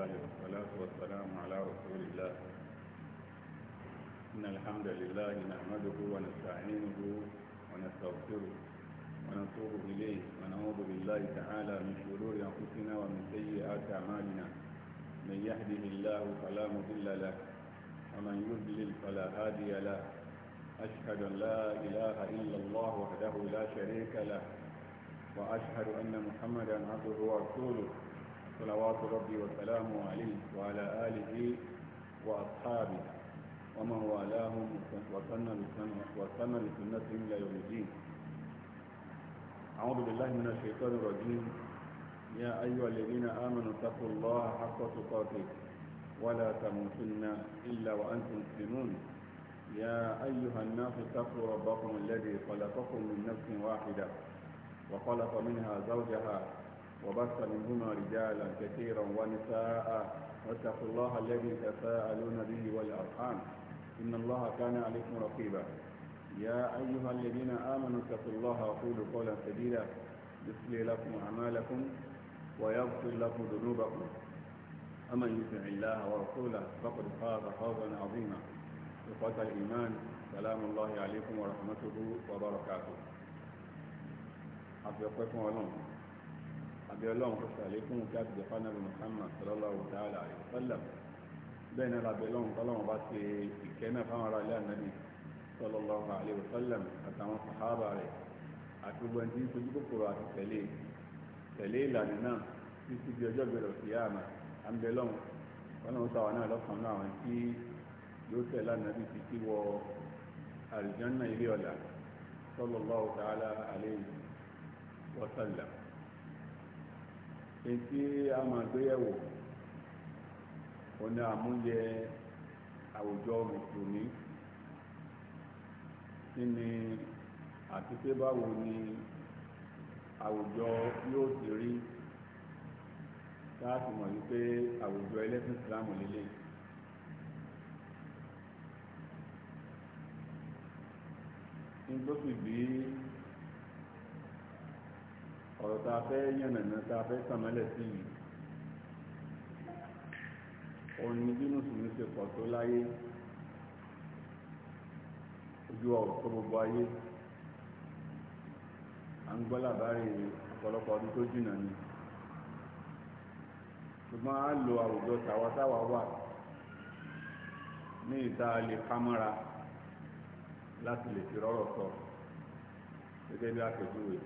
الله والصلاة والسلام على رسول الله إن الحمد لله نحمده ونستعينه ونستغفره ونتوب إليه ونعوذ بالله تعالى من شرور أنفسنا ومن سيئات أعمالنا من يهده الله فلا مضل له ومن يضلل فلا هادي له أشهد أن لا إله إلا الله وحده لا شريك له وأشهد أن محمدا عبده ورسوله صلوات ربي وسلامه عليه وعلى آله وأصحابه ومن والاهم وسن لسنتهم إلى يوم الدين أعوذ بالله من الشيطان الرجيم يا أيها الذين آمنوا اتقوا الله حق تقاته ولا تموتن إلا وأنتم مسلمون يا أيها الناس اتقوا ربكم الذي خلقكم من نفس واحدة وخلق منها زوجها وبث منهما رجالا كثيرا ونساء واتقوا الله الذي تساءلون به والأرحام إن الله كان عليكم رقيبا يا أيها الذين آمنوا اتقوا الله وقولوا قولا سديدا يصلي لكم أعمالكم ويغفر لكم ذنوبكم أمن يطع الله ورسوله فقد فاز فوزا عظيما إخوة الإيمان سلام الله عليكم ورحمته وبركاته أتقكم ولكم àbí ọlọ́run kò sàlékún kí àti jẹ́fà náà Muhammad sallallahu ta'ala alaihi wasallam bẹ́ẹ̀ náà làbẹ̀ ọlọ́run tọ́lọ́run bá ṣe ìkẹ́ náà fáwọn ará ilé ànábì sallallahu alaihi wasallam àtàwọn sàhábà rẹ̀ àti gbogbo ẹni tí ń sojú kòkòrò àti tẹ̀lé tẹ̀lé ìlànà náà títí di ọjọ́ gbèrò sí àmà àbí ọlọ́run sáwọn náà lọ́kàn náà àwọn tí ètí a máa gbéyẹ̀wò ọ̀nà àmúyẹ àwùjọ mùsùlùmí kí ni àti pé báwo ni àwùjọ yóò ti rí láti mọ̀ wípé àwùjọ ẹlẹ́sìn ìsìlámù lélẹ̀. nítorí bí ọ̀rọ̀ tá a fẹ́ yànnàná tá a fẹ́ sàmọ́lẹ̀ sí yìí òun ni bí mùsùlùmí ṣe pọ̀ tó láyé ojú ọ̀rọ̀ tó gbogbo ayé à ń gbọ́ làbárí ọ̀pọ̀lọpọ̀ ọdún tó jìnnà ni ṣùgbọ́n a lo àwùjọ tàwa táwa wà ní ìta lè kámọ́ra láti lè fi rọ́rọ̀ sọ gẹ́gẹ́ bí àpèjúwe.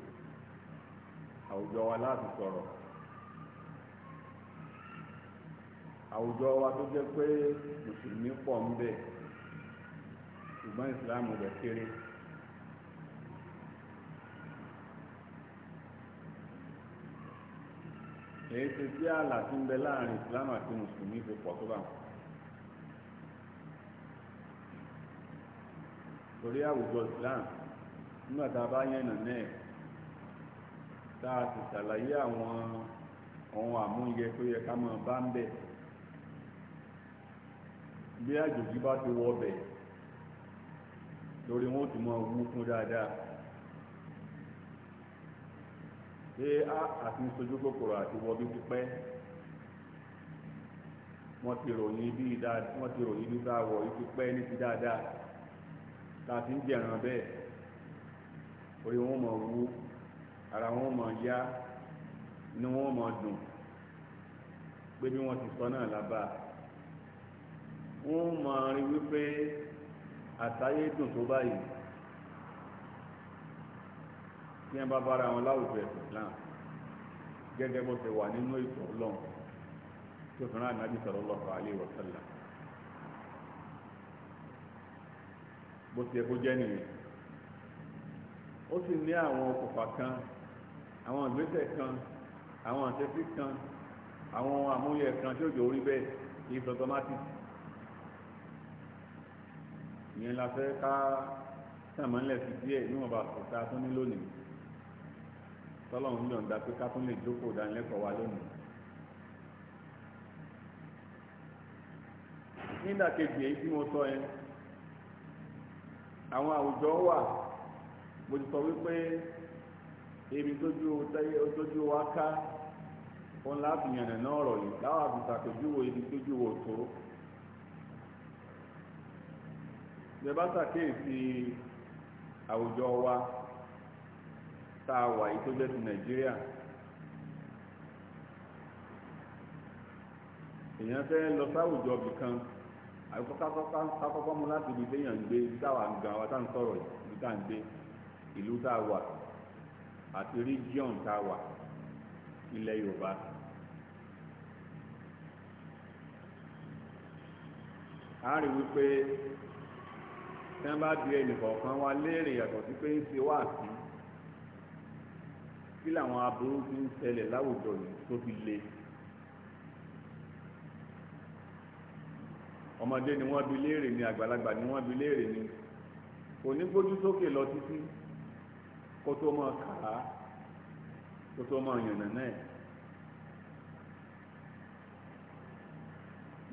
àwùjọ wa láti sọ̀rọ̀ àwùjọ wa tó jẹ́ pé mùsùlùmí pọ̀ ń bẹ ṣùgbọ́n ìsìláàmù rẹ̀ kéré èyí ti sí ààlà tí ń bẹ láàrin ìsìláàmù àti mùsùlùmí fi pọ̀ tó bá wọn. torí àwùjọ ìsìláàmù nígbà tá a tá a ti ṣàlàyé àwọn ohun àmúyẹ tó yẹ ká máa bá ń bẹ̀ bí àjòjì bá ti wọ ọbẹ̀ lórí wọn ti fún dáadáa ṣé a àti sojú kòkòrò àti wọ bí pípẹ́ wọ́n ti ròyìn bí dáadáa wọ́n ti ròyìn bí bá wọ̀ ibi pẹ́ ní ti dáadáa láti ń jẹ̀ràn bẹ́ẹ̀ orí ara wọn mọ̀ yá ni wọ́n mọ̀ dùn pé bí wọ́n ti sọ náà lábà wọ́n mọ̀ rí wípé àtayé dùn tó báyìí tí wọ́n bá bára wọn láwùjọ ẹ̀sìn Islam gẹ́gẹ́ bó ṣe wà nínú ìtọ Ọlọ́run tó fi rán ànábì sallallahu alaihi wa sallam bó ṣe kó jẹ́ nìyẹn ó sì ní àwọn okùnfà kan àwọn ìgbésẹ̀ kan àwọn àtẹ́sí kan àwọn àmúyẹ kan tí ó jọ orí bẹ́ẹ̀ kì í sọ automatic ìyẹn la fẹ́ ká sàmọ́lẹ̀ sí díẹ̀ níwọ̀nba kòtà tó ní lónìí tọ́lọ́run yọ̀ǹda pé ká tún lè jókòó ìdánilẹ́kọ̀ọ́ wa lónìí. nídàkejì èyí tí mo sọ yẹn àwọn àwùjọ wà mo ti sọ wípé ibi tójú wa ká òun láti yànnà náà rọ̀ yìí láwọn àbùsàpèjúwò ibi tójú wo tó bẹ́bá ṣàkíyèsí àwùjọ wa tá a wà yìí tó jẹ́ ti nàìjíríà èèyàn fẹ́ lọ sáwùjọ bì kan àkọ́kọ́ mu láti ibi téèyàn ń gbé ibi táwa ń ga wa tá à sọ̀rọ̀ ibi tá à gbé ìlú tá a wà àti region tá a wà ilẹ̀ Yorùbá a rí wípé tí wọ́n bá di ẹnìkọ̀ọ̀kan wa léèrè yàtọ̀ sí pé ń ṣe wá sí kí làwọn aburú ti ń ṣẹlẹ̀ láwùjọ yìí tó fi le. ọmọdé ni wọ́n bi léèrè ni àgbàlagbà ni wọ́n bi léèrè ni kò ní gbójú sókè lọ títí kó tó mọ̀ kà á kó tó mọ̀ yànnà náà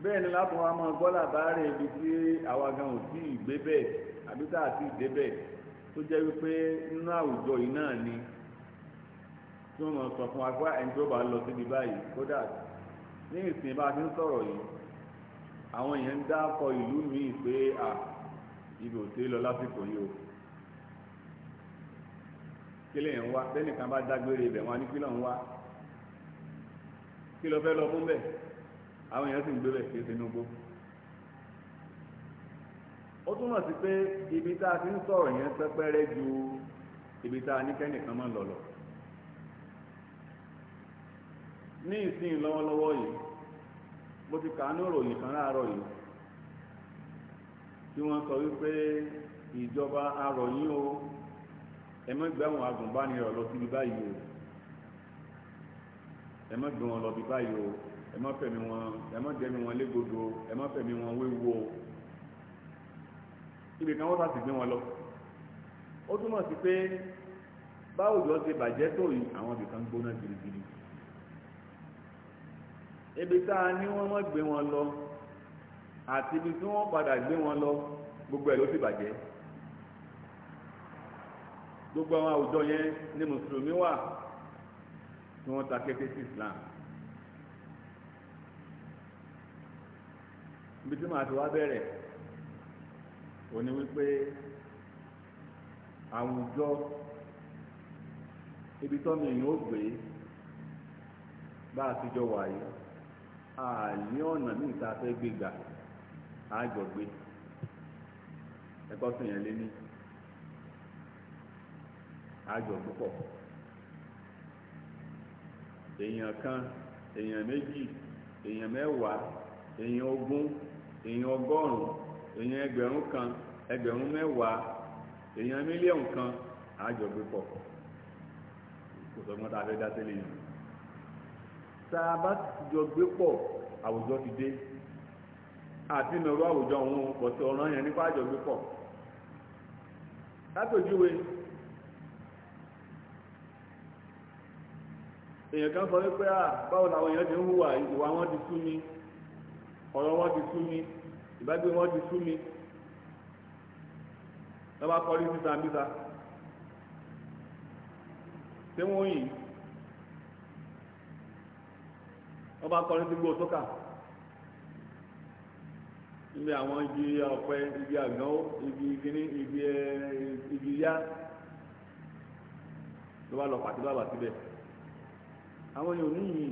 bẹ́ẹ̀ ni lápò wa mọ gbọ́là báárẹ̀ ibi tí àwa gan ò tí ì gbé bẹ́ẹ̀ àbí tá a ti dé bẹ́ẹ̀ tó jẹ́ wípé nínú àwùjọ yìí náà ni tí wọ́n mọ̀ sọ fún wa pé ẹni tó bá lọ síbi báyìí kódà ní ìsìn bá a ti ń sọ̀rọ̀ yìí àwọn èèyàn ń dákọ ìlú míì pé à ibi ò sí lọ lásìkò yìí o kílẹ̀ ń wá tẹ́nìkan bá dágbére ibẹ̀ wọn ní kílọ̀ ń wá kí lọ fẹ́ lọ fún àwọn èèyàn sì ń gbé kí ṣe ó ibi tá a ti ń sọ̀rọ̀ ju ibi tá a ní kẹ́nìkan mo ti ìròyìn kan láàárọ̀ yìí tí sọ wípé ìjọba o ẹ má gbé àwọn agùnbánirọ̀ lọ síbi báyìí o ẹ má gbé wọn lọ bí báyìí o ẹ má fẹ̀mí wọn ẹ má dẹ́mi wọn légbodò ẹ má fẹ̀mí wọn wéwu o ibì kan wọ́n sá sì gbé wọn lọ ó túmọ̀ sí pé báwo jọ ṣe bàjẹ́ tó yìí àwọn ibì kan gbóná gidigidi ibi tá a ní wọ́n mọ̀ gbé wọn lọ àti ibi tí wọ́n padà gbé wọn lọ gbogbo ẹ̀ ló sì bàjẹ́ gbogbo àwọn àwùjọ yẹn ni mùsùlùmí wà tí wọ́n ta kété sí islam ibi tí màá ti wá bẹ̀rẹ̀ òní wípé àwùjọ ibi tọ́mi yìí ó gbé bá a ti jọ wà yìí a ọ̀nà ní ìta fẹ́ gbégbà àjọgbé ẹ̀kọ́ sùn yẹn lé ní. àjọ púpọ̀ èèyàn kan èèyàn méjì èèyàn mẹ́wàá èèyàn ogún èèyàn ọgọ́rùn-ún èèyàn ẹgbẹ̀rún kan ẹgbẹ̀rún mẹ́wàá èèyàn mílíọ̀nù kan àjọ púpọ̀ kò sọ́gbọ́n tá a fẹ́ dá sílẹ̀ yìí tá a pọ̀ àwùjọ ti dé àti ìnáwó àwùjọ òun kò sí ọ̀ràn yẹn nípa àjọ gbé èèyàn kan sọ wípé à báwo làwọn èèyàn ti ń hùwà ìwà wọn ti sú mi ọ̀rọ̀ wọn ti sú mi ìbágbé wọn ti sú mi lọ́ba kọrí síta níta tí wọ́n yìí lọ́ba kọrí sí gbòó sókà níbi àwọn igi ọ̀pẹ igi àgbọ̀n igi gíní igi ẹ eh, igi yá lọ́ba lọ pàtó bàbà síbẹ̀. àwọn yòó ní yìí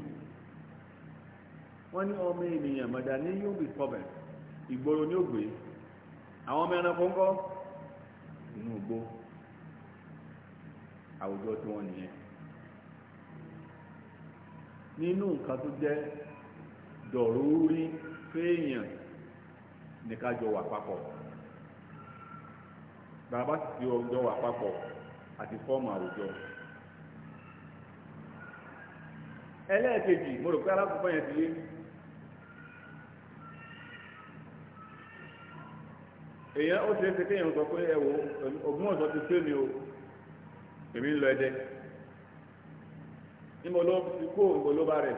wọ́n ní ọmọ ènìyàn mọ̀dà ní yóò bí kọbẹ̀ ìgboro ní ògbé àwọn ọmọ ẹranko ń kọ́ inú igbó àwùjọ tí wọ́n nìyẹn nínú nǹkan tó jẹ́ dọ̀rúurí fẹ́ẹ̀yàn nìkan jọ wà papọ̀ bàbá ẹlẹ́ẹ̀kejì mo rò pé alákọ̀ọ́kọ́ yẹn ti yé èèyàn ó ti ṣe kéèyàn sọ pé ẹwọ ògùn ti o èmi ń lọ ẹdẹ níbo ló fi kó níbo ló bá rẹ̀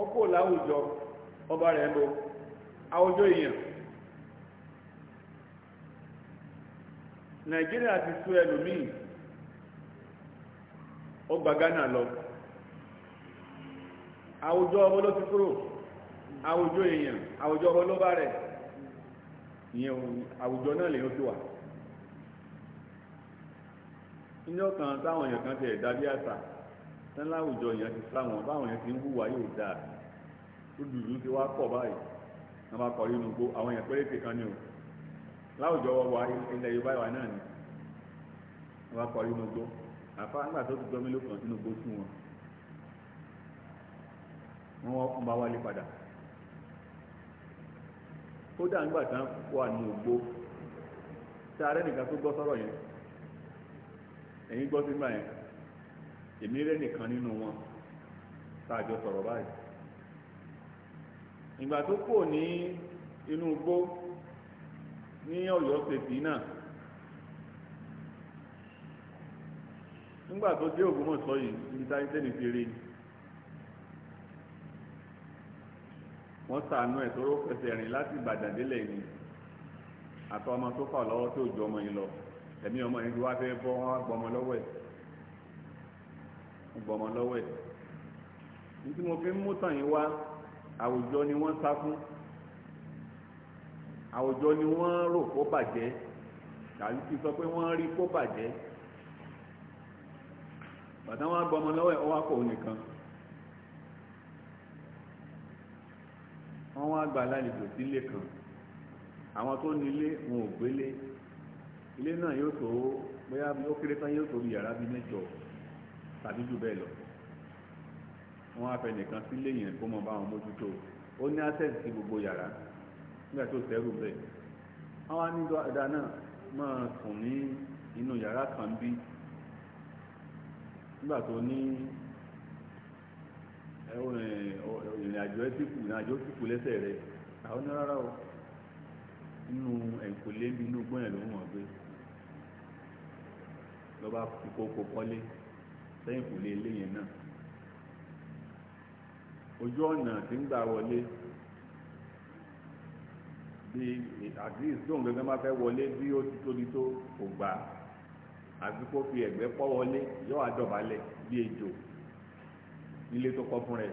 ó kó láwùjọ ọba rẹ̀ ń àwùjọ èèyàn nàìjíríà ti sú ẹlòmíì ó gba Ghana lọ àwùjọ ọmọ ló ti kúrò àwùjọ èèyàn àwùjọ ọmọ ló bá rẹ̀ ìyẹn àwùjọ náà lèyàn tó wà níjọ́ kan táwọn èèyàn kan ti ẹ̀dá bí àṣà tán láwùjọ èèyàn ti sáwọn báwọn èèyàn ti ń hùwà yóò dáa tó dùdú ti wá pọ̀ báyìí wọ́n bá kọ̀ nínú gbó àwọn èèyàn péréte kan ní o láwùjọ wa ilẹ̀ Yorùbá wa náà ni wọ́n bá kọ̀ nínú gbó àfa nígbà tó ti gbọ́ mélòó kan nínú gbó fún wọn wọ́n bá wálé padà ó dà nígbà wà ní ògbó tí a arẹ́ nìkan tó gbọ́ sọ́rọ̀ yẹn ẹ̀yìn gbọ́ sí báyẹn èmi rẹ́ nìkan nínú wọn tá sọ̀rọ̀ báyìí ìgbà tó kò ní inú igbó ní Ọ̀yọ́ pèsè náà nígbà tó dé Ògbómọ̀ṣọ́ yìí ibi táyé tẹ́lẹ̀ ni. wọ́n sàánú ẹ̀ tó fẹsẹ̀ rìn láti Ìbàdàn délẹ̀ ni àtọ́ ọmọ tó fà lọ́wọ́ tó ju ọmọ yìí lọ ẹ̀mí ọmọ yìí ti wá fẹ́ bọ́ wọn á gbọmọ lọ́wọ́ ẹ̀ gbọmọ lọ́wọ́ ẹ̀ ní tí mo fi ń mú tàn yín wá àwùjọ ni wọ́n sá fún àwùjọ ni wọ́n rò kó bàjẹ́ tàbí kí sọ pé wọ́n rí kó bàjẹ́ bàtà wọn á gbọmọ lọ́wọ́ ẹ̀ ọwọ́ àpò nìkan wọ́n wá gbà lálejò sílé kan àwọn tó nílé wọn ò gbélé ilé náà yóò tó bóyá ó kéré tán yóò tó bí yàrá bí mẹ́jọ tàbí jù bẹ́ẹ̀ lọ wọ́n wá fẹ́ nìkan sílé yẹn kó mọ bá wọn mójútó ó ní access sí gbogbo yàrá nígbà tó sẹ́rù bẹ́ẹ̀ àwọn anídọ́ ẹ̀dá náà máa sùn ní inú yàrá kan bí nígbà tó ní ìrìn àjò ẹ ti kù ìrìn àjò ti kù lẹ́sẹ̀ rẹ àwọn ní rárá o nínú ẹ̀kọ́lé nínú gbọ́n ló ń wọ̀n gbé lọ́ba kókó kọ́lé sẹ́yìn kò lé ilé yẹn náà ojú ọ̀nà tí ń gbà wọlé bí àdírísì tóun gẹ́gẹ́ máa fẹ́ wọlé bí ó ti tóbi tó kò gbà àti kó fi ẹ̀gbẹ́ pọ́ wọlé yóò àdọ̀bálẹ̀ bí ejò nílé tó kọ́ fún rẹ̀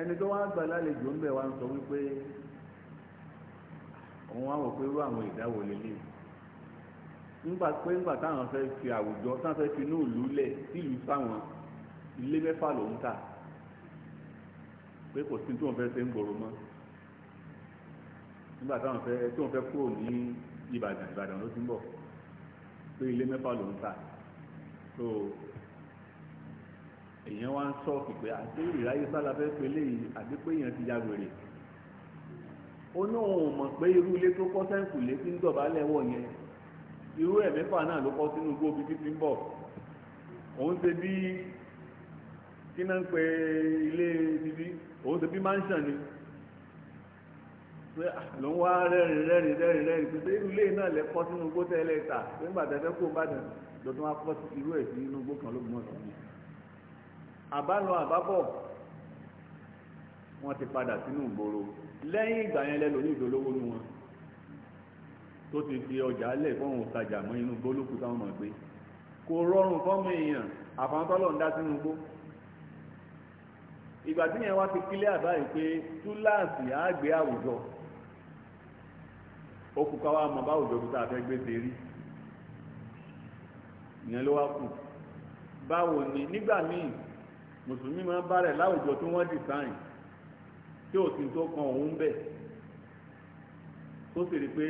ẹni tó wá gbà lálejò ń bẹ̀ wá ń sọ wípé òun á wò pé irú àwọn ìdáwò lélẹ̀ nígbà pé nígbà táwọn fẹ́ fi àwùjọ táwọn fẹ́ fi inú ìlú lẹ̀ sílùú sáwọn ilé mẹ́fà ló ń tà pé kò sí tí wọ́n fẹ́ ṣe ń gbòòrò mọ́ nígbà táwọn fẹ́ tí wọ́n fẹ́ kúrò ní Ìbàdàn Ìbàdàn ló ti ń bọ̀ pé ilé mẹ́fà ló ń tà so èèyàn wá ń ṣọ́ọ̀kì pé àti ìráyé sálà fẹ́ pe léyìí àti pé èèyàn ti jagbèrè ó ní òun mọ̀ pé irú ilé tó kọ́ sẹ́ǹkù lé tí ń dọ̀bálẹ̀ wọ̀ yẹn irú ẹ̀ mẹ́fà náà ló kọ́ sínú igbó bíbí ti ń bọ̀ òun ṣe bí kí náà ń pe ilé bíbí òun ṣe bí mansion ni pé ah, ló ń wá rẹ́rìn rẹ́rìn rẹ́rìn rẹ́rìn pé irú ilé náà lẹ́kọ́ sínú igbó tẹ́lẹ̀ nígbà tẹ́fẹ́ kó bàdàn lọ́dún wá kọ́ sí irú ẹ̀ sí inú igbó kan lóògùn ọ̀sán ni àbálọ àbábọ̀ wọ́n ti padà sínú ìgboro lẹ́yìn ìgbà yẹn lẹ́lò ní ìdólówó nu wọn tó ti fi ọjà lẹ̀ fọ́hùn òtajà mọ́ inú igbó lókù táwọn mọ̀ pé kò rọrùn fọ́mọ èèyàn àfọ̀ntọ́lọ̀ ń dá sínú igbó ìgbà tí yẹn wá ti kílẹ̀ àbáyé pé túláàsì àgbẹ̀ àwùjọ okùn káwá mọ̀ bá àwùjọ tó tá a fẹ́ gbé ṣe rí ìyẹn ló wá kù báwo ni nígbà míì mùsùlùmí máa ń bá rẹ̀ láwùjọ tí wọ́n dìsáìn tí òsì tó kan òun bẹ̀ tó sì rí pé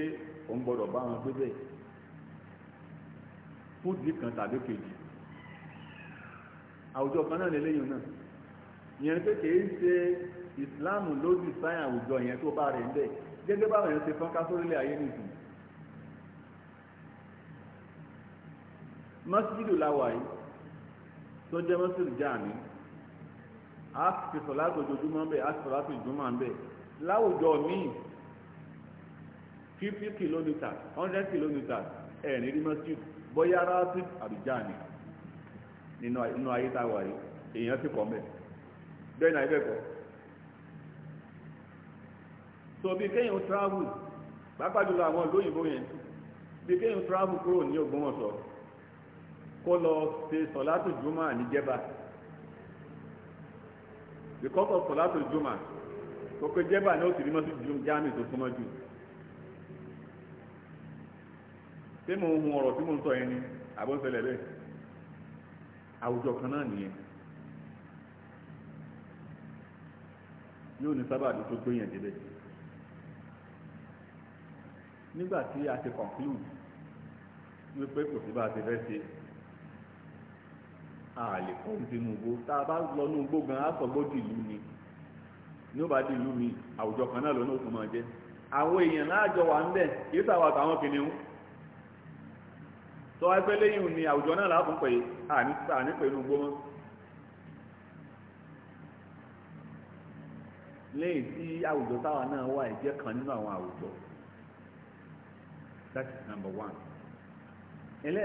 òun gbọ́dọ̀ bá wọn gbé bẹ́ẹ̀ fún ìdí kan tàbí kejì àwùjọ kan náà lélẹ́yìn náà ìyẹn pé kìí ṣe ìsìláàmù ló dìsáìn àwùjọ yẹn tó bá rẹ̀ ń bẹ̀ gẹ́gẹ́ báwọn yẹn ṣe fọ́nká sórílẹ̀ ayé nìyí masjidu lawai. yìí tó jẹ́ masjidu jáàmì a fi sọ̀láàtò ojoojúmọ́ bẹ́ẹ̀ a fi sọ̀láàtò ìjùmọ̀ bẹ́ẹ̀ láwùjọ míì fifty kilometers, hundred kilometers. ẹ̀ ní rí masjidu bóyá ráàtì àbí jáàmì nínú ayé táwà yìí èèyàn ti kọ̀ mẹ́ bẹ́ẹ̀ náà ibẹ̀ kọ́ so bí kéèyàn travel pàápàá jùlọ àwọn olóyìnbó yẹn bí kéèyàn travel kúrò ní Ògbómọ̀ṣọ́ kó lọ ṣe sọ̀látù jùmọ̀ níjẹba because of sọ̀látù jùmọ̀ kókó jẹba ni ó sì rí mọ́tò ju jáàmì tó súnmọ́ jù ṣé mo hun ọ̀rọ̀ tí mo ń sọ yẹn ni àbọ̀nsẹ̀lẹ̀ bẹ́ẹ̀ àwùjọ kan náà nìyẹn yóò ní sábàbí tó gbé yẹn débẹ̀ nígbà tí a ti conclude wípé kò sí bá a ti fẹ́ ṣe. àlè fún ìsinmi tá a bá lọ ní gan ìlú ni ní ó bá dìlú mi àwùjọ kan náà lọ́nà òkun jẹ́ àwọn èèyàn wà àtàwọn lẹ́yìn ni àwùjọ náà inú lẹ́yìn tí àwùjọ táwa náà kan nínú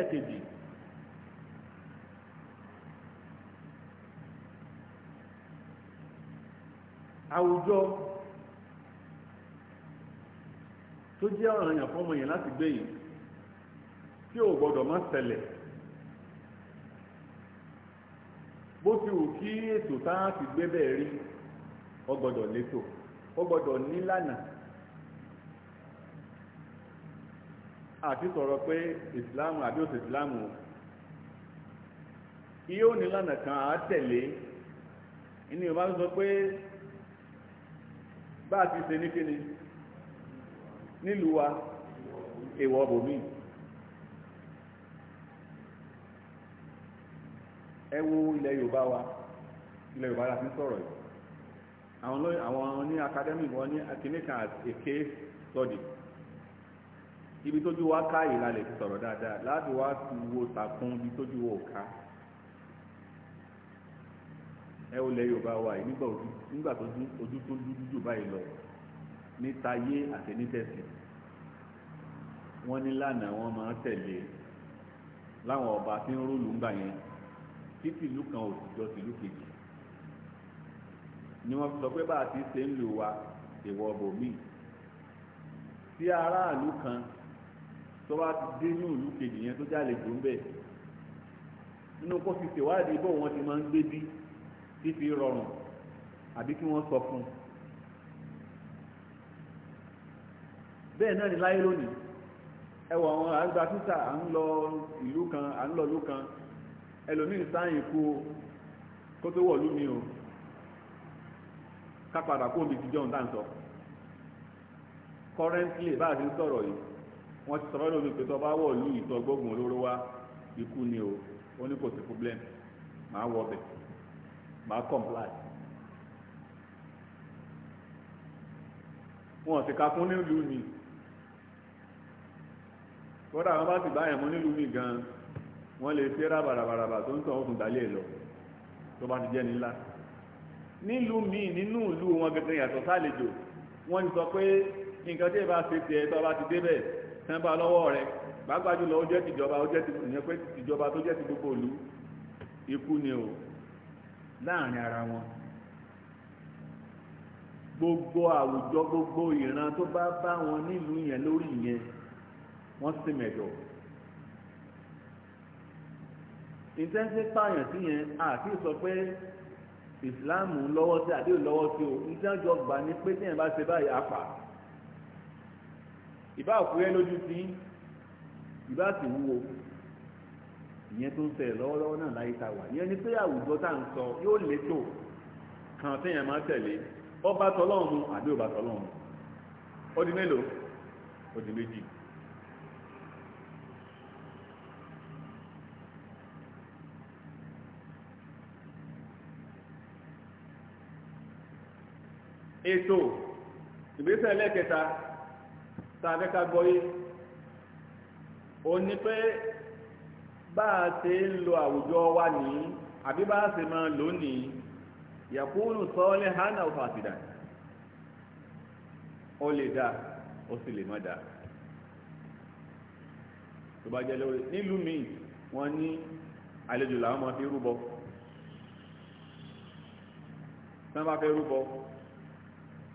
àwọn àwùjọ tó jẹ́ ọ̀ràn yàn fọ́mọ yẹn láti gbé yìí tí ò gbọ́dọ̀ má ṣẹlẹ̀ bó ti wù kí ètò tá a gbé bẹ́ẹ̀ rí ó gbọ́dọ̀ létò ó gbọ́dọ̀ nílànà àti sọ̀rọ̀ pé ìsìláàmù àbí ìsìláàmù iye ò kan àá tẹ̀lé sọ pé bá a ti ṣe ní kíni nílùú wa èèwọ̀ bòmí ẹ wo ilẹ̀ Yorùbá wa ilẹ̀ Yorùbá la fi ń sọ̀rọ̀ yìí àwọn lóyìn àwọn ní academy wọn ní akínníkan èké study ibi tójú wa ká ìlàlẹ̀ ti sọ̀rọ̀ dáadáa láti wá wo takun ibi tójú wa ò ká ẹ ò lẹ yorùbá wa yìí nígbà ojú nígbà tó dún ojú tó dúdú jù báyìí lọ níta yé àtẹnítẹsí wọn ní lánàá wọn máa ń tẹ̀lé láwọn ọba tí ń rúlù ń gbà yẹn títí ìlú kan ò sì jọ sí ìlú kejì ni wọn sọ pé bá a ti ṣe ń lò wa èèwọ̀ bòmíì tí aráàlú kan tó bá dé ní ìlú kejì yẹn tó jálè jù ń bẹ nínú kó fi ṣèwádìí bó wọn ti máa ń gbé bí fífi rọrùn àbí kí wọ́n sọ fún un bẹ́ẹ̀ náà ni láyé lónìí ẹwọ àwọn àgbà títà à ń lọ ìlú kan à ń lọ ìlú kan ẹlòmíì sáyìn kú kó tó wọ̀lú mi o ká padà kó omi ìdíjọ́ nǹkan sọ currently bá a ti ń sọ̀rọ̀ yìí wọ́n ti sọ̀rọ̀ lómi pé tó bá wọ̀lú ìtọ́gbógun olóró wá ikú ni o ó ní kò sí problem màá wọ bẹ́ẹ̀ ma comply wọn sì ka fún nílùú mi kódà wọn bá sì bá ẹ̀mọ́ nílùú mi gan wọn lè ṣe rà bàràbàràbà tó ń tàn òkun dálé lọ tó bá ti jẹ́ nílá nílùú mi nínú ìlú wọn gẹ́gẹ́ yàtọ̀ sálejò wọ́n ti sọ pé nǹkan tí ìbá ṣe tiẹ̀ tó bá ti débẹ̀ tán bá lọ́wọ́ rẹ̀ gbàgbájú lọ ó jẹ́ tìjọba ó jẹ́ tìjọba tó jẹ́ ti gbogbo ìlú ikú ni o láàrin ara wọn gbogbo àwùjọ gbogbo ìran tó bá bá wọn nílùú yẹn lórí yẹn wọ́n sì mẹ̀dọ̀ ìtẹ́sí pààyàn sí yẹn àti sọ pé ìsìláàmù lọ́wọ́ sí àdéhùn lọ́wọ́ sí o ìtẹ́jọ́ gbà ní pé tí yẹn bá ṣe báyìí apà ìbá òkúrẹ́ lójú tí ìbá sì wúwo ìyẹn tó ń ṣẹlẹ̀ lọ́wọ́lọ́wọ́ náà láyé ta wà ní ni pé àwùjọ tá ń sọ yóò kan téèyàn máa tẹ̀lé ọba tọlọ́run àbí ọba tọlọ́run ó di mélòó ó di méjì. ètò ìgbésẹ̀ ẹlẹ́kẹta tá a fẹ́ ká pé bá a ṣe ń lo àwùjọ wa ní àbí bá a ṣe máa lò ní yàkúrú sọ́ọ́lẹ̀ hánà fàṣìdà ó lè dáa ó sì lè má dáa tó bá jẹ́ lórí nílùú míì wọ́n ní àlejò làwọn máa fi rúbọ tí wọ́n bá fẹ́ rúbọ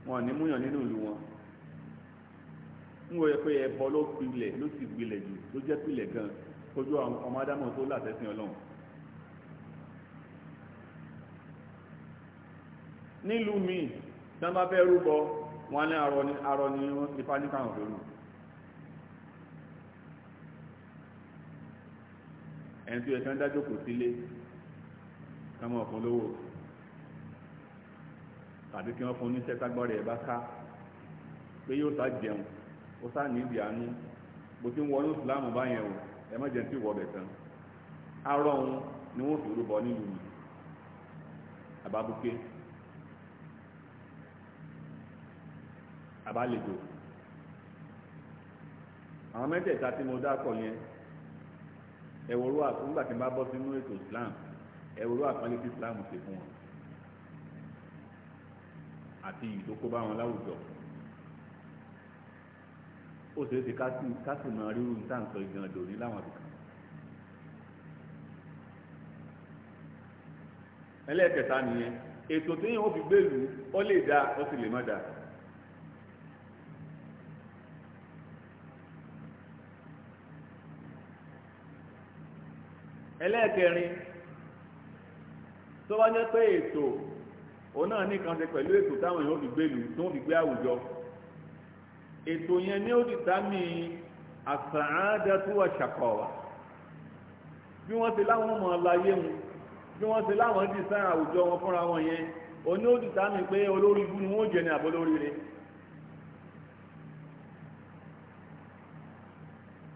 wọn ní múyàn nínú ìlú wọn ń wòye pé ẹbọ ló pilẹ̀ ló sì gbilẹ̀ jù ló jẹ́ pilẹ̀ gan-an ojú àwọn ọmọ adámọ̀ tó látẹ̀sìn ọlọ́run nílùú míì tí wọ́n bá fẹ́ rúbọ wọn ní arọ ní arọ ní ipa ní káwọn lórí ẹni tó yẹ kí wọ́n dájò kò sílé káwọn ọ̀fun lówó tàbí kí wọ́n fún oníṣẹ́ tágbọ́rẹ̀ ẹ̀ bá ká pé yóò sá jẹun ó sá ní ìdí àánú bó ti ń wọnú ìsìláàmù báyẹn o ẹ má jẹ́ tí wọ́ bẹ̀ kan arọ́ òun ni wọ́n fi rúbọ nílùú mi àbábúké àbálejò àwọn mẹ́tẹ̀ẹ̀ta tí mo dákọ̀ yẹn ẹ̀wòrú àfúngbà tí n bá bọ́ sínú ètò Islam ẹ̀wòrú àpọ́nlé tí Islam ṣe fún wọn àti ìdókòbá wọn láwùjọ ó ṣeé ṣe ká sì mọ rírú ní táǹsọ ìgbìmọ̀ dòní láwọn àbùkù. ẹlẹ́ẹ̀kẹta nìyẹn ètò tí yẹn ó fi gbèlú ó lè dáa ó sì lè má dáa. ẹlẹ́ẹ̀kẹrin tó bá jẹ́ pé ètò òun náà nìkan ṣe pẹ̀lú ètò táwọn èèyàn ó fi gbèlú tó ń fi gbé àwùjọ ètò yẹn ní ó dìtámì as-sa'adatu wa shaqawa bí wọ́n ti láwọn ọmọ ọláyé wọn bí wọ́n ti láwọn dì sáà àwùjọ wọn fúnra wọn yẹn òní ó dìtámì pé olórí ibú ni wọ́n jẹ ní àbólórí rẹ̀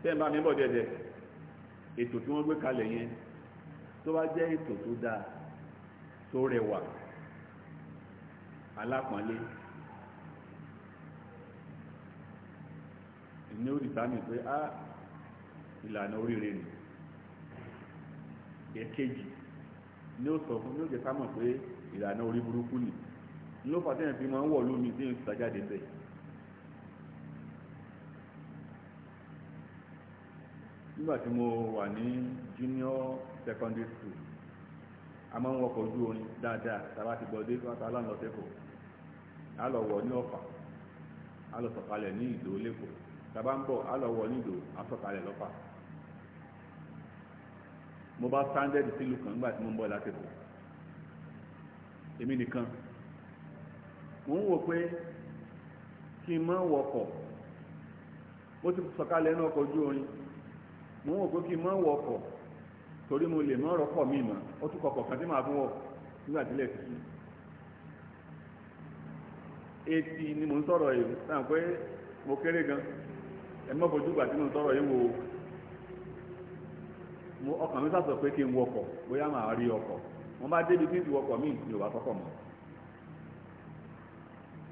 tẹ́ǹbà mi bọ̀ dẹ̀dẹ̀ ètò tí wọ́n gbé kalẹ̀ yẹn tó bá jẹ́ ètò tó dáa tó rẹwà alápọ̀nlé ní ó dìtámì pé á ìlànà oríire nì èkejì ní ó sọ fún ní ó jẹ sámọ̀ pé ìlànà orí burúkú nì ló fà sẹ́yìn fi máa ń wọ̀ lómi tí ń sàjáde bẹ́ẹ̀. nígbà tí mo wà ní junior secondary school a máa ń wọkọ̀ ojú orin dáadáa tàbá ti bọ̀ dé pátá aláǹlọ́sẹ̀kọ̀ a lọ wọ̀ ní ọ̀fà a lọ sọ̀kalẹ̀ ní ìdó lẹ́kọ̀ọ́ tàbá ń bọ̀ wọ mo bá standard sílùú kan nígbà tí mo ń bọ̀ láti bọ̀ èmi nìkan mo ń wò pé kí n má wọkọ̀ mo ti sọ̀kalẹ̀ ọkọ̀ ojú orin mo ń wò pé kí n wọkọ̀ torí mo lè mọ́ rọ́kọ̀ mi mọ́ ó tún kan tí màá fún nígbà tí ti etí ni mo ń ẹ mọ́ fojú gbà tọrọ mo ọkàn mi sàtọ̀ pé kí n wọkọ̀ bóyá màá rí ọkọ̀ mo bá débi tí n wọkọ̀ mí mi ò bá mọ́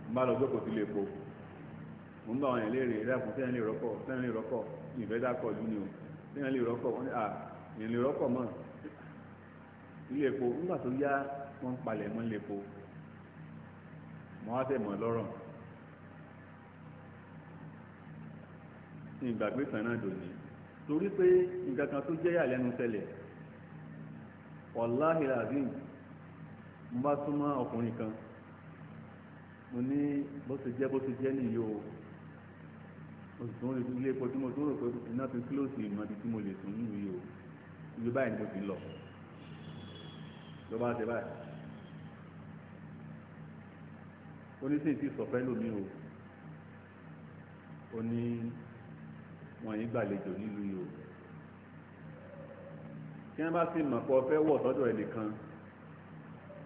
n bá lọ jókòó sílé epo mo ń bá sẹ́yìn lè sẹ́yìn lè ìfẹ́ dákọ̀ ni o sẹ́yìn lè à lè mọ́ ilé epo nígbà tó yá palẹ̀ mọ́ ilé ìgbàgbé kan náà dòní torí pé nǹkan kan tó jẹ́ ìyàlẹ́nu tẹ́lẹ̀ wàláhì azim mo bá súnmọ́ ọkùnrin kan mo ní bó ṣe jẹ́ bó ṣe jẹ́ nìyí o mo sì tún rí ilé epo tí mo tún rò pé iná ti kílòsì ìmọ̀dí tí mo lè sùn nínú yìí o ìlú báyìí ni mo ti lọ lọ́ba ṣe báyìí oníṣẹ́ ti sọ̀fẹ́ lómi o ó ní wọn yìí gbàlejò nílùú yìí o tí wọ́n bá sì mọ̀ pé ọ fẹ́ wọ̀ sọ́dọ̀ ẹnìkan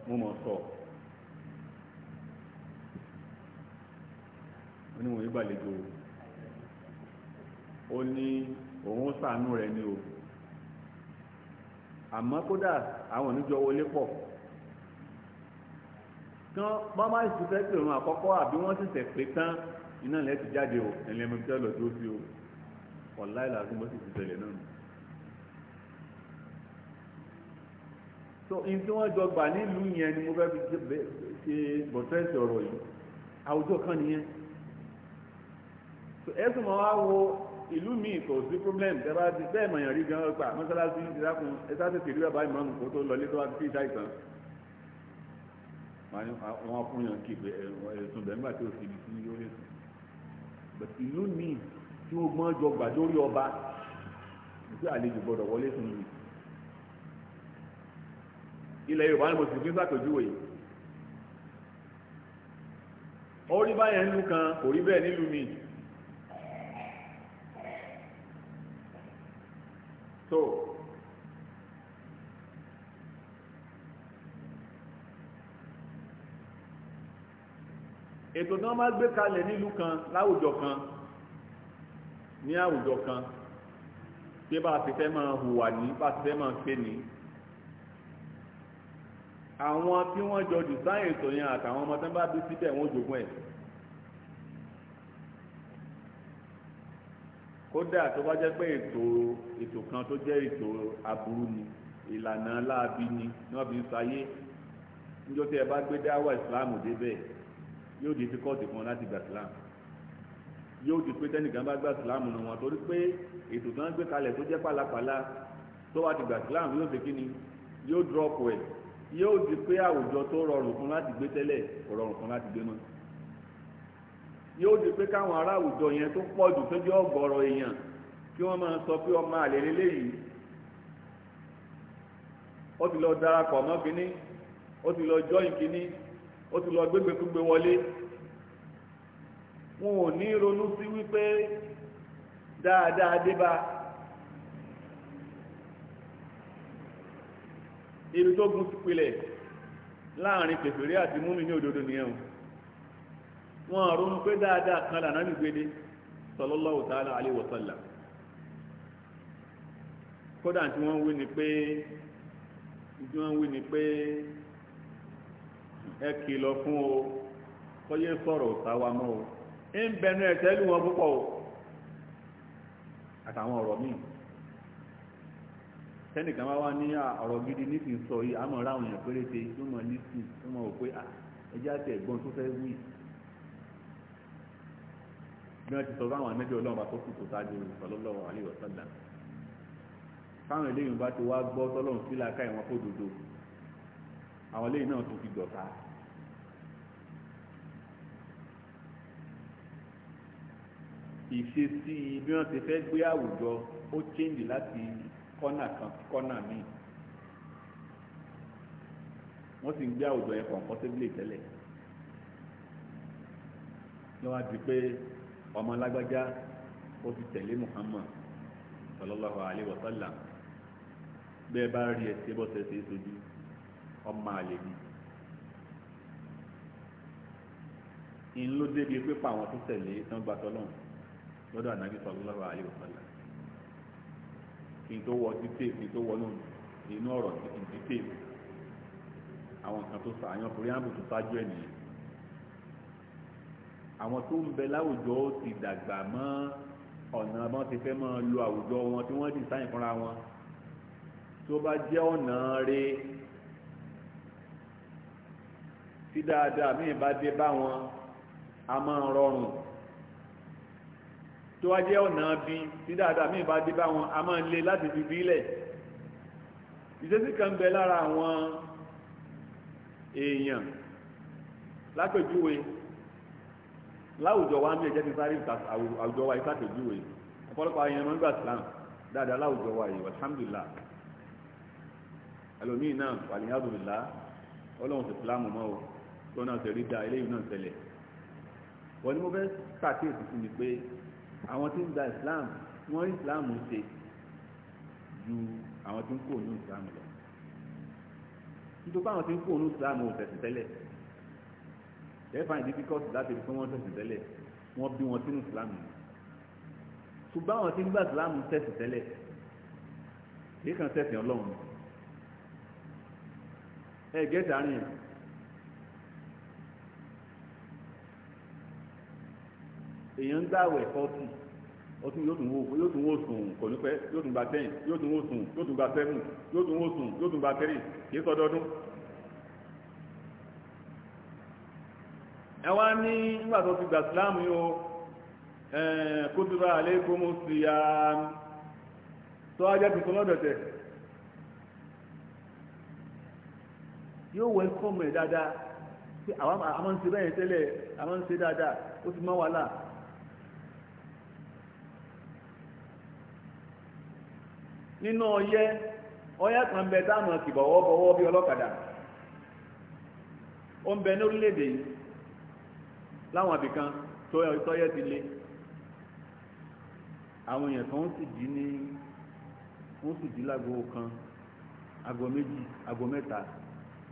mo mọ̀ sọ ó ní wọn yìí gbàlejò o ó ní òun ṣàánú rẹ̀ ni o àmọ́ kódà àwọn oníjọ wọlé pọ̀ tán wọ́n máa ń ṣiṣẹ́ pé òun àkọ́kọ́ àbí wọ́n sì tẹ̀ pé tán iná lẹ́ẹ̀tì jáde o ẹ̀lẹ́mọ̀tẹ́ lọ́jọ́ sí o wàláì làásùn bó sì ti tẹ̀lé náà so in tí wọ́n jọ gbà nílùú yẹn ni mo fẹ́ fi ṣe bọ̀tẹ́ẹ̀sì ọ̀rọ̀ yìí àwùjọ kan nìyẹn so ẹ̀sùn mọ́ wá wo ìlú míì kò sí problem tẹ́ bá ti bẹ́ẹ̀ mọ̀yàn rí gan pa mọ́sálásí ti dákun ẹ sáṣẹ̀ tèrí bàbá ìmọ̀ọ́nù kó tó lọlé tó wá sí ìta ìtàn wọ́n fún yàn kí ẹ̀sùn bẹ́ẹ̀ nígbà tí ò sí ibi tí ó lè sùn but ìlú míì tí wọ́n gbọ́n jọ gbà lórí ọba wípé àlejò gbọ́dọ̀ wọlé fún mi ilẹ̀ yorùbá ni mo sì fi sàpèjúwe ó rí báyẹn nínú kan kò rí bẹ́ẹ̀ nílùú mi so ètò tí wọ́n bá gbé kalẹ̀ nílùú kan láwùjọ kan ní àwùjọ kan pé bá a ti fẹ́ máa hùwà ní bá a ti fẹ́ máa pè ní àwọn tí wọ́n jọ dìsáyìn ètò yẹn àtàwọn ọmọ tó ń bá bí síbẹ̀ wọ́n jogún ẹ̀ kódà tó bá jẹ́ pé ètò ètò kan tó jẹ́ ètò aburú ni ìlànà láabi ni ní wọ́n fi níjọ́ tí ẹ bá gbé dáwà ìsìláàmù débẹ̀ yóò di fíkọ́ọ̀tì fún wọn láti gbà ìsìláàmù yóò di pé tẹ́nìkan bá gba ìsìláàmù nù wọn torí pé ètò tí wọ́n gbé kalẹ̀ tó jẹ́ pàlàpàlà tó wá ti gba ìsìláàmù yóò ṣe kí ni yóò dúrọ́pù ẹ̀ yóò di pé àwùjọ tó rọrùn fún láti gbé tẹ́lẹ̀ kò rọrùn fún láti gbé mọ́ yóò di pé káwọn ará àwùjọ yẹn tó pọ̀ jù tó jẹ́ ọ̀gọ̀rọ̀ èèyàn kí wọ́n máa sọ pé ọmọ àlè lélẹ́yìí ó ti lọ darapọ̀ mọ́ kínní ó ti lọ jọ́yìn kínní ó ti lọ gbégbé kúgbé wọlé wọn ò ní ronú sí wípé dáadáa débá ibi tó gun sí pilẹ̀ láàrin pèfèrè àti múmi ní òdodo nìyẹn wọn ronú pé dáadáa kan lànà nìgbéde sallallahu ta'ala alaihi wa kódà tí ni pé tí wọ́n wí ni pé ẹ kìlọ̀ fún o sọ̀rọ̀ ń bẹnu ẹ̀tẹ́ lù wọn púpọ̀ o àtàwọn ọ̀rọ̀ míì tẹ́nìkan wá ní ọ̀rọ̀ gidi nífi sọ yìí àmọ́ ráwọn èèyàn péréte tó mọ̀ nísìn tó mọ̀ pé ẹjẹ́ àti ẹ̀gbọ́n tó fẹ́ wí bí wọ́n ti sọ fáwọn ànábì ọlọ́run bá tó kù tó sáájú sallallahu alaihi wasallam fáwọn eléyìí bá ti wá gbọ́ tọ́lọ́run sílá káyọ̀ wọn kó dodo àwọn eléyìí náà tó fi dọ̀ta ìṣesí bí wọ́n ti fẹ́ gbé àwùjọ ó change láti kọ́nà kan sí kọ́nà míì wọ́n sì ń gbé àwùjọ yẹn comfortably tẹ́lẹ̀ lọ́wọ́ di pé ọmọ lágbájá ó ti tẹ̀lé Muhammad sallallahu alaihi wa sallam bẹ́ẹ̀ bá rí ẹsẹ̀ bọ́sẹ̀ ṣe é sojú ọmọ àlè ni ń ló débi pípa àwọn tó tẹ̀lé tán gbàtọ́ náà lọ́dọ̀ ànábì sallallahu alaihi wasallam kí n tó wọ dítè kí n tó wọnú inú ọ̀rọ̀ dítè àwọn kan tó sa àyàn torí ààbò tó ṣáájú ẹ̀ nìyẹn àwọn tó ń bẹ láwùjọ ti dàgbà mọ́ ọ̀nà wọn ti fẹ́ máa lo àwùjọ wọn tí wọ́n dì sáyìn fúnra wọn tí ó bá jẹ́ ọ̀nà rẹ tí dáadáa míì bá dé bá wọn a máa rọrùn tó wá jẹ́ ọ̀nà bí tí dáadáa míì bá dé bá wọn a máa lé láti fi bílẹ̀ ìṣesí kan bẹ lára àwọn èèyàn lápèjúwe láwùjọ wa ń bí ẹ̀jẹ̀ ti sáré àwùjọ wa ìsàpèjúwe ọ̀pọ̀lọpọ̀ ayẹyẹ mọ́ nígbà Islam dáadáa láwùjọ wa yìí alhamdulillah ẹlòmíì náà wàlíyàdùnlá ọlọ́run sì fìlámù mọ́ o tó náà tẹ̀rí da eléyìí náà tẹ̀lẹ̀ wọ́n ni mo fẹ́ sàkíyèsí sí ni pé àwọn tí ń gba islam wọ́n islam ṣe ju àwọn tí ń kó òun islam lọ nítorí àwọn tí ń kó òun islam ò tẹ̀sìn tẹ́lẹ̀ ẹ̀fà ní difficulty láti rí pé wọ́n tẹ̀sìn tẹ́lẹ̀ wọ́n bí wọn sínú islam ni ṣùgbọ́n àwọn tí ń gba islam tẹ̀sìn tẹ́lẹ̀ èyí kan tẹ̀sìn ọlọ́run ẹ̀ gẹ́tà rìn èèyàn ń gbàwẹ̀ fọ́tì ó yóò tún yóò tún wò sùn pẹ́ yóò tún gba yóò tún wò sùn yóò tún gba yóò tún wò yóò tún gba three kì ẹ wá ní nígbà tó ti gbà síláàmù yìí o eh, alẹ́ yóò wọ ẹkọ dáadáa pé àwọn ń nínú ọyẹ́ ọyẹ́ kan bẹ táàmù àtìbọ̀wọ́ bọ̀wọ́ bí ọlọ́kadà ó ń bẹ ní orílẹ̀-èdè yìí láwọn àbìkan tó ọyẹ́ ti lé àwọn èèyàn kan ó sì jí ní ó sì jí lágo kan ago méjì ago mẹ́ta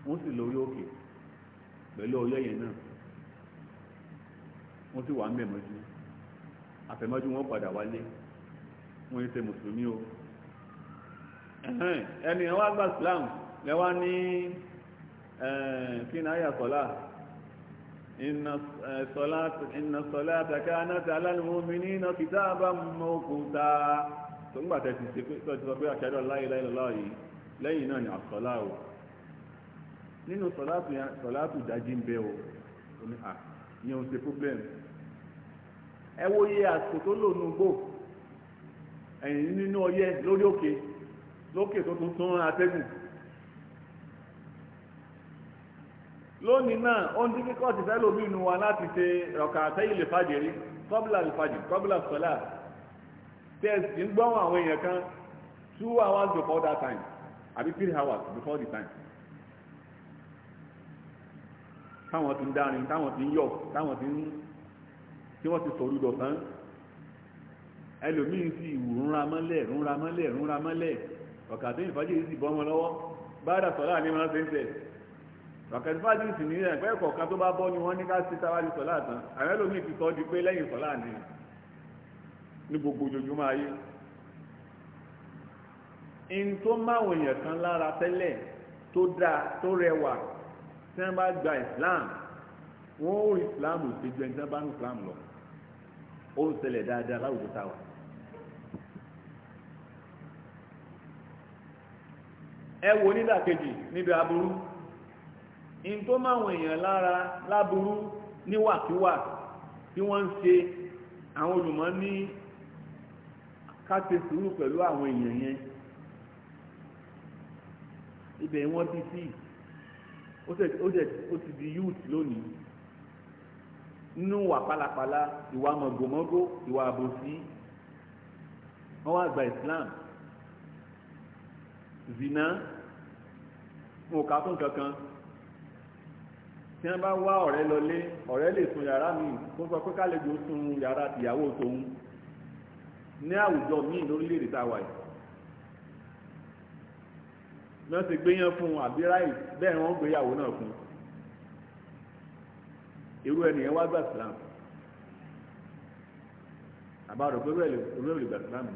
wọ́n sì lórí òkè pẹ̀lú ọyẹ́ yẹn náà wọ́n sì wà ń bẹ̀ mọ́jú àfẹ̀mọ́jú wọn padà wálé wọ́n yẹn ṣe mùsùlùmí o ẹni ẹwà gba islam lẹ́wà ní kí náà yà sọ́lá iná sọ́lá àtàkà náà alálùmọ́mìnì iná kìtà bá mọ́kúta tó ń gbàtẹ̀ ti sọ pé àṣàdọ̀ láìláìlọ́lá yìí lẹ́yìn náà ni àsọ́lá o nínú sọ́látù dájí ń bẹ́ o omi à yẹn ò ṣe problem lókè tó tún tún atẹ́gùn lónìí náà ó ń dín kíkọ́ ti fẹ́ lómi inú wa láti ṣe rọ̀kà àtẹ́yìn lè fàjẹ̀rí kọ́bùlà lè fàjẹ̀ kọ́bùlà sọ́là tẹ́ẹ̀sì ń gbọ́n àwọn èèyàn kan two hours before that time àbí three hours before the time táwọn ti ń dárin táwọn ti ń yọ̀ táwọn ti ń tí wọ́n ti sọ̀rọ̀ dọ̀tán ẹlòmíín sì wù ń ra mọ́lẹ̀ ń ra mọ́lẹ̀ ń ra mọ́lẹ̀ ọ̀kàtí ìfàjì yìí sì bọ́ wọn lọ́wọ́ báyàdà sọ̀lá ní wọn ṣẹ́ńṣẹ́ ọ̀kàtí fàjì sì ní ẹ̀pẹ́ kọ̀ọ̀kan tó bá bọ́ ni wọ́n ní ká sí táwájú sọ̀lá tán àwọn ẹlòmíì ti sọ di pé lẹ́yìn sọ̀lá ni ní gbogbo ojoojúmọ́ ayé in tó máwọn èèyàn kan lára tẹ́lẹ̀ tó dáa tó rẹwà tí wọ́n bá gba Islam wọ́n ó rí Islam ṣe ju ẹni tí wọ́n bá ń Islam lọ ó ń ṣẹlẹ̀ dáadáa láwùjọ táwa ẹ wo nídàkejì níbi aburú in tó máwọn èèyàn lára láburú níwàkíwà tí wọ́n ń ṣe àwọn olùmọ̀ ní ká ṣe sùúrù pẹ̀lú àwọn èèyàn yẹn ibẹ̀ wọ́n ti sí ó ti di youth lónìí nínú wà pálapàla ìwà mọ̀gòmọ́gó ìwà àbòsí wọ́n wá gba Islam zina mo kà fún kankan tí wọ́n bá wá ọ̀rẹ́ lọlé ọ̀rẹ́ lè sun yàrá mi tó sọ pé kálejò sun yàrá tìyàwó tòun ní àwùjọ míì lórílẹ̀-èdè tá a wà yìí lọ́n ti gbéyàn fún àbí ráì bẹ́ẹ̀ wọ́n gbéyàwó náà fún irú ẹnìyẹn wá gbà sílámù àbárò pé rẹ̀ lè gbà sílámù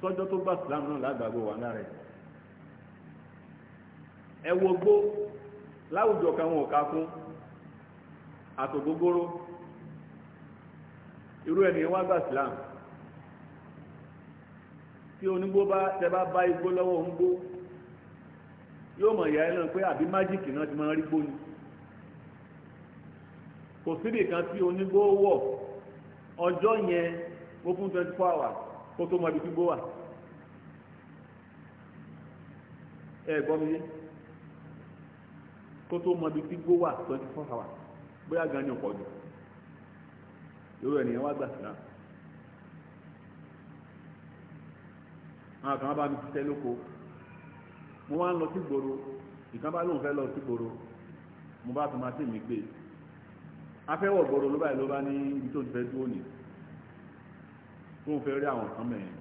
sọ́jọ́ tó gbà sílámù náà lágbàgbọ́ wà lára ẹ̀ ẹwọgbó láwùjọ kan wọn ka ká fún àtògógóró irú ẹni gbà tí onígbó bá tẹ bá bá igbó lọ́wọ́ ń gbó yóò mọ̀ ìyá ẹlẹ́nu pé àbí májíìkì náà ti máa rí kò síbì kan tí onígbó wọ yẹn ó twenty four hours kó tó mọ ibi tí kó tó mọ ibi tí gbó wà twenty four hours bóyá gan ni ọ̀pọ̀ jù lórí ènìyàn wá gbà sílá àwọn kan bá mi ti tẹ́ lóko mo wá ń lọ sí gbòòrò ìkan bá lóun fẹ́ lọ sí gbòòrò mo bá tún máa tì mí gbé afẹ́wọ̀ gbòòrò ló báyìí ló bá ní ibi tó ti fẹ́ dúró nì tóun fẹ́ rí àwọn kan mẹ́rin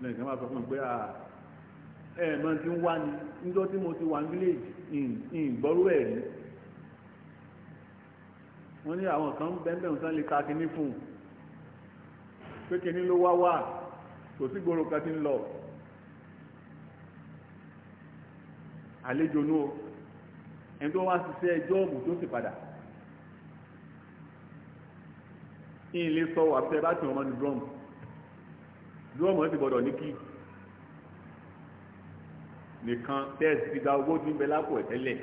lẹ́yìn kan bá sọ fún mi pé à ẹ̀ẹ̀mọ ti ń wá ni níjọ́ tí mo ti wà ní village ìgbọ́rú ẹ̀ rí wọ́n ní àwọn kan bẹ́ẹ̀ sán lè ka kinní fún un pé kinní ló wá wà kò sí gbòòrò kan ti ń lọ àlejò nú o ẹni tó wá ṣiṣẹ́ jọ́ọ̀bù tó sì padà ìyìn lè sọ wà pé bá ti wọn mọ́ ní drum drum ti gbọ́dọ̀ ní kí nìkan tẹ́ẹ̀sì ti gba owó tún bẹ lápò ẹ̀ tẹ́lẹ̀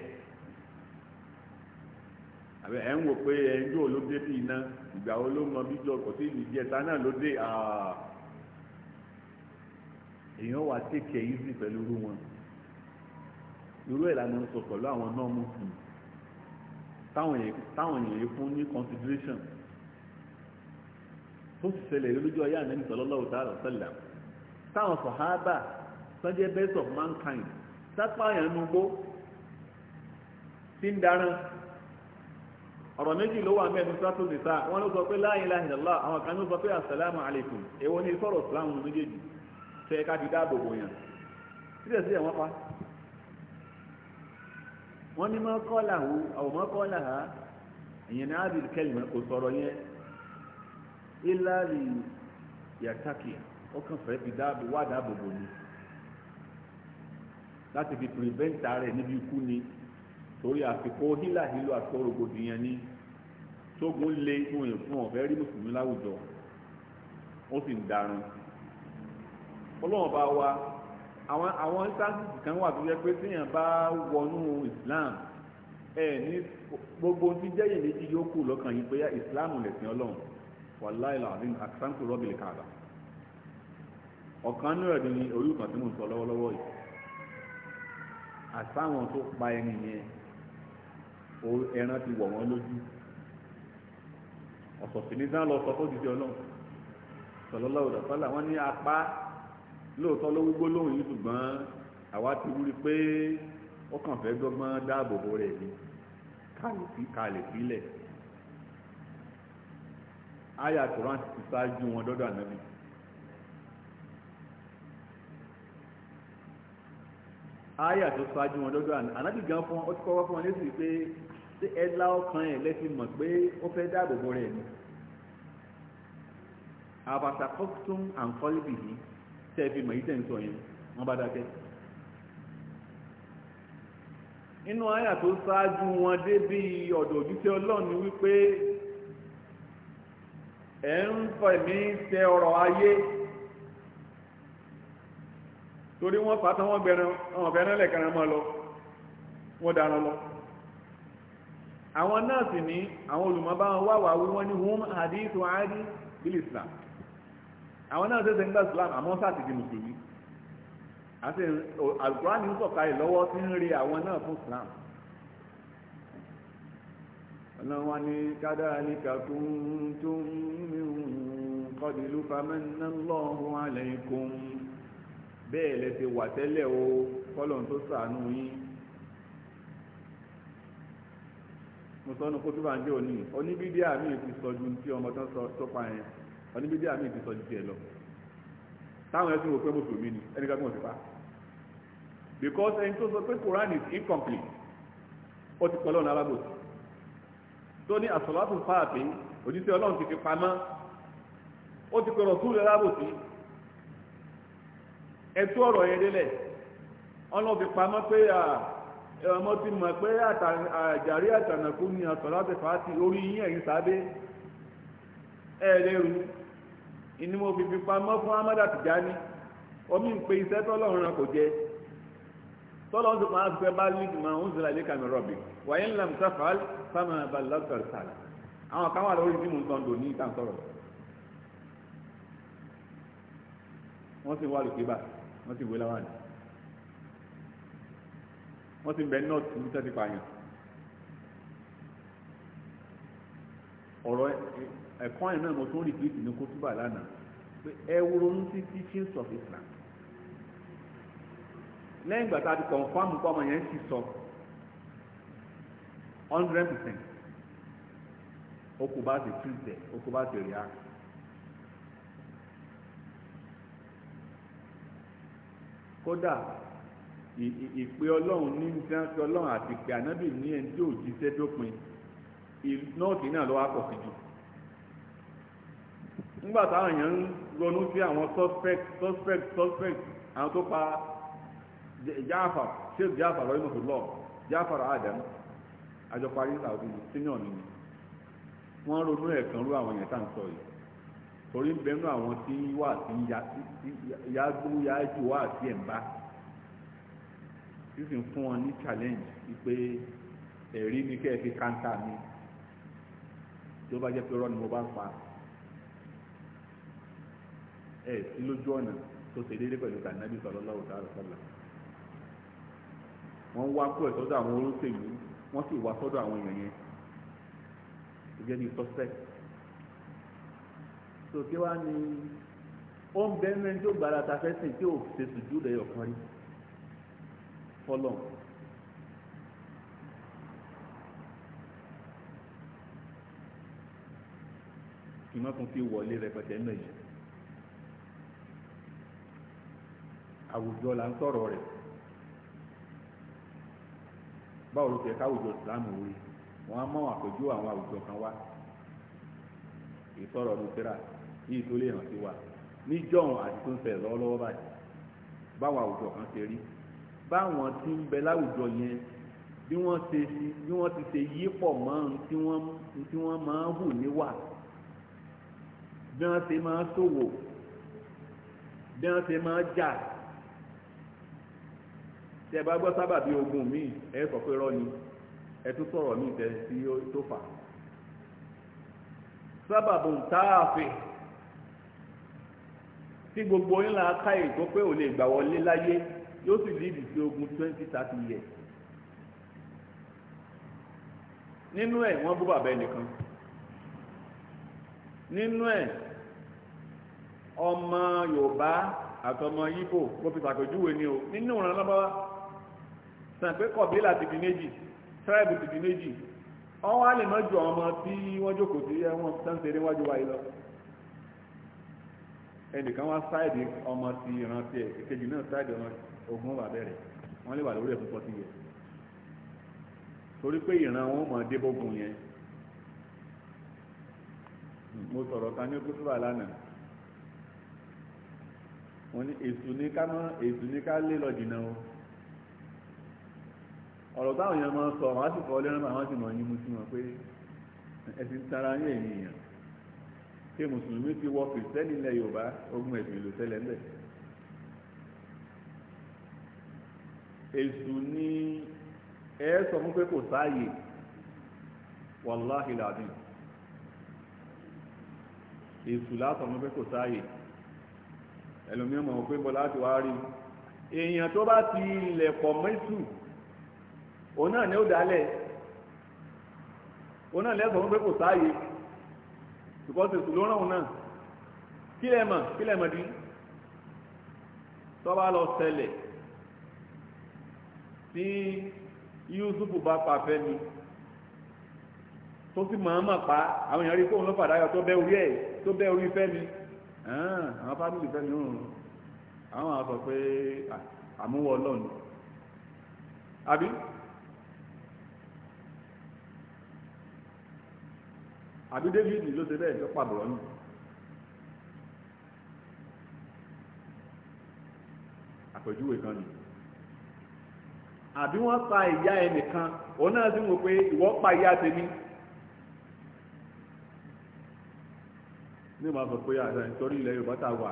àbẹ ẹ̀ ń wò pé ẹ̀ ń jó ló dé bí iná ìgbà wo ló mọ bí jọ kò sí ìdíje ta náà ló dé ah. èèyàn wà tèkè yìí sí pẹ̀lú irú wọn irú ẹ̀ lànà sọ pẹ̀lú àwọn náà mú sí táwọn èèyàn fún ní consideration tó sì ṣẹlẹ̀ lójú ọyá àná nìtọ́lọ́lọ́wọ́ dáhùn sẹ́lẹ̀ táwọn sọ̀háábà sọ́jẹ́ best of mankind sápáyàn ń gbó tí ń darán ọ̀rọ̀ méjì ló wà mẹ́rin sátó nìta wọ́n ló sọ pé la ilaha illallah àwọn kan ló sọ pé assalamu alaikum èwo ni sàlámù méjèèjì tẹ́ ká fi dáàbò bò yàn síbẹ̀ síbẹ̀ wọ́n pa wọ́n ní ha ìyẹn ní kò sọ̀rọ̀ yẹn láti fi pìrìvẹ́ǹtà rẹ̀ níbi ikú ni torí àfikún hílà hílò àti rògbòdìyàn ni tógun lé fún yẹn fún ọ̀fẹ́ rí mùsùlùmí láwùjọ ó sì ń darun ọlọ́run bá wa àwọn àwọn instances kan wà tó yẹ pé téèyàn bá wọnú Islam ẹ ní gbogbo tí jẹ́yìn méjì yóò kù lọ́kàn yìí pé Islam lẹ̀sìn ọlọ́run wàláì làwọn àkàtúntò rọ́bìlì kàdà ọ̀kan náà ni orí ìkànnì mò ń sọ lọ́wọ́lọ́wọ́ yìí àtàwọn tó pa ẹni yẹn ẹran ti wọ̀ wọ́n lójú ọ̀sọ̀ sí ní sán lọ sọ fún òjijì ọlọ́run sọlọ́lá òdà sọ́là wọ́n ní apá lóòótọ́ ló wúgbó lóhùn yìí ṣùgbọ́n àwa ti wúri pé ó kàn fẹ́ gbọ́gbọ́n dáàbò bo rẹ̀ ni kàlè sílẹ̀ àyà Kùránì ti ṣáájú wọn dọ́dọ̀ ànábì. áyà tó ṣáájú wọn lọ́dọ̀ ànábì gan fún ọ ti kọ́kọ́ fún wọn lẹ́sìn pé ṣé ẹ lá ọkàn ẹ̀ lẹ́sìn mọ̀ pé ó fẹ́ dáàbò bo rẹ̀ ni àbàtà kọ́kùtùm àǹkọ́lìbì yìí tẹ́ ẹ fi mọ̀ yìí tẹ̀ ń sọ yẹn wọ́n bá dákẹ́. inú àyà tó ṣáájú wọn dé bí ọ̀dọ̀ òjíṣẹ́ ọlọ́run wípé ẹ̀ ń fẹ̀mí tẹ ọrọ̀ ayé torí wọ́n fàtà wọ́n bẹ̀rẹ̀ wọ́n bẹ̀rẹ̀ lẹ́kẹ̀rẹ̀ mọ́ lọ wọ́n dára lọ àwọn náà sì ní àwọn olùmọ̀bá wọn wà wà wọ́n ní hum hadithu adi bil islam àwọn náà sẹ́sẹ̀ ń gbà islam àmọ́ sáà ti di mùsùlùmí àti alukuran ní sọ̀ka ìlọ́wọ́ tí ń rí àwọn náà fún islam ọlọ́wọ́ ni kadhalika kuntum min qablu famanna Allahu alaykum bẹ́ẹ̀ lẹ ti wà tẹ́lẹ̀ o kọ́lọ̀ tó ṣàánú yín mo sọnù kó tó bá ń dé òní oníbídí àmì ti sọ ju ti ọmọ tán sọ tó pa yẹn oníbídí àmì ti sọ ju tiẹ̀ lọ táwọn ẹ̀sìn wò pé mùsùlùmí ni ẹnì kan kò pa because ẹni tó sọ pé Quran is incomplete ó ti pọ̀ lọ́nà alábòsí tó ní àsọ̀lọ́tún fáàpì òjíṣẹ́ Ọlọ́run ti fi pamọ́ ó ti pẹ̀rọ̀ súnlẹ̀ alábòsí ẹtú ọ̀rọ̀ yẹn délẹ̀ ọlọ́ọ̀fi pamọ́ pé ọmọ ti mọ̀ pé àjàrí àtànàkú ni àtọ̀lá ti fà á ti orí yín ẹ̀yìn sábé ẹ̀ lérú ìní mo fi fi pamọ́ fún Ahmad Tijani omi ń pe iṣẹ́ tọ́lọ́run náà kò jẹ tọ́lọ́run tó máa fẹ́ bá lídìí máa ń zira ilé kàmí rọ̀bì wàyé ńlá mùsàfàl fáwọn abalọ́tọ̀ sàlà àwọn kan wà lórí tí mo ń tọ́ ń lò ní ìtàn sọ̀rọ̀ wọ́n sì wá lùkí báyìí wọ́n ti wé láwọn àdì wọ́n ti bẹ nọ́ọ̀tì ní tẹ́tí pààyàn ọ̀rọ̀ ẹ̀kọ́ yẹn náà mo tún rí píìtì ní kótóbà lánàá pé ẹ ronú sí teachings of Islam lẹ́yìn ìgbà tá a ti confam pé ọmọ yẹn ti sọ hundred percent okùn ti treat ẹ̀ okùn bá ti react. kódà ìpè ọlọ́run ní ìdánsẹ́ ọlọ́run àti ìpè ànábì ní ẹni tí ò jíṣẹ́ dópin nọ́ọ̀tì náà ló wá pọ̀ sí jù nígbà táwọn èèyàn ń ronú sí àwọn suspect suspect suspect àwọn tó pa jáfà sheikh jáfà lọ́yìn mọ̀tò lọ́ọ̀ jáfà adam àjọparí sàwọn senior nìyí wọ́n ronú ẹ̀kan rú àwọn èèyàn tá à ń sọ yìí torí ń bẹnu àwọn tí wà tí yágbó yájú wà tí ẹ̀ ń bá sísìn fún wọn ní challenge wípé ẹ̀rí ni kẹ́ ẹ fi káńtà mi tí ó bá jẹ́ pé irọ́ ni mo bá pa ẹ̀ sí lójú ọ̀nà tó ṣe déédéé pẹ̀lú tànàbí sallallahu ta'ala sallam wọ́n wá kú ẹ̀ sọ́dọ̀ àwọn olóṣèlú wọ́n sì wá sọ́dọ̀ àwọn èèyàn yẹn ó jẹ́ suspect sòkè wá ní ó ń bẹ mẹ́rin tó gbára ta fẹ́ sìn tí ò ṣe sùjú rẹ̀ ọ̀kan rí fọlọ́ ìmọ̀ kan fi wọlé rẹpẹtẹ náà yìí àwùjọ là ń sọ̀rọ̀ rẹ̀ báwo ló fẹ́ káwùjọ ìsìlámù wí wọ́n á mọ̀ àpèjú àwọn àwùjọ kan wá ìsọ̀rọ̀ lùtẹ́rà. E yìí tó lè hàn sí wa níjọ́hun àti tó ń fẹ̀ lọ́wọ́lọ́wọ́ báyìí báwọn àwùjọ kan ṣe rí báwọn tí ń bẹ láwùjọ yẹn bí wọ́n ṣe bí wọ́n ti ṣe yí pọ̀ mọ́ ohun tí wọ́n máa ń hù níwà bí wọ́n ṣe máa ń ṣòwò bí wọ́n ṣe máa ń jà tẹ bá gbọ́ sábà bí ogun míì ẹ sọ pé rọ́ ni ẹ tún sọ̀rọ̀ míì tẹ sí tó fà sábàbùn táàfin tí gbogbo yín là á ká ègbó pé ò lè gbà wọlé láyé yóò sì lídì sí ogun twenty thirty years nínú ẹ̀ wọ́n bú bàbá ẹnìkan nínú ẹ̀ ọmọ Yorùbá àtọmọ Yíbò mo fi ṣàpèjúwe ni o nínú ìran lọ́bọ́wá sàn pé kọ̀bílà ti di méjì tíráìbù ti di méjì wọ́n wá lè mọ́jú àwọn ọmọ tí wọ́n jókòó sí ẹ̀wọ̀n sáńsẹ̀ níwájú wa yìí lọ ẹnìkan wá sáìdì ọmọ ti ìrántí ẹ̀ ìkejì náà sáìdì ọmọ ogun wà bẹ̀rẹ̀ wọ́n lè wà lórí ẹ̀ púpọ̀ sí yẹ torí pé ìran wọn mọ̀ débógun yẹn mo sọ̀rọ̀ kan ní kútúbà lánàá wọ́n ní èsù ní ká mọ́ èsù ní ká lé lọ jìnnà o ọ̀rọ̀ táwọn èèyàn máa ń sọ wọ́n á sì fọ́ lẹ́rán àwọn sì mọ̀ yín mú sí wọn pé ẹ̀sìn tara yín èyí èèyàn pé mùsùlùmí ti wọ kìrìsìtẹ́nì ilẹ̀ yorùbá ogun ẹ̀sìn ìlú tẹ́lẹ̀ ńlẹ̀ èsù ni ẹ sọ fún pé kò sáàyè wàláhì làbí èsù lásọ fún pé kò sáàyè ẹlòmíràn mọ̀ pé bọ́lá ti wá rí èèyàn tó bá ti ilẹ̀ pọ̀ mẹ́sù òun náà ni ó dálẹ̀ òun náà lẹ́sọ̀ fún pé kò sáàyè because èsù ló ràn òun náà kí lẹ mọ̀ kí lẹ mọ̀ dí tọ́ba lọ ṣẹlẹ̀ tí Yusufu bá pa Fẹ́mi tó sì máa mà pa àwọn èèyàn rí kóun ló fàdáyọ tó bẹ́ orí ẹ̀ tó bẹ́ orí Fẹ́mi àwọn fámìlì Fẹ́mi rùn àwọn àwọn sọ pé àmúwọ̀ Ọlọ́run àbí àbí david ló ṣe bẹ́ẹ̀ tó pàbọ̀ ọ́nù àpèjúwe kan ni àbí wọ́n pa ìyá ẹnìkan òun náà sì mú pé ìwọ pa ìyá tèmi ní ìmọ̀ sọ pé àṣà ìtorí ilẹ̀ yorùbá ta wà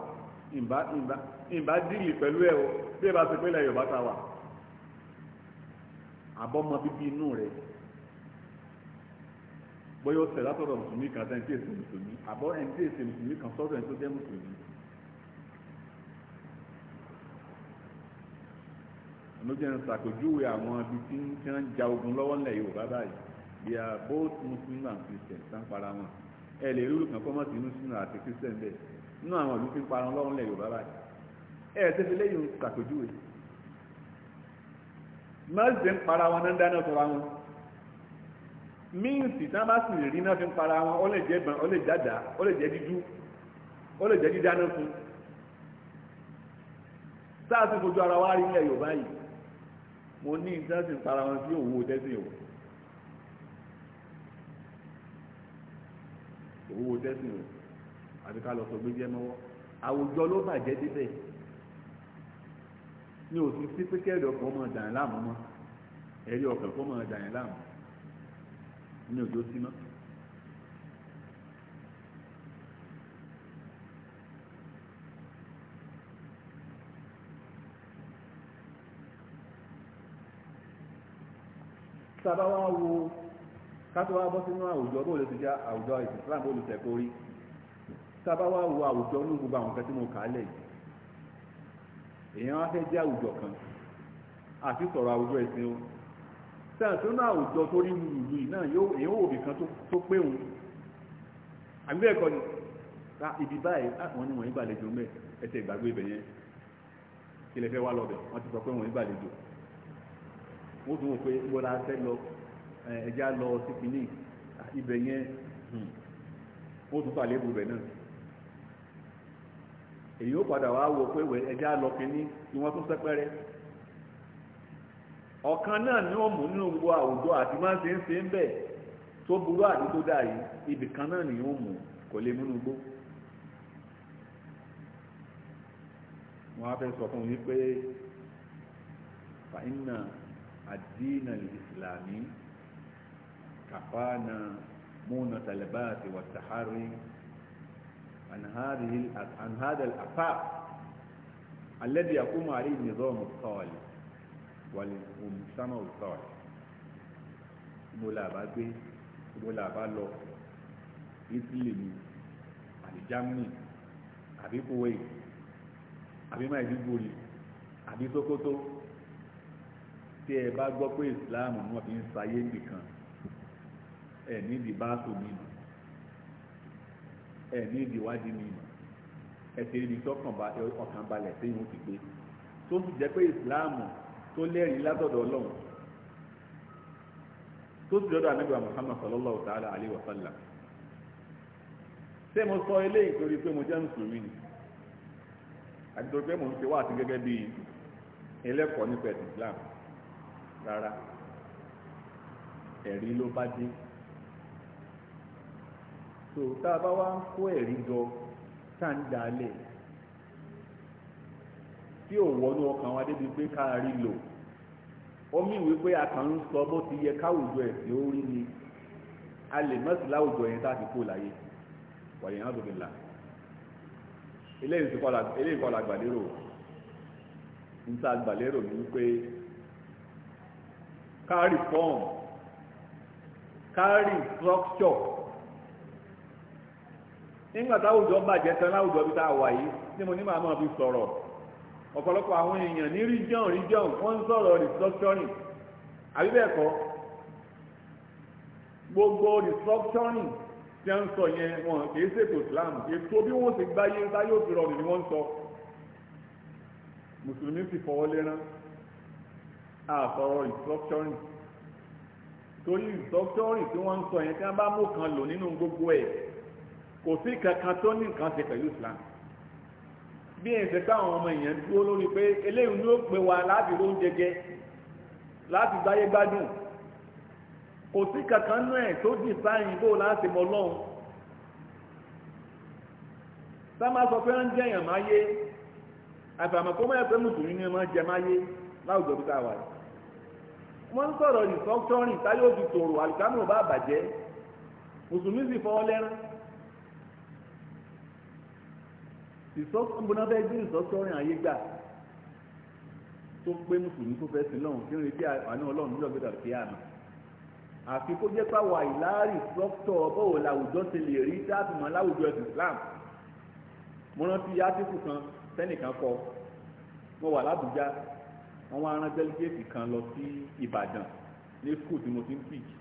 ìbá ìbá ìbá dìlì pẹ̀lú ẹ̀ o bí ẹ bá ṣe pé ilẹ̀ yorùbá ta wà àbọ́mọ bíbí inú rẹ̀ bóyá ó sẹ̀ látọ̀dọ̀ mùsùlùmí kan sẹ́ni tí èsì mùsùlùmí àbọ̀ ẹni tí èsì mùsùlùmí kan sọ́dọ̀ ẹni tó jẹ́ mùsùlùmí. lójú ẹni ṣàpèjúwe àwọn ibi tí wọ́n ń ja ogun lọ́wọ́ nílẹ̀ Yorùbá báyìí bí i both Muslim and Christian tán para wọn ẹ lè rúrù kan kọ́mọ̀ sí Muslim àti Christian bẹ́ẹ̀ nínú àwọn ìlú tí ń para lọ́wọ́ nílẹ̀ Yorùbá báyìí ẹ ẹ tẹ́tẹ́ lẹ́yìn ṣàpèjúwe mọ́ọ̀sì ń para wọn náà dáná sọ́ra wọn míǹsì tí wọ́n bá sì rí náà fi ń para wọn ó lè jẹ́ ìbọn ó lè jáda ó lè jẹ́ dídú ó lè jẹ́ dídáná fún sáà sì fojú ara wa rí ilẹ̀ Yorùbá yìí mo ní ìtàn sì ń para wọn sí òwò tẹ́sí o òwò tẹ́sí o àti ká lọ sọ gbé jẹ́ mọ́wọ́ àwùjọ ló bàjẹ́ débẹ̀ ní òsì sí pé kẹ́ẹ̀dọ̀ kọ́ mọ̀ dàn láàmú mọ́ ẹ̀rí ọ̀kẹ́ kọ́ mọ̀ dàn láàmú ní òjò sí mọ́. sábà wá wo kátó wá bọ́ sínú àwùjọ bó lè ti já àwùjọ ìsìnkú bó lè tẹ̀kọ́ rí sábà wá wo àwùjọ ní gbogbo àwọn nǹkan mo kà á lẹ̀ èèyàn wá fẹ́ jẹ́ àwùjọ kan àti sọ̀rọ̀ àwùjọ ìsìn o sẹ́ẹ̀tún náà òjò tó rí wùlù náà èyàn ò bì kan tó pé òun àgbẹ̀ ẹ̀kọ́ ni ta ibi báyìí àwọn oníwọ̀n ìgbàlejò mẹ́ ẹ̀tẹ̀ ìgbàgbé ibẹ̀ yẹn ilẹ̀ fẹ́ wá lọ́bẹ̀ wọ́n ti sọ pé wọ́n ìgbàlejò wọ́n tún wò pé bọ́lá fẹ́ lọ ẹja lọ sí kìíní ibẹ̀ yẹn hmm. wọ́n tún pàlẹ́ ibù bẹ̀ náà èyí ó padà wá wò pé ẹja lọ kìíní tí wọ́n tún sẹ́pẹ́rẹ́ ọ̀kan náà ni ó mú nínú gbogbo àwùjọ àti máa ṣe ń ṣe ń bẹ̀ tó burú àti tó dà yìí ibì kan náà ni ó mú kò lè múnú gbó. wọ́n á fẹ́ sọ fún mi pé fàínà àdínà ìsìlámì kàfánà múnà tàlẹ́bà àti wàtàhárí àǹhádà àfà alẹ́bí àkómọ àrí ìnìdọ́ọ̀mù kọ́ọ̀lì wàlẹ̀ omi sámà òkúta wà mo là bá gbé mo là bá lọ Italy ni àbí Germany àbí Kuwait àbí Maiduguri àbí Sokoto tí ẹ bá gbọ́ pé Islam ni wọ́n fi ń sayé nìkan ẹ ní ìdí báàtò mi nù ẹ ní ìdí ìwádìí mi nù ẹ ti rí ibi tí ọkàn balẹ̀ tí yóò ti gbé tó ti jẹ́ pé Islam tó lẹ́rìí látọ̀dọ̀ ọlọ́run tó sì lọ́dọ̀ anábìwá muhammad sallallahu ta'ala alayhi wa sallam ṣé mo sọ eléyìí torí pé mo jẹ́ mùsùlùmí ni àti torí pé mo ń ṣe wáàtí gẹ́gẹ́ bí ẹlẹ́kọ̀ọ́ nípa ẹ̀sìn islam rárá ẹ̀rí ló bá dé tó tá a bá wá ń kó ẹ̀rí jọ tá à ń dalẹ̀ tí ò wọnú ọkàn wa débi pé káàrí lò ó pe a ka ń sọ bó ti yẹ káwùjọ ẹ tí ó rí ni a lè mọ́sí láwùjọ yẹn tá a ti kó láyé náà tóbi là eléyìí kọ́ la gbàlérò níta gbàlérò ni nígbà táwùjọ bàjẹ́ tán láwùjọ bí tá a wà yìí mo ní fi sọ̀rọ̀. ọ̀pọ̀lọpọ̀ àwọn èèyàn ní region region wọ́n ń sọ̀rọ̀ restructuring àbí bẹ́ẹ̀ kọ́ gbogbo restructuring tí a ń sọ yẹn wọn kì í ṣètò Islam ètò bí wọ́n ti gbáyé báyé òfin rọrùn ni wọ́n ń sọ mùsùlùmí sì fọwọ́ lẹ́rán àfọwọ́ restructuring torí restructuring tí wọ́n ń sọ yẹn tí wọ́n bá mú kan lò nínú gbogbo ẹ̀ kò sí kankan tó ní nǹkan ṣe pẹ̀lú Islam bí ẹ̀sẹ̀ táwọn ọmọ èèyàn dúró lórí pé eléyìí ló pè wá láti ló ń jẹjẹ láti gbáyé gbádùn kò sí kankan náà ẹ̀ tó dì sáyìn bó láti mọ lọ́hùn sáma sọ pé ń jẹyàn máa yé àfàmọ́ kó mọ̀ pé mùsùlùmí ni wọ́n jẹ máa yé láwùjọ bí táwa yìí wọ́n ń sọ̀rọ̀ restructuring táyọ̀ fi tòrò àlùkámù bá bàjẹ́ mùsùlùmí sì fọwọ́ lẹ́rán ìsọ́kùnbọ̀nà fẹ́ gbé ìsọ́sọ́rin ayé gbà tó pé mùsùlùmí tó fẹ́ sí lọ́hùn kí wọ́n ti àánú ọlọ́run nílò gbé dàbí àná àfi kó jẹ́ pàwọ́ àìláàrí sọ́kùtọ̀ bọ́wọ́ làwùjọ ti lè rí dáàbùmọ́ láwùjọ ẹ̀sìn Islam mo rántí yátíkù kan sẹ́nìkan kọ mo wà lábújá wọ́n wá rán délégéètì kan lọ sí Ìbàdàn ní skul tí mo ti ń pìkì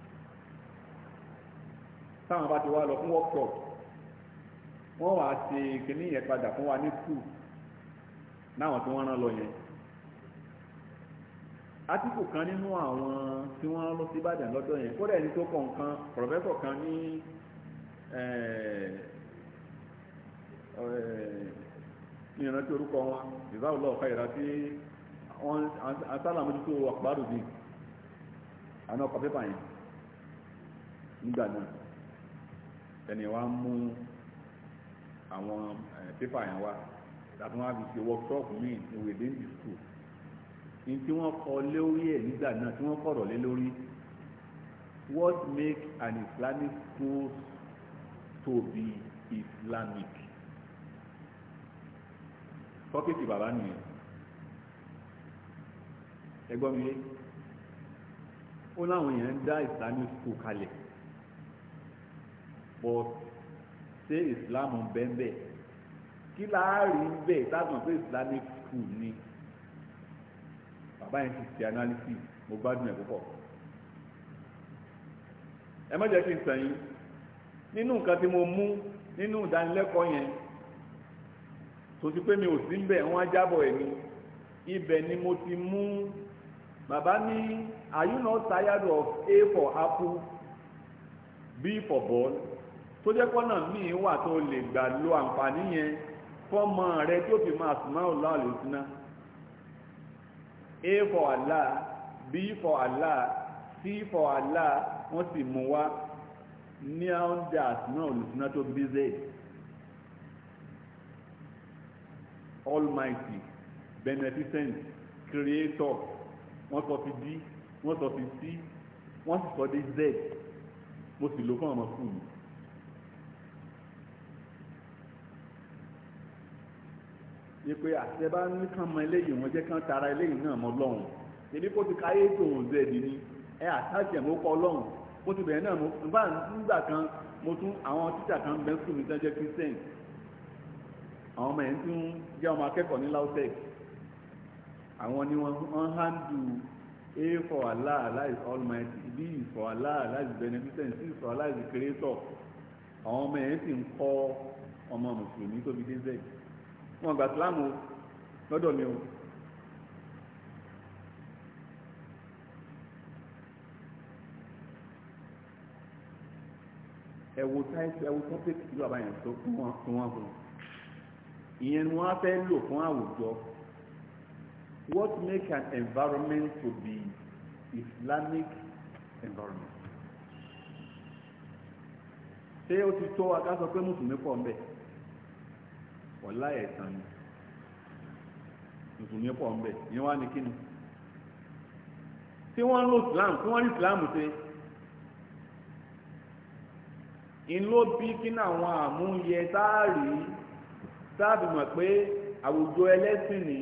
táwọn bá ti wá lọ fún workshop wọ́n wàá ṣe kínní yẹn padà fún wa ní skul náwọn tí wọ́n rán lọ yẹn atiku kan nínú àwọn tí wọ́n lọ sí Ìbàdàn lọ́dọ̀ yẹn kódà ẹni tó kọ nǹkan kan ní eh, eh, ìrántí orúkọ wọn ìzáwò lọ́ọ̀ wa mú àwọn eh, pépà yẹn wá láti wọ́n á fi ṣe workshop míì ní within the school ní tí wọ́n kọ lórí ẹ̀ nígbà náà tí wọ́n kọ̀rọ̀ lé lórí what make an Islamic school to be Islamic tọ́kìtì bàbá nìyẹn ẹgbọ́n mi yé ó láwọn èèyàn ń dá Islamic school kalẹ̀ but ṣé islam bẹ́ẹ̀ kí láàárín bẹ́ẹ̀ tágbọ̀n pé islamic school ni bàbá yẹn ti ṣe analysis mo gbádùn ẹ̀ púpọ̀ ẹ má jẹ́ kí n sẹ́yìn nínú nǹkan tí mo mú nínú ìdánilẹ́kọ̀ọ́ yẹn tó ti pé mi ò sí ń wọ́n á jábọ̀ ẹ̀ mi ibẹ̀ ni mo ti mú bàbá ní are you not tired of A for apple B for ball tó jẹ́ pọ́nà míì wà tó lè gbà lo àǹfààní yẹn fọ́mọ rẹ tó fi máa sùn máa lọ a for Allah b for Allah c for Allah wọ́n sì mú wá ní oúnjẹ àsùnà olùsùnà tó bíze almighty beneficent creator wọ́n sọ fi d wọ́n sọ fi c wọ́n sì sọ dé z mo sì lò fún ọmọ fún mi. wípé àṣẹ bá ní kàn mọ eléyìí wọn jẹ́ kàn tara eléyìí náà mọ lọ́hùn èmi kò ti káyé tó ń zẹ̀ ẹ̀dì ni ẹ àtàjẹ̀ mọ́ kọ́ lọ́hùn kó ti bẹ̀rẹ̀ náà mo bá nígbà kan mo tún àwọn tíṣà kan bẹ́ẹ̀ sùn mi tán jẹ́ christian àwọn ọmọ yẹn tún jẹ́ ọmọ akẹ́kọ̀ọ́ ní lautech àwọn ni wọ́n hándù a for Allah Allah is almighty b for Allah Allah is beneficent c for Allah is creator àwọn ọmọ yẹn sì ń kọ́ ọmọ mùsùlùmí tóbi dé zẹ́ẹ̀ wọn gbà sílámù lọ́dọ̀ mi o ẹ̀wù táìsì ẹ̀wù tọ́pẹ̀tì ìlú àbáyàn tó fún wọn fún wọn fún ìyẹn ni wọ́n fẹ́ lò fún àwùjọ what make an environment to be Islamic environment ṣé ó ti tó akásọ pé mùsùlùmí pọ̀ ń bẹ́ẹ̀ ọ̀la ẹ̀sán ni mùsùlùmí pọ̀ ń bẹ ìyẹn wá ní kíni tí wọ́n ń lo islam tí wọ́n rí islam ṣe ń ló bí kíni àwọn àmúyẹ táàrí táàbì mọ̀ pé àwùjọ ẹlẹ́sìn ni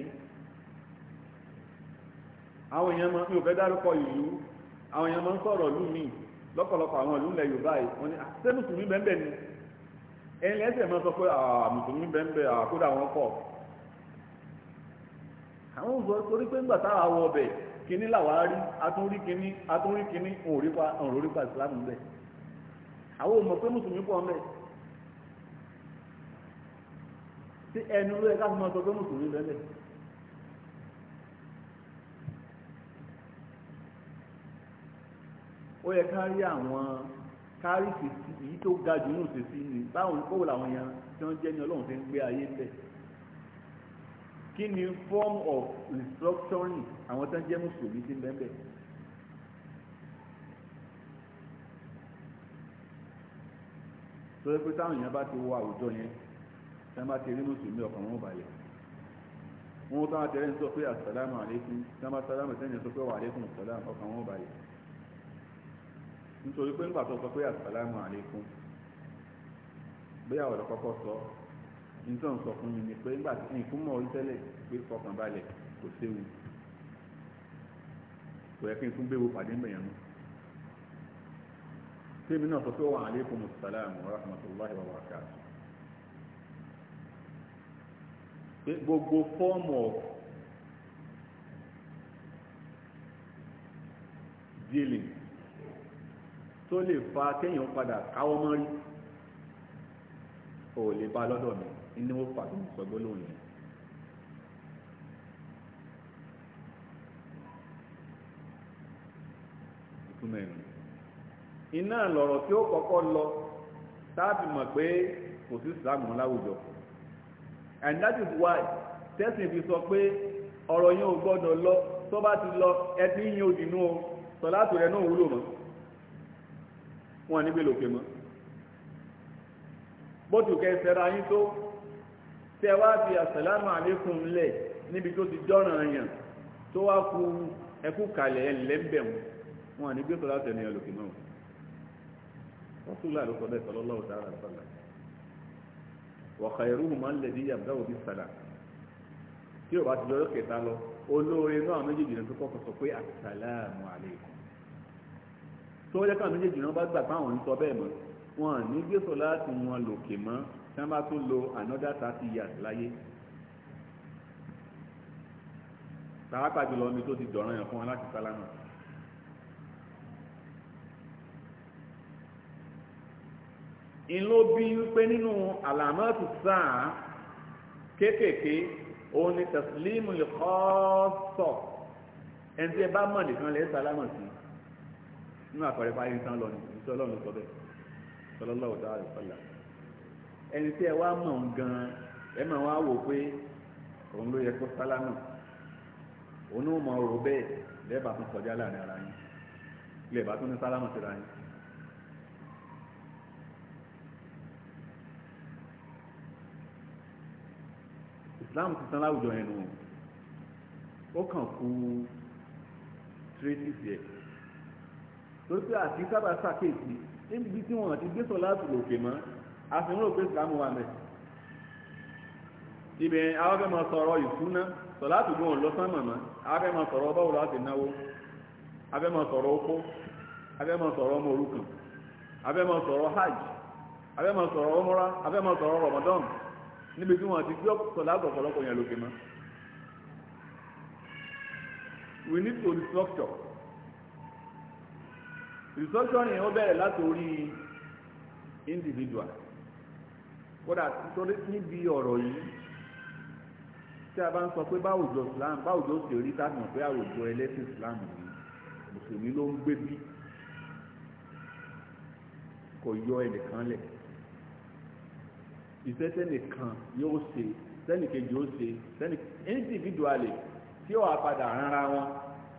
àwọn èèyàn máa ń fi òfẹ́ dárúkọ ìlú àwọn èèyàn máa ń sọ̀rọ̀ lù mí lọ́pọ̀lọpọ̀ àwọn ìlú ilẹ̀ Yorùbá yìí wọ́n ní àṣẹ ah, mùsùlùmí bẹ́ẹ̀ bẹ́ẹ̀ ni ẹ̀yìn lẹ́sẹ̀ máa sọ pé àmùsùnmí bẹ́ẹ̀ àkódà wọn pọ̀ àwọn òṣùwọ́ torí pé ńgbà táwa wọ ọbẹ̀ kíní làwa rí atúnrí kíní atúnrí kíní òǹrí pa ìsìlámù bẹ́ẹ̀ àwọn ò mọ̀ pé mùsùlùmí pọ̀ ńbẹ̀ tí ẹnu ló yẹ ká fi máa sọ pé mùsùlùmí bẹ́ẹ̀ ó yẹ ká rí àwọn kárí sèsì èyí tó ga jù nù sèsì ni báwọn kọ́wọ́ làwọn èèyàn tí wọ́n jẹ́ ní ọlọ́run fi ń gbé ayé bẹ̀. kí ni form of restructuring àwọn tó ń jẹ́ mùsùlùmí ti ń bẹ́ẹ̀ bẹ́ẹ̀. sọ́dọ̀ pé táwọn èèyàn bá ti wọ àwùjọ yẹn tí wọ́n bá ti rí mùsùlùmí ọkàn wọn balẹ̀ wọn tó wá tẹ̀lé ń sọ pé àsàlámù àlékún tí wọ́n bá sálámù sẹ́yìn sọ pé wà àlékún sàlámù ọkàn wọn balẹ̀ nítorí pé nígbà tó sọ pé àsàlámù àlékún bóyá ọ̀rọ̀ kọ́kọ́ sọ nítorí sọ fún mi ni pé nígbà tí nǹkan mọ̀ orí tẹ́lẹ̀ pé fọkàn balẹ̀ kò séwu kò yẹ kí n tún gbéwu pàdé mẹ́yàn nù tèmi náà sọ pé wà àlékún mùsàlámù rahmatulahi wa barakatuh pé gbogbo fọ́ọ̀mù ọ̀f dealing tó lè fa kéèyàn padà káwọ́ mọ́ rí lè bá lọ́dọ̀ mi inú ó fà tó ń sọ gbólóhùn yẹn. iná lọ̀rọ̀ tí ó kọ́kọ́ lọ táàbì mọ̀ pé kò sí ìsìlámù láwùjọ and that is why tẹ́sìn fi sọ pé ọ̀rọ̀ yẹn ò lọ tó bá ti lọ ẹ ti ń òdì o wọn níbi lòkè mọ́ bótù kẹsẹ̀ra yín tó tí ẹ wá fi àsàlámù àlékún lẹ̀ níbi tó ti dọ́ràn yàn tó wá kú ẹkú kalẹ̀ ẹ̀lẹ́bẹ̀ wọn níbi sọ́lá tẹ̀lé lòkè mọ́ wọ́n tún láàrín sọ bẹ́ẹ̀ sallallahu ta'ala alaihi wasallam wa khayruhuma alladhi yabda'u bis-salam tí ò bá ti lọ́yọ́ kẹta lọ olóore náà méjèèjì ló tó kọ́kọ́ sọ pé àsàlámù àlékún tó wọ́n jẹ́ káwọn méjèèjì náà bá gbà táwọn ń sọ bẹ́ẹ̀ mọ́ wọn ní gbèsò láti wọn lòkè mọ́ tí wọ́n bá tún lo another thirty years láyé pàápàá jùlọ omi tó ti dọ̀ràn yàn fún wọn láti sálámà. ìlú bí wípé nínú àlàmọ́tò sáà kéékèèké òun ni tẹ̀sílímù lè kọ́ sọ ẹni tí ẹ bá mọ̀ nìkan lè sálámà sí i nínú àpẹẹrẹ fáyé nǹkan lọ ní ìṣẹ́ ọlọ́run sọ bẹ́ẹ̀ sọlọ́lọ́wọ́ tó àrẹ sọ́là ẹni tí ẹ wá mọ̀ ń gan ẹ máa wá wò pé òun ló yẹ kó sálámù òun ó mọ òrò bẹ́ẹ̀ lẹ́ẹ̀bà tún kọjá láàrin ara yín lẹ́ẹ̀bà tún ní sálámù síra yín. Islam ti tán láwùjọ yẹn nù ó kàn kú tírétìsì ẹ̀. tó sì àti sábà níbi tí ti gbé sọlá àtùlò òkè mọ́ wa mẹ́. ibẹ̀ àwọn máa sọ̀rọ̀ ìfúnná sọlá àtùgbọ́n ò lọ sánmà mọ́ àwọn máa sọ̀rọ̀ báwo láti náwó máa sọ̀rọ̀ máa sọ̀rọ̀ ọmọ máa sọ̀rọ̀ hajj àwọn máa sọ̀rọ̀ ọmọra máa sọ̀rọ̀ ti restructuring ó bẹ̀rẹ̀ láti orí individual kódà torí níbi ọ̀rọ̀ yìí tí a bá ń sọ pé báwùjọ Islam báwùjọ sì rí tá a mọ̀ pé àwùjọ ẹlẹ́sìn Islam yìí mùsùlùmí ló ń gbé bí kò yọ ẹnìkan lẹ̀ ìfẹ́ sẹ́nìkan yóò ṣe sẹ́nìkejì ó ṣe sẹ́nì individually tí ó wà padà rárá wọn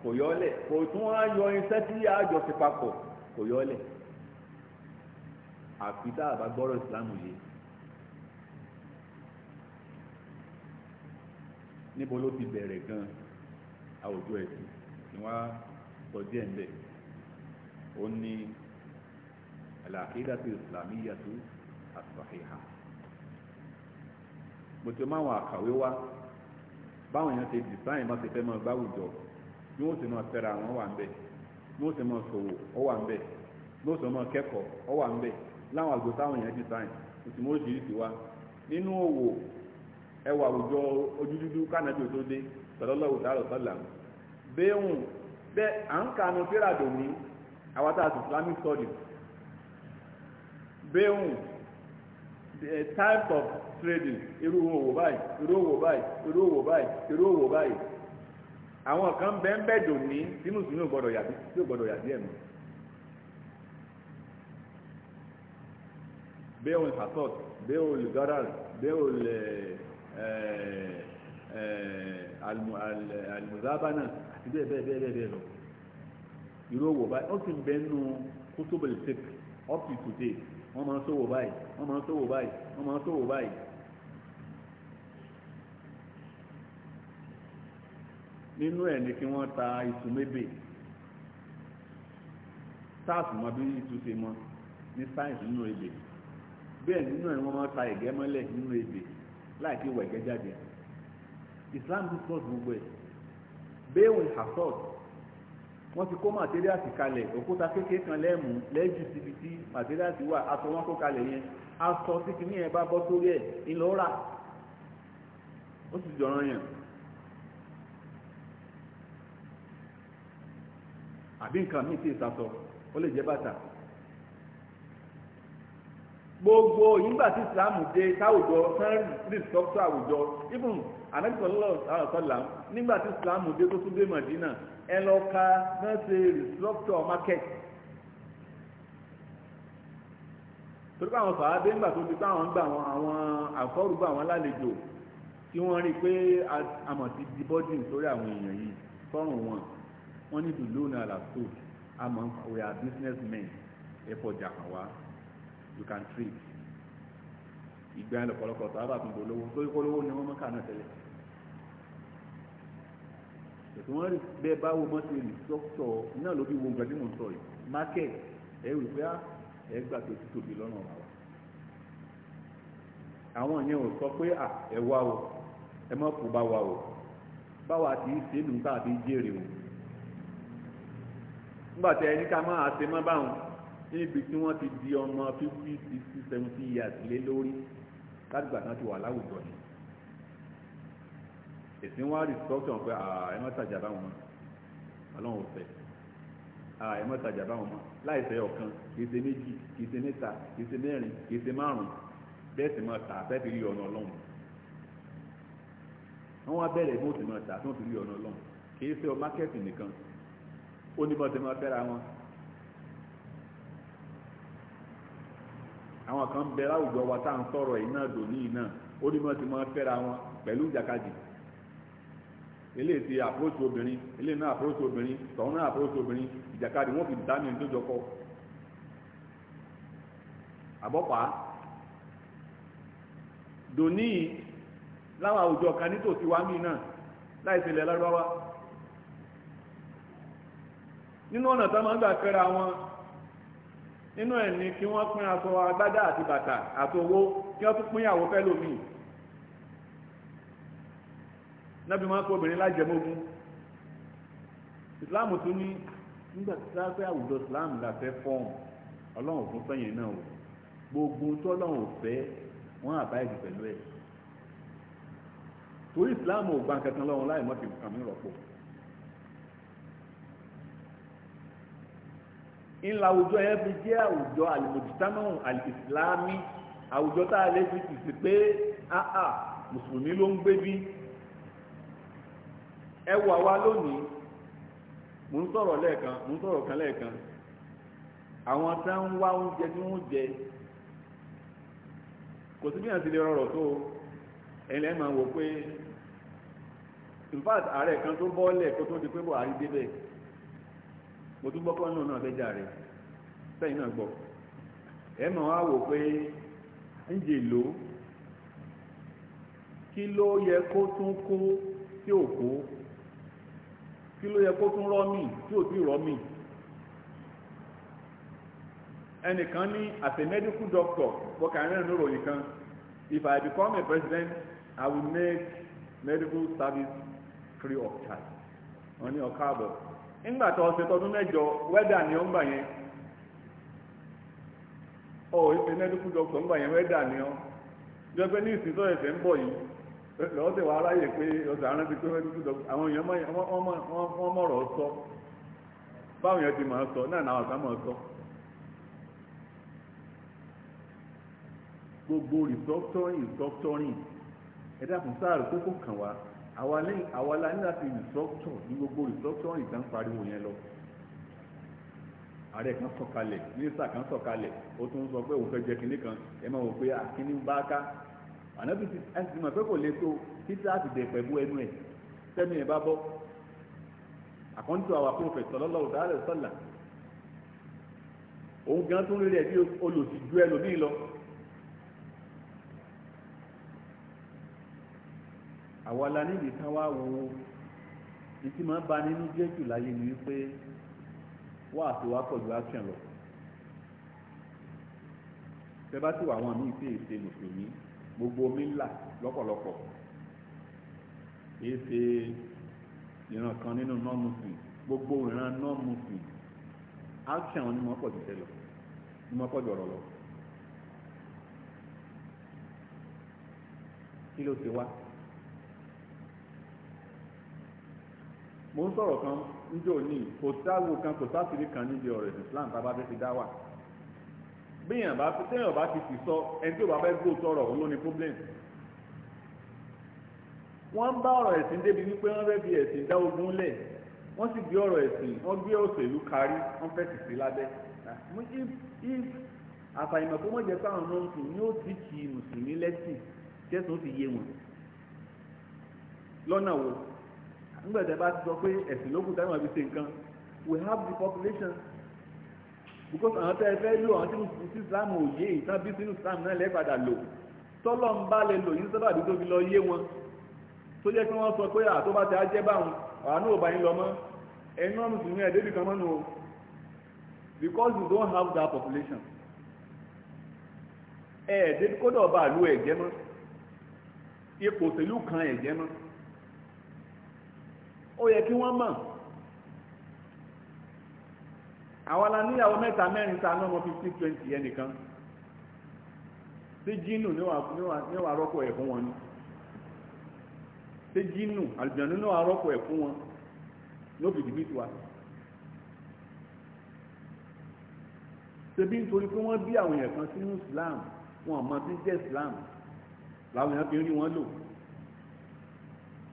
kò yọlẹ̀ kò tún á yọ irinṣẹ́ tí àjọ ti papọ̀ kò yọlẹ̀ àfi tá a bá gbọ́rọ̀ ìsìlámù yìí níbo ló ti bẹ̀rẹ̀ gan àwùjọ ẹ̀sìn ni wọ́n á sọ díẹ̀ ńbẹ̀ ó ní al-aqidatu al-islamiyyatu as-sahiha mo ti máa wọn àkàwé wá báwọn èèyàn ti dìsáìn bá ti fẹ́ máa gbáwùjọ bí wọ́n sì máa fẹ́ra àwọn wà ń bẹ̀ bí wọ́n sì máa ṣòwò ó wà ń bẹ̀ bí wọ́n sì máa kẹ́kọ̀ọ́ ó wà ń bẹ̀ láwọn àgbò táwọn èèyàn ti sáyìn ìtìmọ́ oríṣiríṣi wa nínú òwò ẹwà àwùjọ ojúdúdú kánàbí tó dé sọlọ́lọ́wọ́ tààrọ̀ sọ́là béèwùn bẹ́ẹ̀ à ń kanu fíràdò ní àwátà islamic studies the types of trading irú òwò báyìí irú òwò báyìí irú òwò báyìí irú òwò báyìí àwọn kan bẹ́ẹ̀ bẹ́ẹ̀ dò ní tí mùsùlùmí ò gbọ́dọ̀ yàbí tí ò gbọ́dọ̀ yàbí ẹ̀mí. Eh, eh, eh, bẹ́ẹ̀ ò sàtọ̀t bẹ́ẹ̀ ò lè gádàl bẹ́ẹ̀ ò lè àlùmùzábánà àti bẹ́ẹ̀ bẹ́ẹ̀ bẹ́ẹ̀ bẹ́ẹ̀ lọ. irú owó báyìí ó sì ń bẹ́ẹ̀ nù kótóbẹ̀lì fake up to today wọ́n máa ń sówó báyìí wọ́n máa ń sówó báyìí wọ́n máa ń sówó báyìí nínú ẹ̀ ni kí wọ́n ta ìtú mébè sars mọ bí ìtú ṣe mọ ní sáyẹ̀nsì nínú ebè bẹ́ẹ̀ nínú ẹ̀ wọ́n máa ta ẹ̀gẹ́ mọ́lẹ̀ nínú ebè láì kí wọ̀ ẹ̀gẹ́ jáde Islam discuss gbogbo ẹ̀ béèwìn hasod wọ́n ti kó màtíríàsì kalẹ̀ òkúta kékeré kan lẹ́ẹ̀mú lẹ́jù síbi tí màtíríàsì wà aṣọ wọn kó kalẹ̀ yẹn aṣọ tí kìíní yẹn bá bọ́ sórí ẹ̀ ńlọ́ra ó sì jọ̀ràn yẹn àbí nǹkan míì tí ìsàtọ̀ ó lè jẹ́ bàtà gbogbo ìyíngbà tí islam dé sáwùjọ sanri sọ́kùtù àwùjọ even anẹ́tọ̀lọ́ àtọ́là nígbà tí islam dé tó tún dé Madina ẹ lọ ka náà ṣe market torí pé àwọn fàá dé ńgbà tó ti pé àwọn gbà àwọn àwọn àfọ́rùgbà àwọn alálejò tí wọ́n rí i pé àmọ̀ ti di bọ́dì nítorí àwọn èèyàn yìí fọ́rùn wọn wọ́n ní ìdùnnú náà làtò àmọ́ we are business men ẹ̀fọ́ jàkàn wá you can trade ìgbà yẹn lọ́pọ̀lọpọ̀ tó àbá àtúntò olówó tó ikú olówó ni wọ́n mọ́ kàánà tẹ́lẹ̀ ètò wọn rí bẹ́ẹ̀ bá wo mọ́tò ìlú sọ́kùtọ̀ náà ló fi wo nǹkan mò ń sọ yìí market ẹ wì pé ah, ẹ gbà tó ti tóbi lọ́nà ọ̀la wa àwọn yẹn ò sọ pé ah, ẹ wá o ẹ mọ̀ kó bá wa o báwa ti ṣe é nù tá a fi jèrè o nígbàtí ẹni ká máa ṣe mọ́ báwọn níbi tí wọ́n ti di ọmọ fifty sixty seventy years lé lórí látìgbà náà ti wà láwùjọ ni ẹ̀sìn wá restructure pé ẹ má tàjà báwọn mọ́ ọlọ́run ò fẹ́ ẹ má tàjà báwọn mọ́ láìsẹ̀ ọ̀kan kìí ṣe méjì kìí ṣe mẹ́ta kìí ṣe mẹ́rin kìí ṣe márùn bẹ́ẹ̀ sì máa tà fẹ́ẹ́ fi rí ọ̀nà ọlọ́run wọ́n wá bẹ̀rẹ̀ bí ti máa tà tí fi rí ọ̀nà ọlọ́run kìí ṣe ọ ó ní bọ́ọ̀tì máa fẹ́ra wọn àwọn kan bẹ láwùjọ wa tá à ń sọ̀rọ̀ yìí náà dòní yìí náà ó ní bọ́ọ̀tì máa fẹ́ra wọn pẹ̀lú ìjàkadì eléyìí ti àpòròtì obìnrin eléyìí náà àpòròtì obìnrin tọ̀hún náà àpòròtì obìnrin ìjàkadì wọ́n fi dá mi ní tó jọ kọ́ àbọ́pàá dòní yìí láwọn àwùjọ kan nítòsí wa mí náà láìsílẹ̀ lárúbáwá nínú ọ̀nà tó máa ń gbà fẹ́ra wọn nínú ẹ̀ ni kí wọ́n pín aṣọ agbádá àti bàtà àti owó kí wọ́n tún pín ìyàwó fẹ́ lómi nábì máa ń kó obìnrin lájẹmógún ìsìláàmù tún ní nígbà tí wọ́n fẹ́ àwùjọ ìsìláàmù la fẹ́ fọ́ọ̀mù ọlọ́run fún sẹ́yìn náà o gbogbo tó ọlọ́run ò fẹ́ wọ́n àbá ẹ̀dùn pẹ̀lú ẹ̀ torí ìsìláàmù ò gba nǹkan lọ́run láì mọ́ ńlá àwùjọ yẹn fi jẹ́ àwùjọ àlùmọ̀jìtánù àlìsìlámì àwùjọ tá a lè fi tìsí pé áà ah, ah, mùsùlùmí ló ń gbé bí ẹ wà wá lónìí mò ń sọ̀rọ̀ lẹ́ẹ̀kan mò ń sọ̀rọ̀ kan lẹ́ẹ̀kan àwọn tá ń wá oúnjẹ tí wọ́n jẹ kò sí bí àti lè rọrọ̀ tó ẹ̀lẹ́ máa wò pé in fact ààrẹ kan tó bọ́ọ̀lẹ̀ kó tó di pé Buhari débẹ̀ mo tún gbọ́kọ́ náà náà fẹ́ jàre sẹ́yìn náà gbọ́ ẹ mọ̀ wá wò pé ń jè ló kí ló yẹ kó tún kó tí ò kó kí ló yẹ kó tún rọ́mì tí ò tí rọ́mì ẹnìkan ní as a medical doctor bọ́kàrẹ́rìn ló ròyìn kan if I become a president I will make medical service free of charge wọ́n ní ọ̀ka àbọ̀ ńgbà tó ọ̀sẹ̀ tọdún mẹ́jọ wẹ́dà ni ó ń gbà yẹn ọ ìpè mẹ́díkù dọ́kítọ̀ ń gbà yẹn wẹ́dà ni ó jọ pé ní ìsìn ẹ̀sẹ̀ ń bọ̀ yìí lọ́wọ́ sì wá ma pé ọ̀sẹ̀ àrùn sọ báwọn èèyàn ti máa sọ sọ gbogbo ẹ̀dá sáà rẹ̀ kókó àwa la ní láti instruction ní gbogbo instruction ìtàn pariwo yẹn lọ ààrẹ kan sọ̀kalẹ̀ mínísítà kan sọ̀kalẹ̀ ó tún sọ pé òun fẹ́ jẹ kinní kan ẹ máa wò pé àkíní ah, bá ká ànábì ti ẹ ti mọ̀ pé kò lè tó títí láti dẹ̀pẹ̀ bú ẹnu ẹ̀ tẹ́mi ẹ̀ bá bọ́ àkọ́ńtò àwa prophet sallallahu alaihi wasallam òun gan tún rí rẹ̀ bí olùsìjú ẹlòmíì lọ àwa la níbi ká wá wo ìtì máa ń ba nínú jẹ́ jù láyé ni wípé wá àti wá pọ̀ ju action lọ tẹ bá ti wà àwọn míì tí èsè mùsùlùmí gbogbo omi ńlá lọ́pọ̀lọpọ̀ èsè ìran kan nínú non gbogbo ìran non-muslim action ni wọ́n pọ̀ jù lọ ni wọ́n pọ̀ jù ọ̀rọ̀ lọ. kí ló ti wá mo ń kan níjọ́ ní kò sáwò kan kò sáfìrí kan níbi ọ̀rọ̀ ẹ̀sìn Islam tá a bá fẹ́ dá wà bá téèyàn bá ti sọ ẹni tó bá fẹ́ gbó sọ̀rọ̀ òun ló ní problem wọ́n bá ọ̀rọ̀ ẹ̀sìn débi wípé wọ́n fẹ́ fi ẹ̀sìn dá ogun lẹ̀ wọ́n sì gbé ọ̀rọ̀ ẹ̀sìn wọ́n gbé òṣèlú kárí wọ́n fẹ́ sì sí lábẹ́ àfàìmọ̀ tó wọ́n jẹ sáwọn ọmọ ni nígbàtẹ́ bá ti sọ pé ẹ̀sìn ló kù táwọn àbí ṣe nǹkan we have the population because àwọn tẹ́ ẹ fẹ́ lò àwọn tí Islam ò yé ìtàn bí sínú Islam náà lẹ́ẹ̀padà lò tọ́lọ̀ ń bá lè lò yín sábà bí tó fi lọ yé wọn tó jẹ́ kí wọ́n sọ pé àtó bá ti ajẹ́ báwọn àánú ò bá yín lọ mọ́ ẹ̀yin náà mùsùlùmí ẹ̀ débi kan mọ́nu o because you don't have that population ẹ̀ débi kódà ọba àlú ẹ̀ jẹ́ mọ́ ipò òṣèlú kan ẹ̀ jẹ́ mọ́ ó yẹ kí wọ́n mọ̀ àwọn la níyàwó mẹ́ta mẹ́rin ta náà mọ́ fifty twenty yẹn nìkan ṣé jínù níwà rọ́pò ẹ̀ fún wọn ni ṣé jínù àlùjànnú níwà rọ́pò ẹ̀ fún wọn ló fi dìbí tiwa ṣebí nítorí pé wọ́n bí àwọn èèyàn kan sínú Islam wọn mọ̀ sí jẹ́ Islam làwọn èèyàn fi rí wọn lò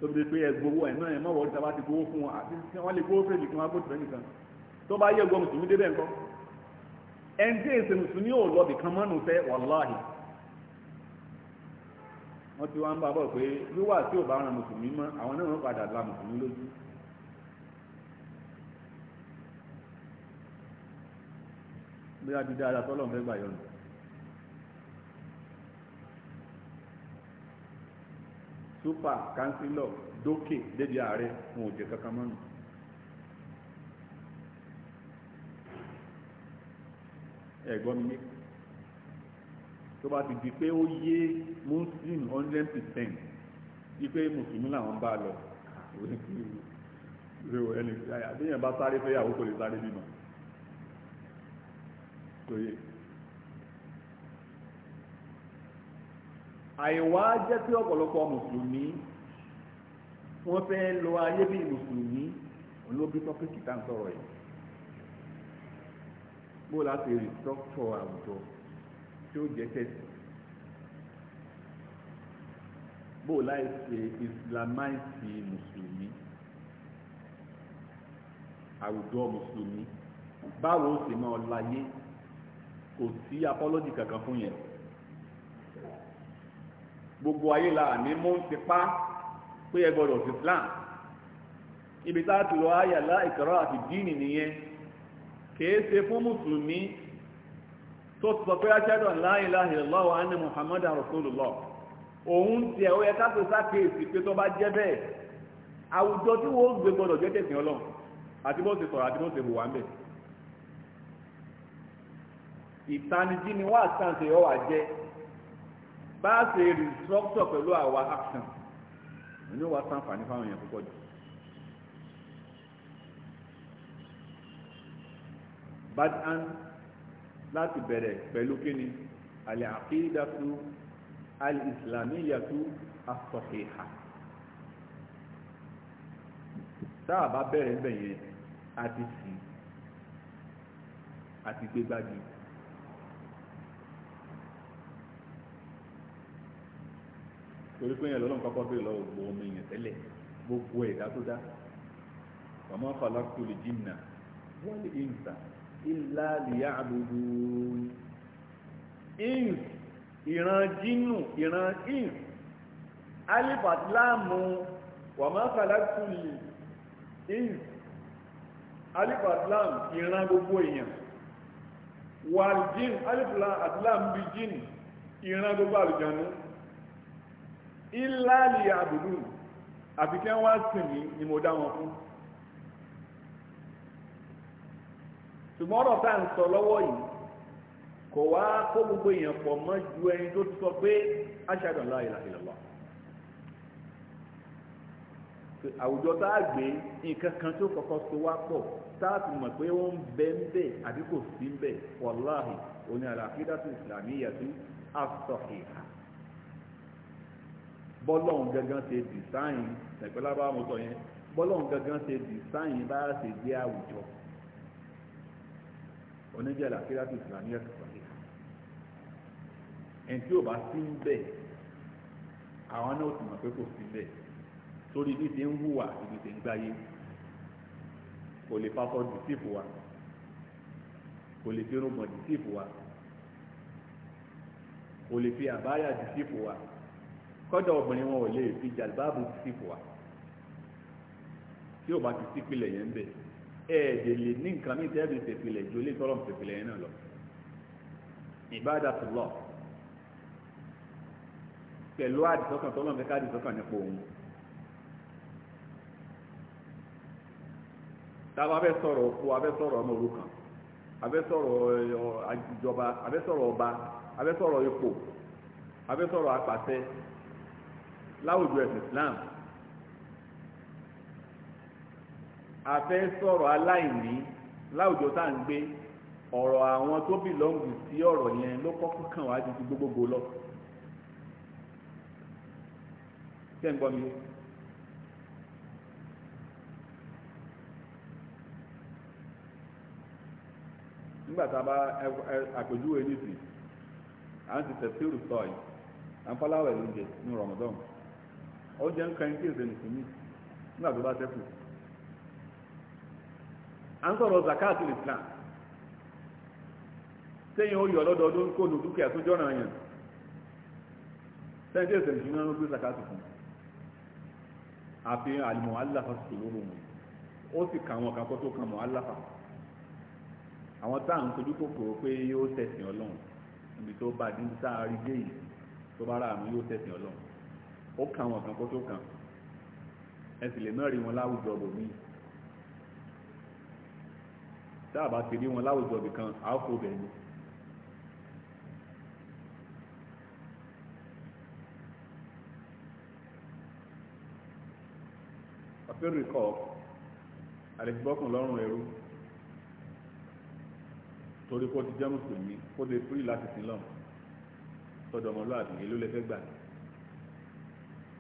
tóbi pé ẹgbowó ẹ̀ náà ẹ̀ mọ̀ wọ́n sábà ti gbowó fún wọn àti wọ́n lè gbowó fèrè kí wọ́n á gbòdì fẹ́ẹ́ nìkan tó bá yẹ gbọ́ mùsùlùmí débẹ̀ ńkọ́ ẹni tí èsè mùsùlùmí ò lọ bìkan mọ́nù fẹ́ wàláhì wọ́n ti wá ń bá bọ̀ pé wíwà tí ò bá ran mùsùlùmí mọ́ àwọn náà ń padà la mùsùlùmí lójú bí a ti dáadáa tọ́lọ́ fẹ́ gbà yọnu súpà kánsílọ̀ dókè débi ààrẹ wọn ò jẹ kankan mọ́nu. ẹ̀gbọ́n mi tó bá ti di pé ó yé muslim hundred percent wípé mùsùlùmí làwọn bá lọ ẹnì àbíyàn bá sáré fẹ́yàwó kò lè sáré bímọ. àìwá jẹ́ pé ọ̀pọ̀lọpọ̀ mùsùlùmí wọ́n fẹ́ lo ayé bíi mùsùlùmí olóbi tọ́pìkì tá à ń sọ̀rọ̀ yìí bó láti restructure àwùjọ tí ó jẹ́ tẹ̀sí bó láì ṣe islamize mùsùlùmí àwùjọ mùsùlùmí báwo sì máa láyé kò sí apọ́lọ́jì kankan fún yẹn gbogbo ayé la ní mú ti pa pé ẹ gbọ́dọ̀ sí Islam ibi tá a ti lọ ayàlá ìkàrọ àti díìnì nìyẹn kìí ṣe fún mùsùlùmí tó sọ pé ashhadu an la ilaha illallah wa anna muhammadan rasulullah òun ti ẹ̀ ó yẹ káfíń sákèésì pé tó bá jẹ́ bẹ́ẹ̀ àwùjọ tí wọ́n gbé gbọ́dọ̀ jẹ́ tẹ̀sìn ọlọ́run àti bó ṣe sọ̀rọ̀ àti bó ṣe hùwà ń bẹ̀ ìtanijí ni wọ́n àtàǹtẹ̀ ọwà jẹ́ bá a ṣe restructure pẹ̀lú àwa action ní wàá sàǹfààní fáwọn èèyàn púpọ̀ jù bad hand láti bẹ̀rẹ̀ pẹ̀lú kíni alẹ́ àkídàtú alìsìlámíyàtú asọ̀hìhà táà bá bẹ̀rẹ̀ bẹ̀yẹn àti sí àti gbégbági. torí pé yẹn lọ́lọ́run kọ́kọ́ bèrè lọ́wọ́ gbogbo ọmọ èèyàn tẹ́lẹ̀ gbogbo ẹ̀dá tó dá ọmọ kọlọ́kùtù lè jìnnà wọ́n lè ìǹsà ìlà lìyà àbúrú ìǹs ìran jínù ìran ìǹs alif àti láàmù ọmọ lè ìǹs alif ìran gbogbo èèyàn wàl jìn alif bí jìn ìran gbogbo àlùjànnú ìlàlì àbùdù àfi kí wọ́n wá sìn mí ni mo dá wọn fún ṣùgbọ́n ọ̀rọ̀ tá à ń sọ lọ́wọ́ yìí kò wá kó gbogbo èèyàn pọ̀ mọ́ ju ẹni tó ti sọ pé ashhadu la ilaha illallah àwùjọ tá a gbé nǹkan kan tó kọ́kọ́ so wá pọ̀ tá a ti mọ̀ pé ó ń bẹ ń bẹ àbí kò sí ń bẹ wàláhì oní àlàkídàtú ìsìlámíyà sí àsọ̀kìhà bọ́lọ́hún gangan ṣe dìsáìn tẹ̀pẹ́lábá mọ́tọ̀ yẹn bọ́lọ́hún gangan ṣe dìsáìn bá ṣe gbé àwùjọ oníjẹ́ làkírá tó ìsìlámì ẹ̀sìn pàdé ẹni tí ò bá sí ń bẹ̀ àwọn náà ti mọ̀ pé kò sí ń bẹ̀ torí ibi tí ń hùwà ibi tí ń gbáyé kò lè papọ̀ dìtíìfù wa kò lè fi irun mọ̀ dìtíìfù wa kò lè fi àbáyà dìtíìfù wa kọ́dọ̀ obìnrin wọn ò lè fi jàlbáàbù sí fún wa tí ò bá ti sí pilẹ̀ yẹn ń bẹ̀ ẹ̀ẹ́dẹ̀ lè ní nǹkan mí tẹ́ẹ̀bì tẹ̀pilẹ̀ ju ilé tọ́lọ̀ tẹ̀pilẹ̀ yẹn náà lọ ìbádàtúlọ̀ pẹ̀lú àdìsọ́kàn tọ́lọ̀ fẹ́ ká àdìsọ́kàn nípa òun táwa abẹ́ sọ̀rọ̀ òkú abẹ́ sọ̀rọ̀ ọmọ òrukàn abẹ́ sọ̀rọ̀ ìjọba abẹ́ sọ̀rọ̀ ọba abẹ́ sọ̀rọ̀ ipò abẹ́ sọ̀rọ̀ apàṣẹ láwùjọ ẹ̀sìn Islam àfẹ́ sọ̀rọ̀ aláìní láwùjọ tá à ń gbé ọ̀rọ̀ àwọn tó bìlọ́ǹgì sí ọ̀rọ̀ yẹn ló kọ́kọ́ kàn wá ju ti gbogbogbò lọ. ṣé ń gbọ́ mi? nígbà tá a bá àpèjúwe nísìn à ń ti tẹ̀síìrù sọ yìí à ń fọláwẹ̀ lóúnjẹ ní Ramadan ó jẹ́ ń kẹrin tí èsè mùsùlùmí nígbà tó bá sẹ́kù à ń sọ̀rọ̀ zakat islam sẹ́yìn ó yọ lọ́dọọdún kó lu dúkìá tó jọ́ràn yàn sẹ́yìn tí èsè mùsùlùmí náà ló gbé zakat fún àfihàn àlùmọ̀ aláfa sì lóru wọn ó sì kà wọn kakọ́ tó kà mọ́ aláfa àwọn táà ń sojú kòkòrò pé yóò tẹ̀sìn ọlọ́run ibi tó bá dín sáà rí dé yìí tó bá rà mí yóò tẹ̀sìn ọlọ́run ó kà wọn kan kó tó kàn ẹ sì lè mẹ́rin wọn láwùjọ bò mí tá a bá ti rí wọn láwùjọ bì kan a ó kó bẹ̀ ni. ọ̀fẹ́rì kọ̀ àdìsíbọ́kùn lọ́rùn ẹrú torí kó ti jẹ́ mùsùlùmí kó lè fúrì láti sin lọ́mù tọ́jọ́ ọmọlúwàbí gbà ní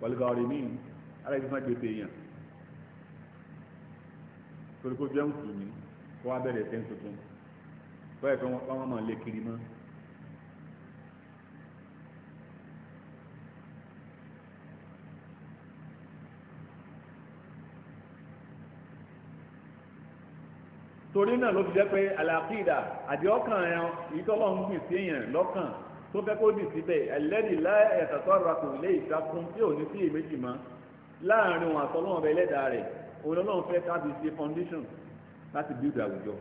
wàlúbà ọ̀rẹ́ mi ara ẹni sàn gbèsè èèyàn torí kó jẹ́ mùsùlùmí kó wá bẹ̀rẹ̀ ẹ̀sẹ̀ tuntun báyìí kó wọ́n mọ̀ lé kiri mọ́. torí náà ló fi jẹ́ pé àlàáfíà àdìọ́kàn ẹ̀ ìtọ́lọ́hún gbìn sí èèyàn lọ́kàn tó fẹ́ kó dì síbẹ̀ ẹlẹ́ni láyàtọ̀ rakò lé ìtakùn tí ò ní sí èméjì mọ́ láàrin òun àtọ́lọ́wọ́n bẹ lẹ́dàá rẹ̀ òun lọ́lọ́run fẹ́ kábi ṣe foundation láti build àwùjọ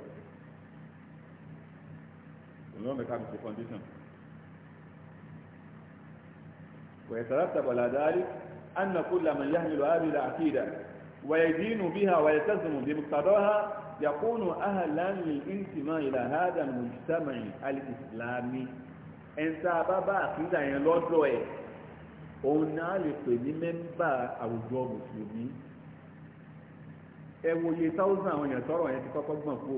òun lọ́lọ́run fẹ́ kábi ṣe foundation. ويترتب على ذلك أن كل من يحمل هذه العقيدة ويدين بها ويلتزم بمقتضاها يكون أهلا للانتماء إلى هذا المجتمع الإسلامي ẹnta bábá àkíńdà yẹn lọ́dọ̀ ẹ̀ òun náà lè pè ní mẹ́mbà àwùjọ mùsùlùmí ẹ wòye táwùsàn àwọn èèyàn tọrọ yẹn ti kọ́kọ́ gbọ̀n kú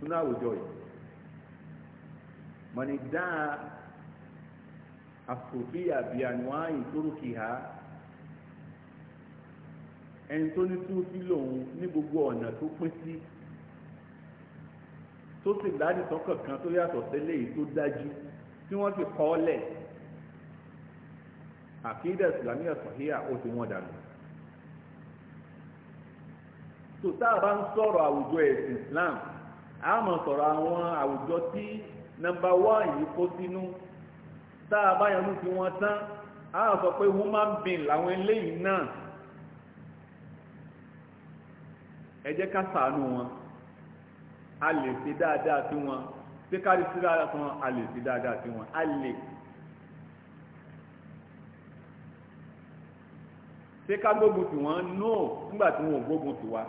nínú àwùjọ yìí mọ̀nì dáa àsòfíà bíi àníwá ìtòrókìá ẹni tó ní túwú sí lòun ní gbogbo ọ̀nà tó pín sí. Si tó sì dánìtọ́kàn kan tó yàtọ̀ sílẹ̀ tó dájú tí wọ́n ti kọ́ lẹ̀ àkídà ìsìlámíyà sọ̀híyà ó ti wọ́n dànù. tó ń sọ̀rọ̀ àwùjọ ẹ̀sìn Islam a máa sọ̀rọ̀ àwọn àwùjọ tí nọmba yìí kó sínú a sọ pé human being làwọn eléyìí náà ẹ jẹ́ ká a lè ṣe dáadáa sí wọn pé kárí sí dáadáa sí wọn a lè ṣe dáadáa sí wọn a lè ṣé ká gbógun tì wọ́n no nígbà tí wọn ò gbógun tì wá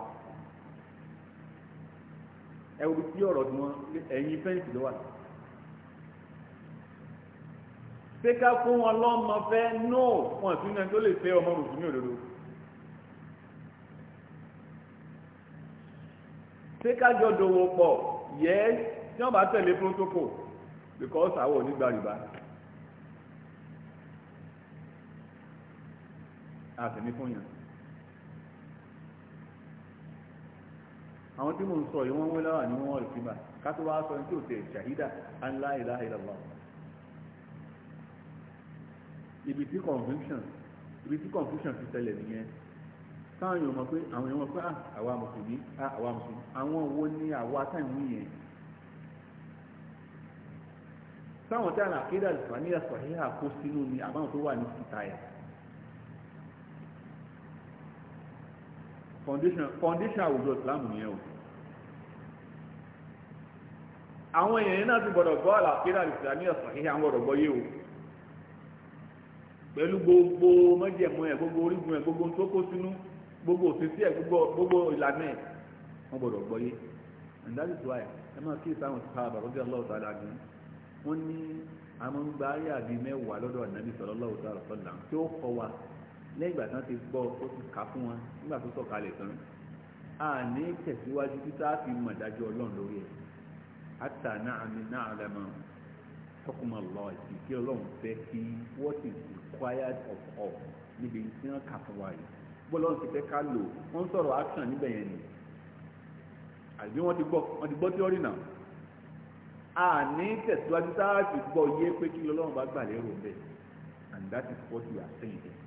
ẹ wo tí ọ̀rọ̀ tí wọ́n ẹ̀yìn fẹ́ǹsì ló wà ṣé ká fún wọn lọ́mọ fẹ́ no wọn sí náà tó lè fẹ́ ọmọ rùsùn òdodo. ṣé kájọ dòwò pọ̀ yẹ tí wọ́n bá tẹ̀lé protocol because àwọn onígbà rìbá àtẹ̀mí fún yàn. àwọn tí mò ń sọ yìí wọ́n wọ́n láwà ní wọ́n wọ́n rìsíbà ká tó wá sọ ní tí ò tẹ̀ ṣàhídà an la ilaha illallah ibi tí confusion ibi tí confusion ti tẹ̀lẹ̀ nìyẹn táwọn èèyàn mọ̀ pé àwọn èèyàn mọ̀ pé ah, àwa mùsùlùmí ah, àwa mùsùlùmí àwọn wo ni àwa táìmù yẹn tí a nà kéde àlùfáàníyà sọ̀híhà kó sínú ni àbáwọn tó wà ní ìtayà foundation foundation àwùjọ ìsìláàmù o àwọn èèyàn náà ti gbọdọ̀ gbọ́ àlàkéde àlùfáàníyà sọ̀híhà ń gbọdọ̀ o pẹ̀lú gbogbo mọ́jẹ̀mọ́ ẹ̀ gbogbo orígun ẹ̀ gbogbo tó kó gbogbo òfin sí gbogbo ìlànà ẹ̀ wọ́n yé and that is why ẹ máa kí ìsáwọn ti sábà rọ́bí ọlọ́wọ́ sáadà ní ní àwọn ayé àbí mẹ́wàá lọ́dọ̀ ànábì sọ̀rọ̀ lọ́wọ́ sáadà tí ó wa lẹ́yìn ìgbà tán ti gbọ́ ó ti kà fún nígbà tó sọ̀kalẹ̀ tán a ní tẹ̀síwájú fi mọ̀ dájú ọlọ́run lórí bọ́lá ti fẹ́ ká lò wọ́n sọ̀rọ̀ action níbẹ̀ yẹn ni àbí wọ́n ti gbọ́ wọ́n ti gbọ́ tíọ́rì náà a ní tẹ̀síwájú sáàtì gbọ́ yé pé kí lọ́lọ́run bá gbà lérò bẹ́ẹ̀ and that is what we are saying here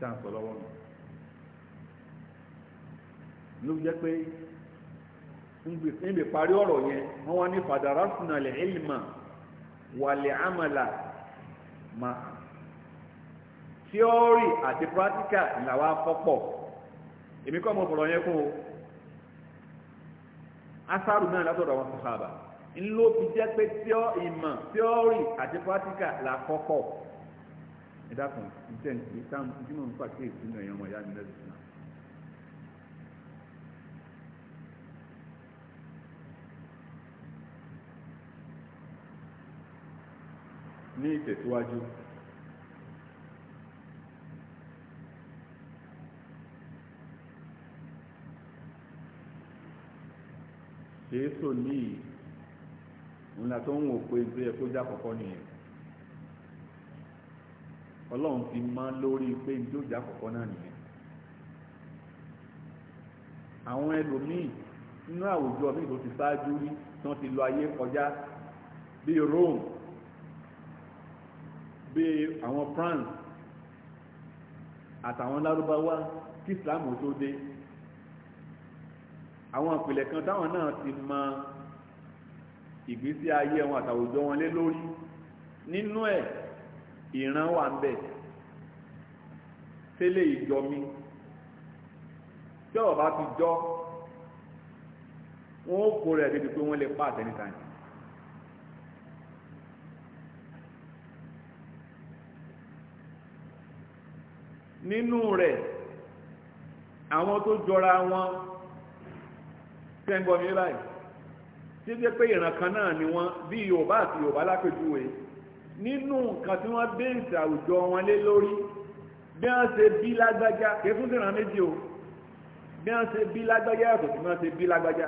tá à ń sọ lọ́wọ́ nù ló jẹ́ pé níbi parí ọ̀rọ̀ yẹn wọ́n wá ní fàdàrà lè ilmà wà lè àmàlà máa theory àti practical ìlàwà fọ́pọ̀ èmi kọ́ mọ̀ fọ̀rọ̀ yẹn kún o asáàrù náà látọ̀dọ̀ àwọn sàhábà ńlọ fi jẹ́ pé tíọ́ ìmọ̀ theory àti practical là kọ́kọ̀ ìdákan ìjẹ́ ìtàn tí mo ń pàkíyèsí náà ẹ̀yàn ọmọ ìyá mi lẹ́sìn náà ní ìtẹ̀síwájú kìí tò ní ìlànà tó ń wò pé tó yẹ kó já kọ̀kọ́ nìyẹn ọlọ́run ti mọ́ lórí pé tó já kọ̀kọ́ náà nìyẹn àwọn ẹlòmíì nínú àwùjọ míì tó ti ṣáájú rí tí wọ́n ti lọ ayé kọjá bíi Rome bíi àwọn France àtàwọn lárúbáwá kí Islam tó dé àwọn ìpìlẹ̀ kan táwọn náà ti mọ ìgbésí ayé wọn àtàwùjọ wọn lé lórí nínú ẹ̀ ìran wà ń bẹ tẹ́lẹ̀ ìjọ mi tí ó bá ti jọ wọn ó kó rẹ̀ débi pé wọ́n lè pa àtẹnitàn nínú rẹ̀ àwọn tó jọra wọn tẹ́ǹgbọ́ mi báyìí tí ó jẹ́ pé ìran kan náà ni wọ́n bí yorùbá àti yorùbá lápèjúwe nínú nǹkan tí wọ́n bẹ́ẹ̀sì àwùjọ wọn lé lórí bí wọ́n ṣe bí lágbájá kẹfún sí ìran méjì o bí wọ́n ṣe bí lágbájá yàtọ̀ sí wọ́n ṣe bí lágbájá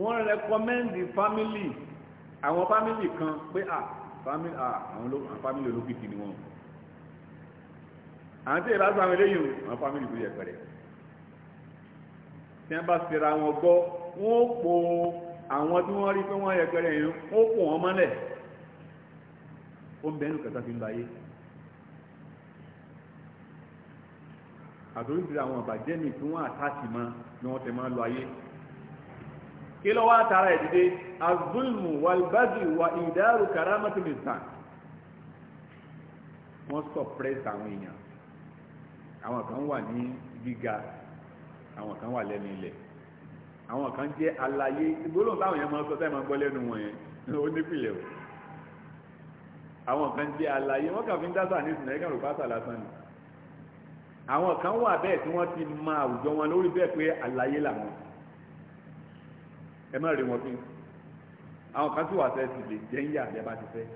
wọ́n rẹ́kọ́mẹ́ndì fámìlì àwọn fámìlì kan pé à ah, fámìlì ah, olókìkí ni wọ́n àwọn tí ìbá sàmì léyìn àwọn fámìlì tó yẹ pẹ̀rẹ̀ tí wọ́n bá sera wọn gbọ́ wọ́n pò àwọn tí wọ́n rí pé wọ́n yẹ pẹ̀rẹ̀ yìí wọ́n pò wọ́n mọ́lẹ̀ ó ń bẹ́nu kẹta fi ń báyé àtòrí ti àwọn àbàjẹ́ mi tí wọ́n àtàtì mọ́ ni wọ́n ti máa lọ ayé kí lọ́wọ́ àtàrà ìdíde azulmu walbazi wa ìdáàrú karamatu nìsan wọ́n sọ pẹ́sì àwọn èèyàn àwọn kan wà ní gíga àwọn kan wà lẹ́nu ilẹ̀ àwọn kan jẹ́ alayé gbólóhùn táwọn yẹn máa sọ táwọn máa gbọ́ lẹ́nu wọn yẹn ó nípìnlẹ̀ o àwọn kan jẹ́ alayé wọ́n kàn fi ń dá sà ní ìsìn ẹ̀ka rò pásà lásán ni àwọn kan wà bẹ́ẹ̀ tí wọ́n ti ma àwùjọ wọn lórí bẹ́ẹ̀ pé alayé làwọn ẹ má rí wọn fi àwọn kan sì wà sẹ́ẹ̀ lè jẹ́ ń yà bí a bá ti fẹ́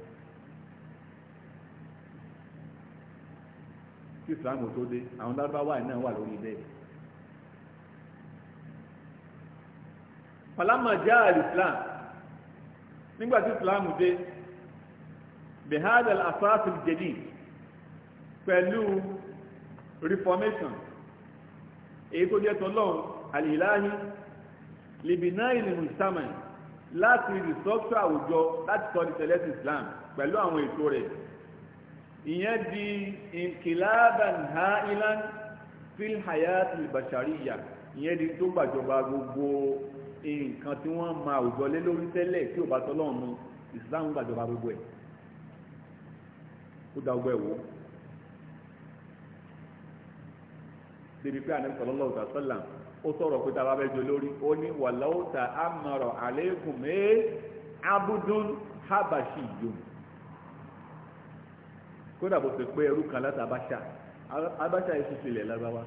kí islam tó dé àwọn lárúbáwá náà wà lórí bẹ́ẹ̀. palama já islam nígbà tí islam dé bihadal asasil jadid pẹ̀lú reformation èyí tó jẹ́ tọ́lọ́run àlìláhí libinai limusaman láti rìsọ́tù àwùjọ láti sọ di tẹ̀lẹ́sì islam pẹ̀lú àwọn ètò rẹ̀ ìyẹn di inqilaban ha'ilan fil hayatil bashariyya ìyẹn di tó gbàjọba gbogbo nǹkan tí wọ́n máa òjò lé lórí tẹ́lẹ̀ tí ò bá tọ́lọ́run mu ìsìláàmù gbàjọba gbogbo ẹ̀ ó da ọgbẹ́ wò débi pé àná sọlọ́lọ́ ọ̀tà sọ́là ó sọ̀rọ̀ pé tá a bá fẹ́ jọ lórí ó ní wàláwùtà àmọ̀rọ̀ àlékún eh, mé abudun habashi yòó kódà bó ṣe pé ẹrú kan láti Abacha Abacha yìí ṣiṣẹ́ ilẹ̀ lágbáwá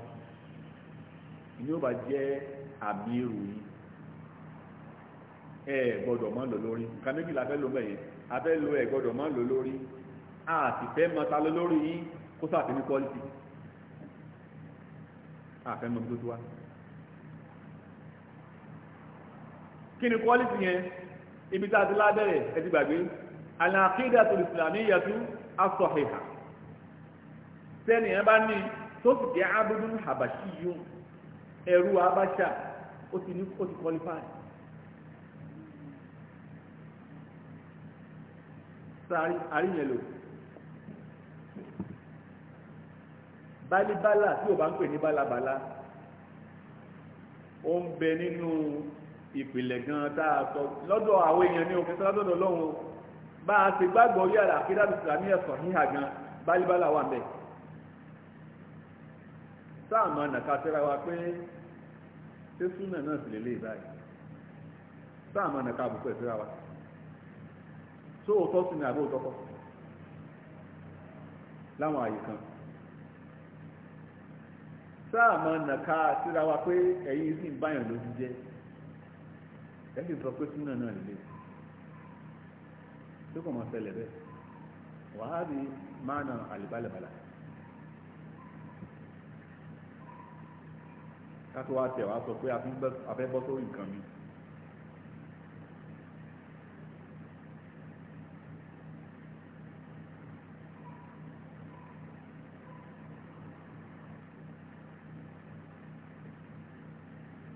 ni ó bá jẹ́ àmì irú yìí ẹ gbọ́dọ̀ máa lò lórí nǹkan méjì la fẹ́ lò mẹ́yẹ a fẹ́ lo ẹ gbọ́dọ̀ máa lò lórí a sì fẹ́ máa ta lọ lórí yìí kó sáà fi ní kọ́lìtì a fẹ́ mọ tó tó wá. kí ni kọ́lìtì yẹn ibi tá a ti lábẹ́rẹ̀ ẹ ti gbàgbé al-aqidatu al-islamiyyatu asọ̀hìhà tẹ́nì ẹ bá ní tó sì jẹ́ abúdún habashi yóò ẹ̀rú abáṣà ó ti ní ó ti qualify sáré àríyànlò bálíbálà tí ò bá ń pè ní bálabàlá ó ń bẹ nínú ìpìlẹ̀ gan-an tá a sọ lọ́dọ̀ àwọn èèyàn ní òkè sọ́dọ̀ lọ́wọ́ bá a ti gbàgbọ́ orí àlà àkídà ìsìlámì ẹ̀sọ̀ níhà gan bálíbálà wà mẹ́ sáà máa nàka síra wa pé ṣé súnà náà sì lélẹ̀ báyìí sáà máa nàka àbùkù ẹ̀ síra wa sóòótọ́ sí ni àbóòtọ́ kọ́ láwọn àyè kan sáà máa nàka síra wa pé ẹ̀yin sì ń báyàn lójú jẹ́ ẹ̀ sì sọ pé súnà náà lélẹ̀ tí kò mọ̀ ṣẹlẹ̀ bẹ́ẹ̀ wàhálì máa nà àlìbálẹ̀bálà kátó wá tẹ̀ wá sọ pé a fẹ́ bọ́ sórí nǹkan mi.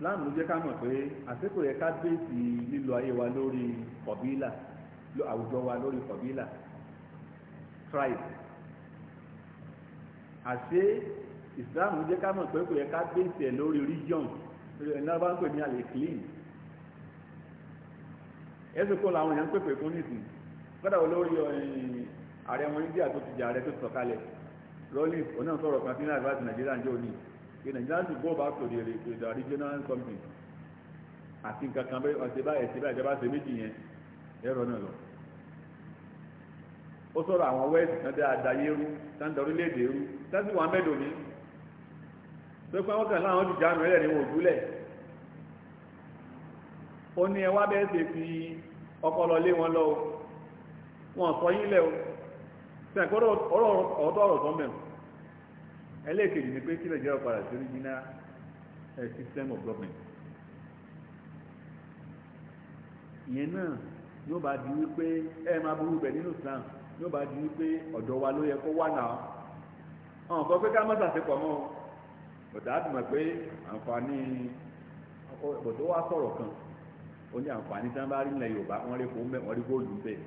láàmú jẹ́ ká mọ̀ pé àsìkò yẹ ká bèèsì lílo ayé wa lórí kọ̀bílà àwùjọ wa lórí kọ̀bílà tribe àṣé islam jẹ́ ká mọ̀ pé kò yẹ ká bẹ́sẹ̀ lórí region ẹ̀nà bá ń pè ní àlè clean ẹ̀sùn kọ́ làwọn èèyàn ń pèpè fún nìsín kọ́dà olórí ààrẹ wọn india tó ti jẹ ààrẹ tó ti sọ̀kalẹ̀ rollins onáà sọ̀rọ̀ kan sínú advice nigeria ń jẹ́ òní pé nigeria ti go back to the regional something àti nǹkan kan bẹ́ẹ̀ ọ̀sẹ̀ báyìí báyìí ìjọba ṣe méjì yẹn ẹ̀rọ náà lọ ó sọ̀rọ̀ àwọn wẹ́ẹ̀sì kan dé àdáyé rú sáńdà orílẹ̀-èdè rú mẹ́dò ní tó pé wọ́n kàn láwọn ti jáàmù ẹ̀rẹ̀ ní òjúlẹ̀ ó ní ẹwà bẹ́ẹ̀ ṣe fi ọpọlọ lé wọn lọ wọn sọ yín lẹ ọ̀tọ̀ ọ̀rọ̀ ẹlẹ́ẹ̀kejì ni pé kí padà sí eh, system of government ìyẹn náà yóò bá di wípé ẹ máa burú bẹ̀ nínú Islam yóò bá di wípé ọ̀dọ̀ wa ló yẹ kó wà náà àwọn kan pé ká má sàṣepọ̀ mọ́ o bọ̀dá àdùnmọ̀ pé àǹfààní bọ̀dọ̀ wa sọ̀rọ̀ kan ó ní àǹfààní tí wọ́n bá rí ilẹ̀ Yorùbá wọ́n rí kó mẹ́ wọ́n rí góòlù ń bẹ̀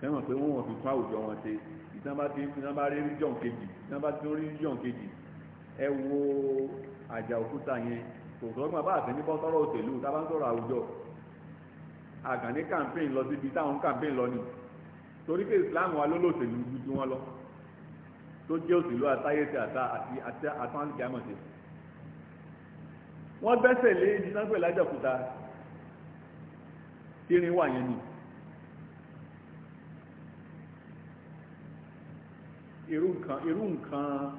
sẹ́wọ̀n pé wọ́n wọ̀n fi tún àwùjọ wọn ṣe ìtàn bá rí ríjọ̀n kejì ìtàn bá tún rí ríjọ̀n kejì ẹ wo àjà òkúta yẹn kò sọ́gbọ́n bá àtẹnibọ́ sọ̀rọ̀ òṣèlú tá a bá ń sọ̀rọ̀ àwùjọ àgànní campaign lọ síbi táwọn campaign lọ ni torí pé islam wa ló lòṣèlú ju ju wọn lọ tó jẹ́ òṣèlú àtayéṣe àta àti àtúntì àmọ̀ṣe wọ́n gbẹ́sẹ̀ lé ìdínáfẹ́ lájọ̀kúta tírin wà yẹn ni irú nǹkan irú nǹkan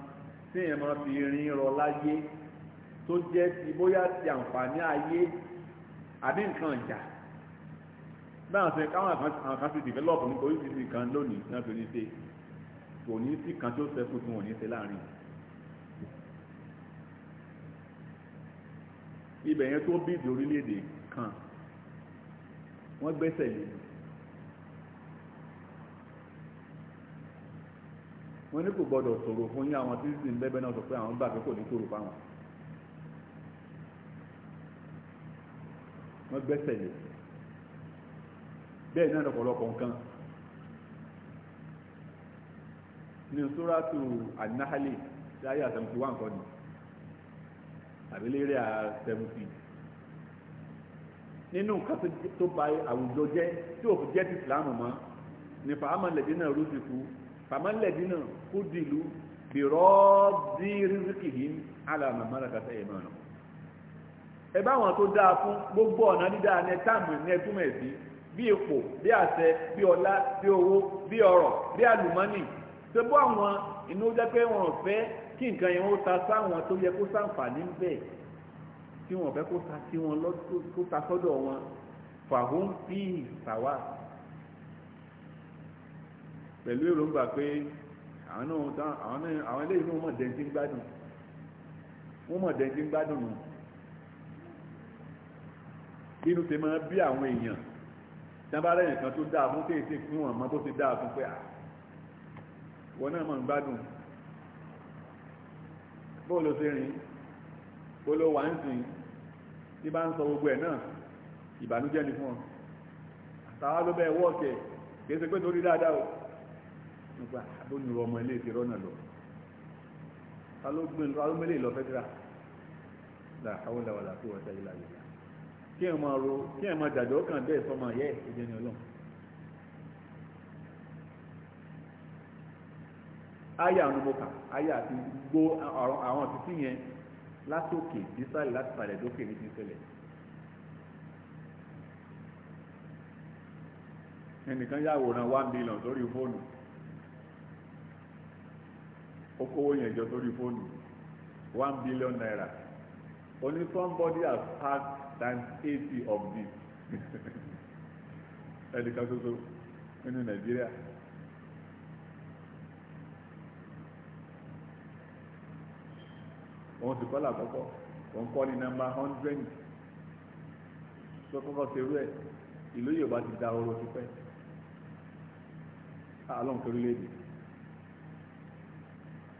tí èèyàn máa fi rin rọ láyé tó jẹ́ ti bóyá ti àǹfààní ayé àbí nǹkan ìjà báwọn sọ káwọn àkàn ti develop ní oríṣiríṣi nǹkan lónìí náà tó ní ṣe kò ní sí kan tó sẹ́kù tí wọ́n ní ṣe láàrin ibẹ̀ yẹn tó bíìdì orílẹ̀-èdè kan wọ́n gbẹ́sẹ̀ lé wọ́n ní kò gbọ́dọ̀ sọ̀rọ̀ fún yín àwọn tí sì ń bẹ́bẹ́ náà sọ pé àwọn gbà pé kò ní sọ̀rọ̀ fáwọn wọ́n gbẹ́sẹ̀ lé bẹ́ẹ̀ náà lọ́pọ̀lọpọ̀ nǹkan ní sóràtù ànáhálì tí ayé àtẹ̀mùtì wà nǹkan ni àbílẹ̀ rẹ̀ àtẹ̀mùtì nínú nǹkan tó ba àwùjọ jẹ́ tí òfin jẹ́ ti ìsìlámù mọ́ ní fàámàlẹ̀dí náà rúti kú fàámàlẹ̀dí náà kú dìlú bìrọ́ọ̀dì rírìkì yìí alàmàmàlàkàtà ìmọ̀ náà ẹ bá wọn tó dáa fún gbogbo ọ̀nà dídáa ní ẹ táàmù ní ẹ túmọ̀ ẹ̀ sí bí ipò bí àṣẹ bí ọlá bí owó bí ọrọ̀ bí àlùmọ́nì ṣe bó àwọn inú jẹ́ pé wọn ò fẹ́ kí nǹkan yẹn ó ta sáwọn tó yẹ kó sàǹfààní ń bẹ̀ tí wọn ò fẹ́ kó ta sí wọn kó ta sọ́dọ̀ wọn fàhún bí ìsàwà pẹ̀lú èròǹgbà pé àwọn eléyìí náà mọ̀ dẹ́ntí ń gbádùn wọ́n mọ̀ dẹ́ntí ń gbádùn nù inú ti máa bí àwọn èèyàn tábàárẹ̀ nìkan tó dáa fún tèèsè fún wọn mọ́ bó ti dáa fún pé à ah, wọn náà mọ̀ ń gbádùn bó ló ṣe rìn bó ló wà ń sìn tí bá ń sọ gbogbo ẹ̀ náà ìbànújẹ́ ni fún ọ àtàwọn ló bẹ́ẹ̀ wọ́ọ̀kẹ̀ kìí ṣe pé torí dáadáa o nípa ah, àbónúrò ọmọ ilé ti rọ́nà lọ ta ló gbé lọ fẹ́ tíra la hawla wala quwwata illa billah kí ẹ máa ro kí ẹ̀ máa jàjọ́ kàn bẹ́ẹ̀ sọmọ yẹ́ ìjẹni ọlọ́run aya àwọn ọmọkà aya àti gbó àwọn àtúntì yẹn látòkè dísàlẹ̀ láti sàlẹ̀ dókè ní ti ṣẹlẹ̀ ẹnìkan yàwòrán one million lórí fóònù ó kówó yẹn jọ lórí fóònù one billion naira ó somebody has hacked times eighty of this ẹnìkan ṣoṣo nínú nàìjíríà. òun sì kọ́là àkọ́kọ́ òun kọ́ ní nọ́mbà hundred tó kọ́kọ́ ṣerú ẹ̀ ìlú yorùbá ti da oró ti pẹ́ àlọ́nkẹ́ orílẹ̀-èdè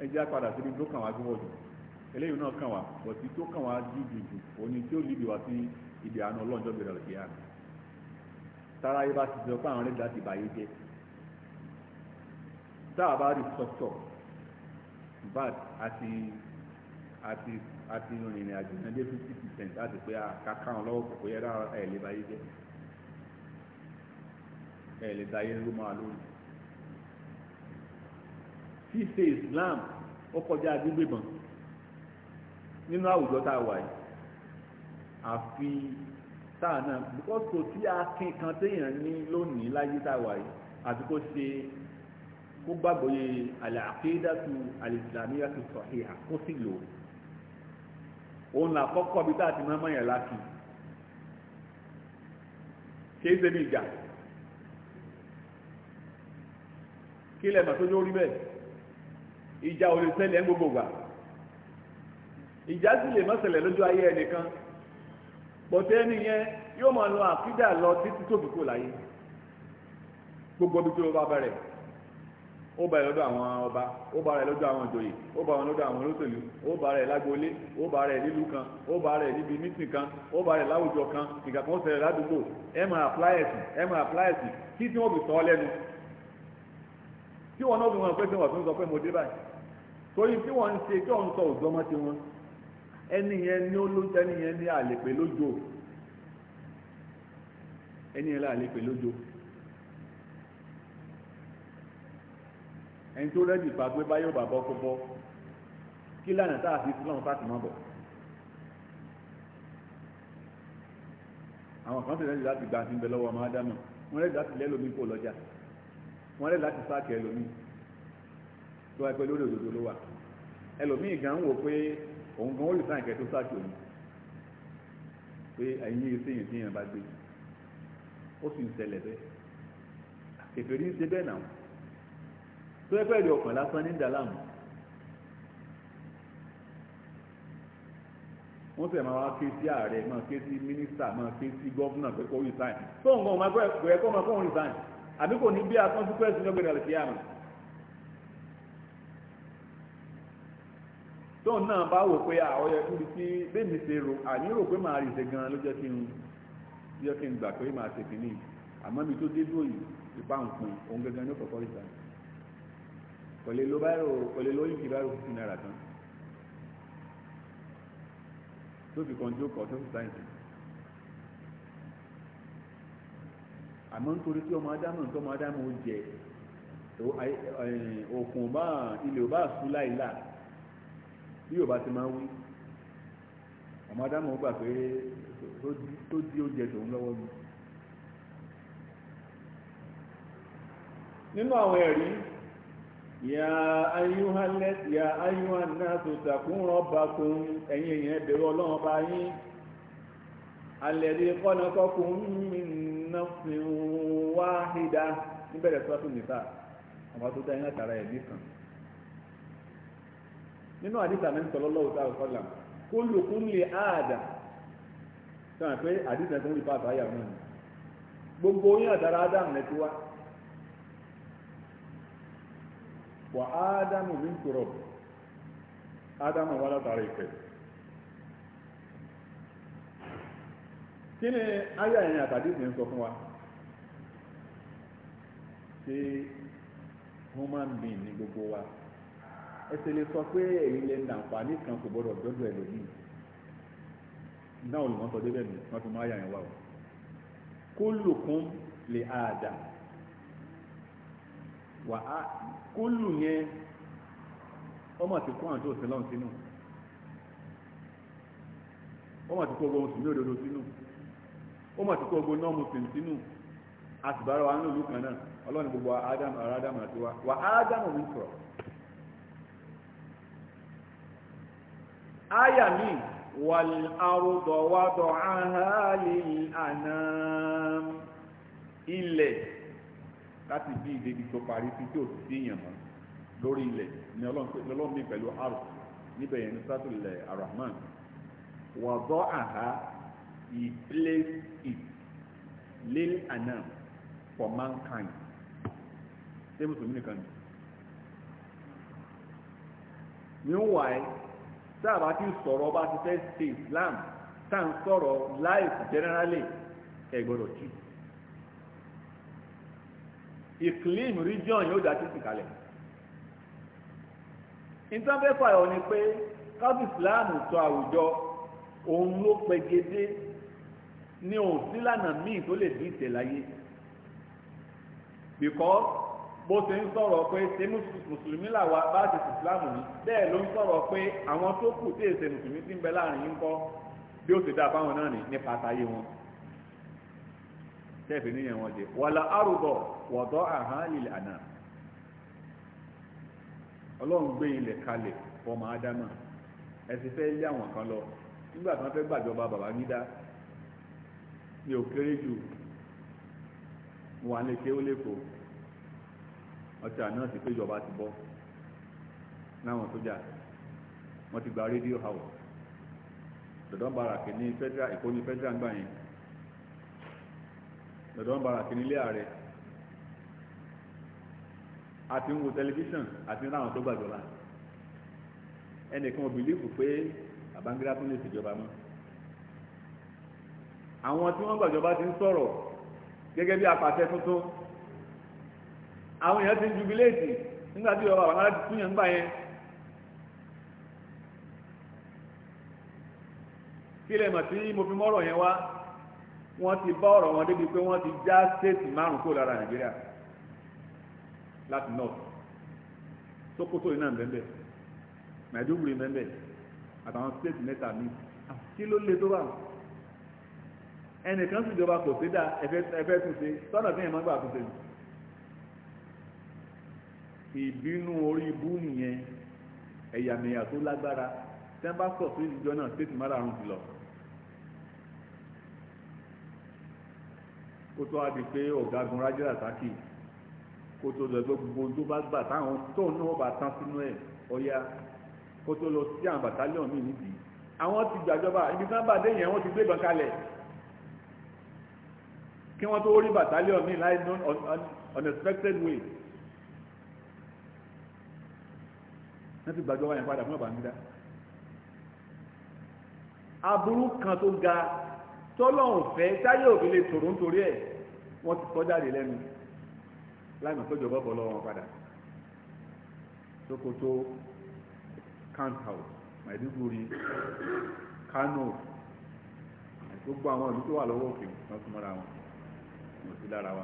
ẹ jẹ́ àpàdà síbi tó kàn wá gbọ́dọ̀ eléyìí náà kàn wá bọ̀tí tó kàn wá jùjùjù òní tí ó lìdí wá sí ibi àánú ọlọ́njọ́ gbèrè ọ̀kẹ́ àná tara yìí bá ti sọ pé àwọn ẹlẹ́dàá ti bàyé jẹ́ tá a bá rí sọ́tọ̀ bad àti àti àti ìrìn àjò náà dé fifty percent láti pé àkàkà wọn lọ́wọ́ kò yẹ rárá ẹ̀ lè bàyé jẹ́ ẹ̀ lè dayé ló máa lórí fífẹ́ Islam ó kọjá gbígbébọn nínú àwùjọ tá a wà yìí àfi táà náà because kò sí akin kan téèyàn ní lónìí láyé tá a wà yìí àti kó ṣe kó gbàgbọ́ yẹ al-aqidatu al-islamiyyatu sahiha kó òun là kọ́kọ́ bí tá a ti máa mọ̀ yẹn láti kìí ṣe bí ìjà kí lẹ́mọ̀ tó yóò rí bẹ́ẹ̀ ìjà ò lè ṣẹlẹ̀ ń gbogbo gbà ìjà sì lè má ṣẹlẹ̀ lójú ayé ẹnìkan bọ̀tẹ́ ẹni yẹn yóò máa lọ àkídà lọ títí tóbi kò láyé gbogbo ibi tí ó bá bẹ̀rẹ̀ ó bá rẹ̀ lọ́dọ̀ àwọn ọba ó bá rẹ̀ lọ́dọ̀ àwọn ìjòyè ó bá rẹ̀ lọ́dọ̀ àwọn olóṣèlú ó bá rẹ̀ lágboolé ó bá rẹ̀ nílùú kan ó bá rẹ̀ níbi mítìn kan ó bá rẹ̀ láwùjọ kan ìgbà kan ó ṣẹlẹ̀ ládùúgbò ẹ máa àpláyẹ̀sì ẹ máa àpláyẹ̀sì kí tí wọ́n fi sọ ọ́ lẹ́nu tí wọ́n náà fi wọn pẹ́ sẹ́wọ̀n tó ń sọ pé mo dé báyìí torí tí wọ́n ń ṣe tí wọ́n ń sọ òjọ́mọ́ tí wọ́n ẹni yẹn ní ó ló jẹ́ ẹni yẹn ní àlèpé lójó ẹni yẹn láàlèpé lójó ẹni tó rẹ́dì fà pé báyọ̀ bàbá ọkọ̀ bọ́ kí lánàá tá a fi fúlọ́n fàtì mọ́ bọ̀ àwọn kan sì rẹ́dì láti gba àfihàn lọ́wọ́ ọmọ ádámù wọ́n rẹ́dì láti lẹ́ lómi kó lọ́jà wọ́n rẹ́dì láti sáàkì ẹlòmíì tó wáyé pé lórí òdòdó ló wà ẹlòmíì gan wò pé òun gan ó lè sáà ìkẹ́ tó sáàkì òun pé ẹ̀yìn yìí sèyìn tí yẹn bá gbé ó sì ń ṣẹlẹ̀ bẹ́ẹ̀ kèfèrí ń ṣe bẹ́ẹ̀ náà tó yẹ pẹ́ẹ́lí ọkàn lásán ní dàlámù wọ́n sì máa wá ké sí ààrẹ máa ké sí mínísítà máa ké sí gọ́vnà pé kó resign tó nǹkan ọmọ ẹgbẹ́ ẹ̀kọ́ máa kó resign àbí kò ní bí a ní ọgbẹ́ni àlùfíà mọ̀. tóun náà bá wò pé àwọn yẹ kúbi tí bẹ́ẹ̀mi ṣe rò àní rò pé màá rí ṣe gan-an ló jẹ́ kí n jẹ́ kí n gbà pé màá ṣe kìíní àmọ́ mi tó dé dúró yìí ipa nǹkan òun gangan ní kọ̀kọ́ ìgbà kò lè lo báyìí kò lè lo yìí báyìí fún náírà tán tó fi kan jókòó tó fi sáyẹ̀nsì àmọ́ nítorí tí ọmọ adámọ̀ nítorí ọmọ adámọ̀ jẹ òkun ilé ò bá sùn láìláà. bí bá ti máa wí ọmọ adámọ̀ gbà pé tó dí oúnjẹ tòun lọ́wọ́ mi nínú àwọn ẹ̀rí ya ayúhálẹ́ ya ayúhánná tó sàkúnrán ọba ẹ̀yìn èèyàn ẹ̀bẹ̀rù ọlọ́run bá yín alẹ́rí nínú wáhídá níbẹ̀rẹ̀ sọ́tún àwọn tó kan nínú àdìsá ní sọlọ́lọ́wọ́ tá a sọ́là kó lò kó lè áàdà sọ̀rọ̀ pé àdìsá tó ń fa àtàyà náà gbogbo yín àtàrà ádámù rẹ ti wá wà ádámù mi ń tòrọ̀ ádámù wà látara ìpè kí ni ayé àyìn àtàdìsá ń sọ fún wa ṣé human being ni gbogbo wa. ẹsẹ̀ lè sọ pé èyí lè nà àǹfààní kan kò gbọdọ̀ dọ́dọ̀ ẹ̀ lòdì náà olùmọ̀ débẹ̀ mi wọ́n fi máa yà yẹn wá o kólùkún lè àdà wà á kólù yẹn ọmọ ti àjọ ọmọ ti ọgbọ òdodo sínú ọmọ ti sínú wa gbogbo àti wa wà áyà mi wal arda wada'aha lil anam ilẹ̀ láti bí ìdèbí tó parí sí tí ò sí sí èèyàn mọ́ lórí ilẹ̀ ní ọlọ́run mi pẹ̀lú arò níbẹ̀ yẹn ní sátìlẹ̀ arahman wada'aha he placed it lil anam for mankind ṣé mùsùlùmí nìkan ni meanwhile tá a bá ti sọ̀rọ̀ bá ti fẹ́ ṣe islam tá sọ̀rọ̀ life generally region yóò dá títì kalẹ̀ ìtànfẹ́fà ni pé káfí islam tọ àwùjọ òun ló pegedé ní òsílànà míì tó lè dín ìtẹ̀láyé because bó ti ń sọ̀rọ̀ pé ṣé mùsùlùmí làwa bá ti ìsìláàmù ni bẹ́ẹ̀ ló ń sọ̀rọ̀ pé àwọn tó kù tí èsè mùsùlùmí ti láàrin yín bí ó ti dá náà nípa àtàyè wọn tẹ́ẹ̀fì níyẹn wọn jẹ wàlà àrùbọ̀ wọ̀dọ́ àhán ilẹ̀ àná ọlọ́run gbé ilẹ̀ kalẹ̀ fọmọ ádámà fẹ́ àwọn kan lọ nígbà tí wọ́n fẹ́ gbàjọba bàbá mi ò kéré ọtí àná ti pé ìjọba ti bọ́ náwọn sójà wọ́n ti gba rédíò house dọ̀dọ̀ baraki ní federal èkó ní federal gbà yẹn dọ̀dọ̀ baraki nílé ààrẹ àti ń wo tẹlifíṣàn àti ráwọn tó gbàjọba ẹnìkan ò bìlífù pé Babangida tún lè ṣèjọba mọ́ àwọn tí wọ́n gbàjọba ti ń sọ̀rọ̀ gẹ́gẹ́ bí apàṣẹ tuntun àwọn èèyàn ti jubiléètì nígbà tí ọba àbámọ́lá ti kúnyàn gbà yẹn kílẹ̀ mọ̀ tí mo fi mọ́rọ̀ yẹn wá wọ́n ti bá ọ̀rọ̀ wọn débi pé wọ́n ti já stéètì márùn kó lára nàìjíríà láti north sokoto iná bẹ́ẹ̀ maiduguri bẹ́ẹ̀ àtàwọn stéètì mẹ́ta mi ah, kí ló lè tó bá wọn ẹnìkan sì jọba kò sí dáa ẹfẹ́ tún ṣe sọ́nà tí yẹn máa gbà tún ṣe nù ìbínú orí ibú nìyẹn ẹ̀yàmẹ̀yà tó lágbára tí wọ́n bá sọ̀ sí ìjọ náà stéètì márààrún ti lọ. kó tó wá di pé ọ̀gágun rájẹ́ àtàkì kó tó lọ gbogbo tó bá gbà táwọn tóun náà bá tán sínú ẹ̀ ọ̀yà kó tó lọ sí àwọn bàtálíọ̀n míì nídìí àwọn ti gbàjọba ibi tán bá dé yẹn wọ́n ti gbé ìbọn kalẹ̀ kí wọ́n tó rí bàtálíọ̀n míì láì unexpected way. wọ́n ti gbàgbọ́ wáyé padà fún àbàmídá aburú kan tó ga tọ́lọ́hùn fẹ́ táyé òbí lè tòrò nítorí ẹ̀ wọ́n ti kọjá lè lẹ́nu láì mọ̀ péjọ bọ́bọ̀ lọ́wọ́ wọn padà Sokoto count house Maiduguri Kano gbogbo àwọn ìlú tó wà lọ́wọ́ òkè wọ́n tún mọ́ra wọn kò sí lára wa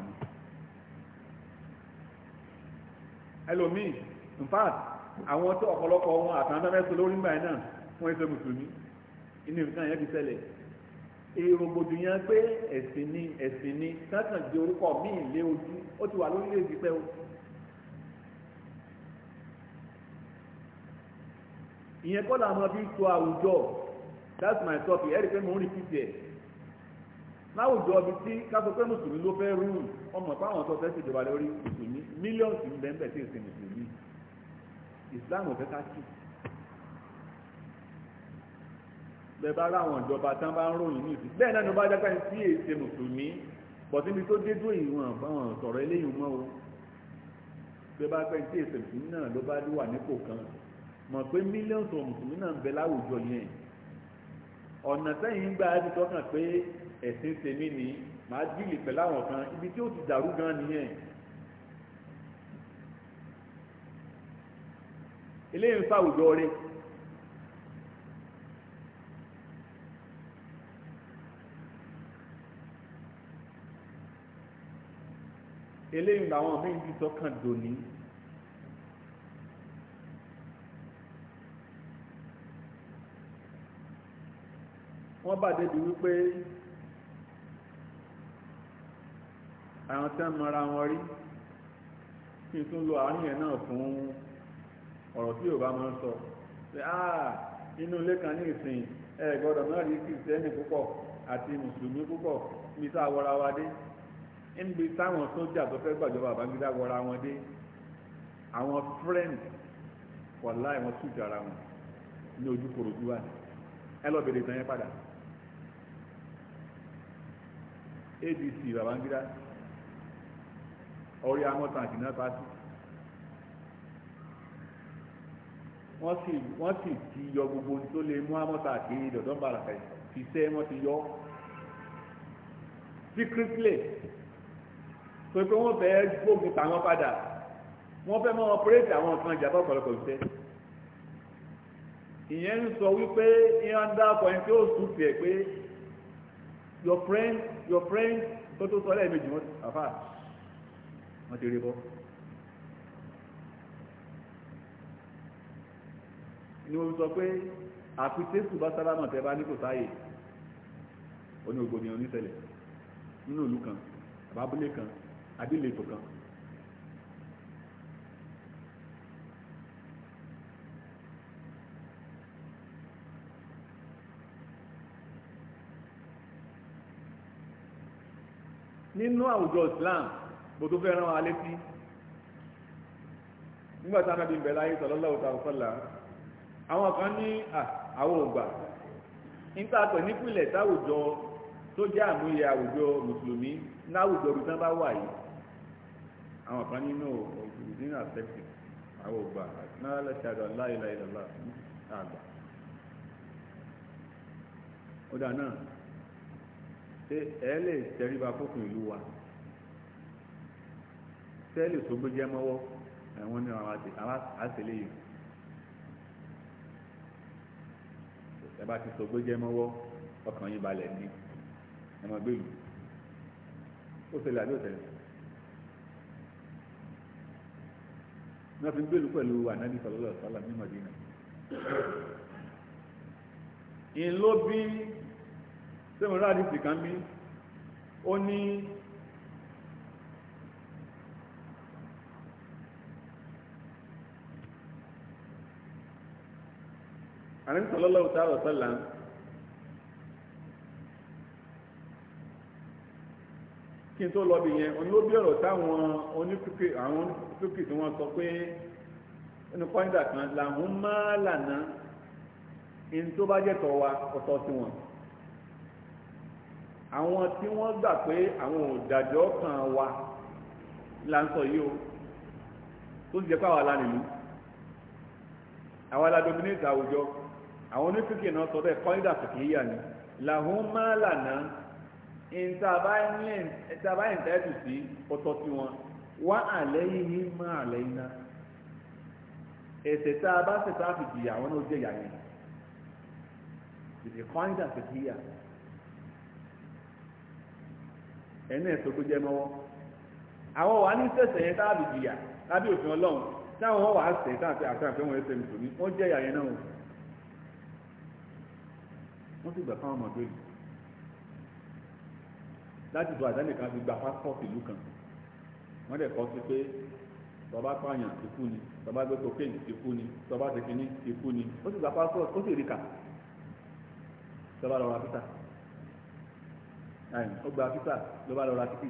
ẹlòmíì in fact àwọn tó ọ̀pọ̀lọpọ̀ wọn àtàndánẹ́sọ lórí ńgbà náà wọ́n ṣe mùsùlùmí inú nǹkan yẹn ti ṣẹlẹ̀ èrò gbòdìyàn pé ẹ̀sìn ni ẹ̀sìn ni sátàn di orúkọ míì lé ojú ó ti wà lórílẹ̀-èdè pẹ́ o ìyẹn kọ́ làwọn bí sọ àwùjọ that's my topic ẹ̀rí pé mò ń rí fífi ẹ̀ láwùjọ ibi tí kásọ pé mùsùlùmí ló fẹ́ rú ọmọ pé àwọn tó fẹ́ ṣèjọba lórí mùsùlùmí mílíọ̀nù sí islam ò fẹ́ ká kí bẹ́ẹ̀ bá ráwọn ìjọba tán bá ń ròyìn ní ìsìn bẹ́ẹ̀ náà ló bá jápá sí èsè mùsùlùmí bọ̀tí mi tó dé dúró ìwọ̀n báwọn sọ̀rọ̀ eléyìí mọ́ o bẹ́ẹ̀ bá pẹ́ sí èsè mùsùlùmí náà ló bá wà nípò kan mọ̀ pé mílíọ̀nù mùsùlùmí náà ń bẹ láwùjọ yẹn ọ̀nà sẹ́yìn ń gbà á ti tọ́kàn pé ẹ̀sìn tèmi ni màá dìlì pẹ̀láwọn kan ibi tí ó ti dàrú gan nìyẹn eléyìí ń fa àwùjọ rẹ eléyìí làwọn míín bí sọkàn dòní wọ́n bá débi wípé àwọn tẹ́ ń mara wọn rí kí n tún lo àárín yẹn náà fún ọ̀rọ̀ tí yorùbá máa ń sọ pé áà ah, inú ilé kan ní ìsìn ẹ gbọ́dọ̀ máa rí kìrìsìtẹ́nì púpọ̀ àti mùsùlùmí púpọ̀ níbi tá a wọra wa dé níbi táwọn sójà tó fẹ́ gbàjọba àbágídá wọra wọn dé àwọn friend wọ̀lá ìwọ̀n sùn jara wọn ní ojú korojú wa ẹ lọ bèrè ìtàn yẹn padà adc babangida ọrí amọ́tàn àti náà pàṣẹ wọ́n sì wọ́n sì ti yọ gbogbo tó lè mú amọ́ta àkiri dọ̀dọ̀ bàràkà fi sẹ́ wọ́n ti yọ secretly tó pé wọ́n fẹ́ gbógun tàwọn padà wọ́n fẹ́ mọ́ ọpẹ́rẹ́tì àwọn nǹkan ìjàmbá ọ̀pọ̀lọpọ̀ ìṣe ìyẹn ń sọ wípé ìyẹn dá ọkọ̀ yẹn tí ó sùn fìẹ̀ pé your friend your friend tó tó sọ lẹ́ẹ̀mejì wọn àfà wọ́n ti rí bọ́. ni mo sọ pé àfi tẹ́sù bá sálámà tẹ́ bá ní kò sáyè ó ní ògbòmìyàn oníṣẹ̀lẹ̀ nínú ìlú kan àbábúlé kan àbílẹ̀tò kan nínú àwùjọ Islam bó tó fẹ́ràn wa létí nígbà tá a nàbí ń bẹ̀ láyé sallallahu ta'ala àwọn kan ní ah, àwọn ògbà nípa pẹ̀ nípìnlẹ̀ táwùjọ tó jẹ́ àmúyẹ àwùjọ mùsùlùmí láwùjọ bí tán bá wà yìí àwọn kan nínú ìdínà sẹ́kì àwọn ògbà náà lẹ́sẹ̀ àdọ̀ láìláìlọ́lá àgbà ọ̀dà náà ṣe ẹ lè tẹríba fókun ìlú wa ṣe lè sógbó jẹ́ mọ́wọ́ àwọn ní àwọn àtẹlẹ́yìn ẹ bá ti sọgbó jẹ mọ́wọ́ ọkàn yín balẹ̀ ní ẹ mọ̀ gbé yìí ó ṣẹlẹ̀ àbí òṣèlè ní wọ́n fi gbé ìlú pẹ̀lú ànábì sọlọ́lọ́ sọlá ní Mọ̀dínà ìlóbi sẹ́wọ̀n rádìsì kan bí ó ní. àrùn sọlọ́lọ́ òtárọ̀ sọ́là kí n tó lọ bì yẹn òní ó bí ọ̀rọ̀ táwọn onífúkì àwọn onífúkì tí wọ́n sọ pé inú pọ́ńdà kan làwọn máa lànà in tó bá jẹ́ tọ́ wa ọ̀tọ̀ sí wọn àwọn tí wọ́n gbà pé àwọn òdàjọ́ kan wa là ń sọ yìí o tó ti jẹ́ pé àwa la àwa la dominate àwùjọ àwọn onífìkì náà sọ bẹ́ẹ̀ kọ́ńdà fìkì yíyà ni làwọn máa lànà ìtàbá ìtẹ́tù sí ọ̀tọ̀ tí wọn wá àlẹ́ yìí má àlẹ́ iná ẹ̀sẹ̀ tá a bá ṣe tá a fi jìyà àwọn náà jẹ́ ìyá yẹn ìdè kọ́ńdà fìkì yíyà ẹni ẹ̀sọ́ tó jẹ́ mọ́wọ́ àwọn wà ní sẹ̀sẹ̀ yẹn tá a fi jìyà lábẹ́ òfin ọlọ́run táwọn wà á sẹ̀ tá a fi àtàkùn wọn ẹsẹ̀ mùsùlùmí wọ́n jẹ́ ìyá yẹn náà wọ́n sì gbà fáwọn ọmọ ìbéèrè láti tó àdáni kan fi gba pásítọ̀tì ìlú kan wọ́n dẹ̀ kọ́ sí pé tọba pààyàn ikú ni tọba gbé cocaine ikú ni tọba tẹkíní ikú ni ó sì gba pásítọ̀tì ó sì rí kà tọba lọ ra pítà ó gba pítà ló bá lọ ra tíkì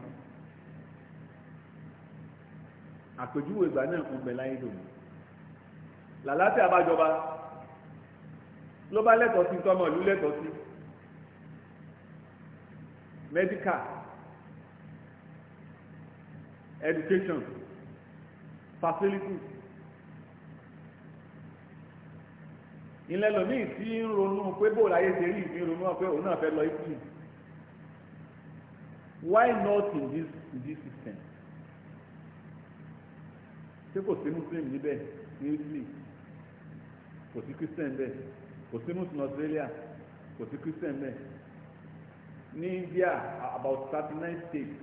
àpèjúwe ìgbà náà ń bẹ láyé lòdì làlá tí a bá jọba ló bá lẹ́tọ̀ọ́ sí tọmọ ìlú lẹ́tọ̀ọ́ sí medical education facilities ilẹ̀ lòmíì tí ń ronú pé bó láyé ṣe rí ìfín ronú pé òun náà fẹ́ lọ ikú why not in this in this system ṣé kò sí muslim níbẹ̀ ní italy kò sí christian bẹ́ẹ̀ kò sí muslim Australia kò sí christian bẹ́ẹ̀ ní India about thirty nine states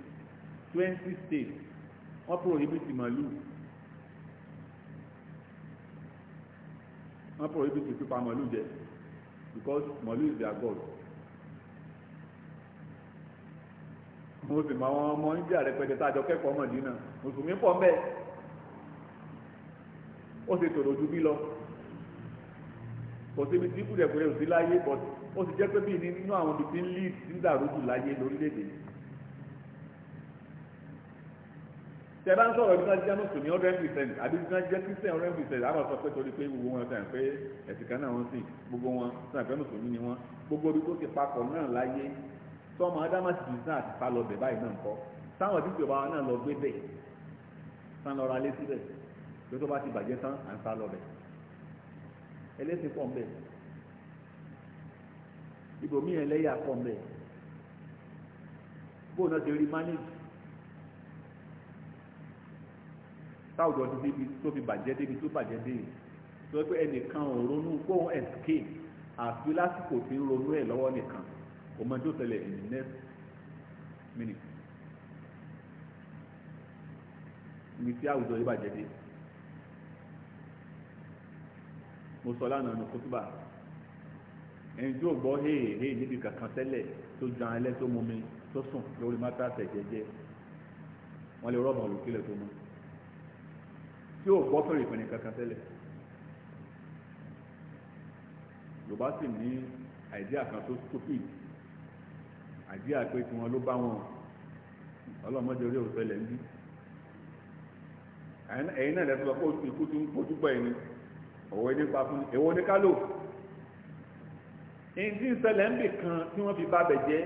twenty states wọ́n prohibit màálù wọ́n prohibit pípa màálù jẹ because Malu is their god mo sì máa wọn ọmọ India rẹpẹtẹ tá a jọ kẹ́kọ̀ọ́ mọ̀dínà mùsùlùmí pọ̀ mbẹ́ ó sì tòrò ju bí lọ kò síbi tí kúrẹ̀kúrẹ̀ ò sí láyé but ó ti jẹ́ pé bí nínú àwọn ibi tí ń lead ti ń dàrú jù láyé lórílẹ̀‐èdè yìí. tẹ bá ń sọ̀rọ̀ ibi tí wọ́n jẹ́ mùsùlùmí hundred percent àbí ibi tí wọ́n jẹ́ christian hundred percent àwọn sọ pé torí pé gbogbo wọn sàn pé ẹ̀sìn kan náà wọ́n sìn gbogbo wọn sàn pé mùsùlùmí ni wọ́n gbogbo ibi tó ti papọ̀ náà láyé tọ́mọ adámásì ti sàn àti palọ̀ bẹ̀ báyìí náà ń kọ́ táwọn ìdíje ọba náà lọ ẹlẹ́sìn pọ̀ mbẹ́ ibòmí ẹlẹ́yà pọ̀ mbẹ́ bóun náà ti rí manage táwùjọ ti débi tó fi bàjẹ́ débi tó bàjẹ́ débi tó pé ẹnìkan ò ronú kóhun escape àfi lásìkò tí ń ronú ẹ̀ lọ́wọ́ nìkan kò mọ tó tẹ̀lé in the next minute ibi tí àwùjọ yìí bàjẹ́ débi. mo sọ lánàá ní kótóbà ẹni tí ò gbọ́ héè héè níbi kankan tẹ́lẹ̀ tó ju àwọn ẹlẹ́ tó mú mi tó sùn lórí mátàsẹ̀ jẹ́jẹ́ wọ́n lè rọ́ọ̀bù olùkílẹ̀ tó mú tí ò gbọ́ fèrè ìpinnu kankan tẹ́lẹ̀ yorùbá sì ní àìdíà kan tó stupid àìdíà pé tiwọn ló bá wọn ọlọ́mọdé orí òṣèlè ń bí ẹ̀yin náà lẹ́tọ́ sọ pé ikú ti ń kojú pẹ̀lú òwe nípa fún èwo ní kálò èyí tí ń ṣẹlẹ̀ ń bì kan tí wọ́n fi bá bẹ̀ jẹ́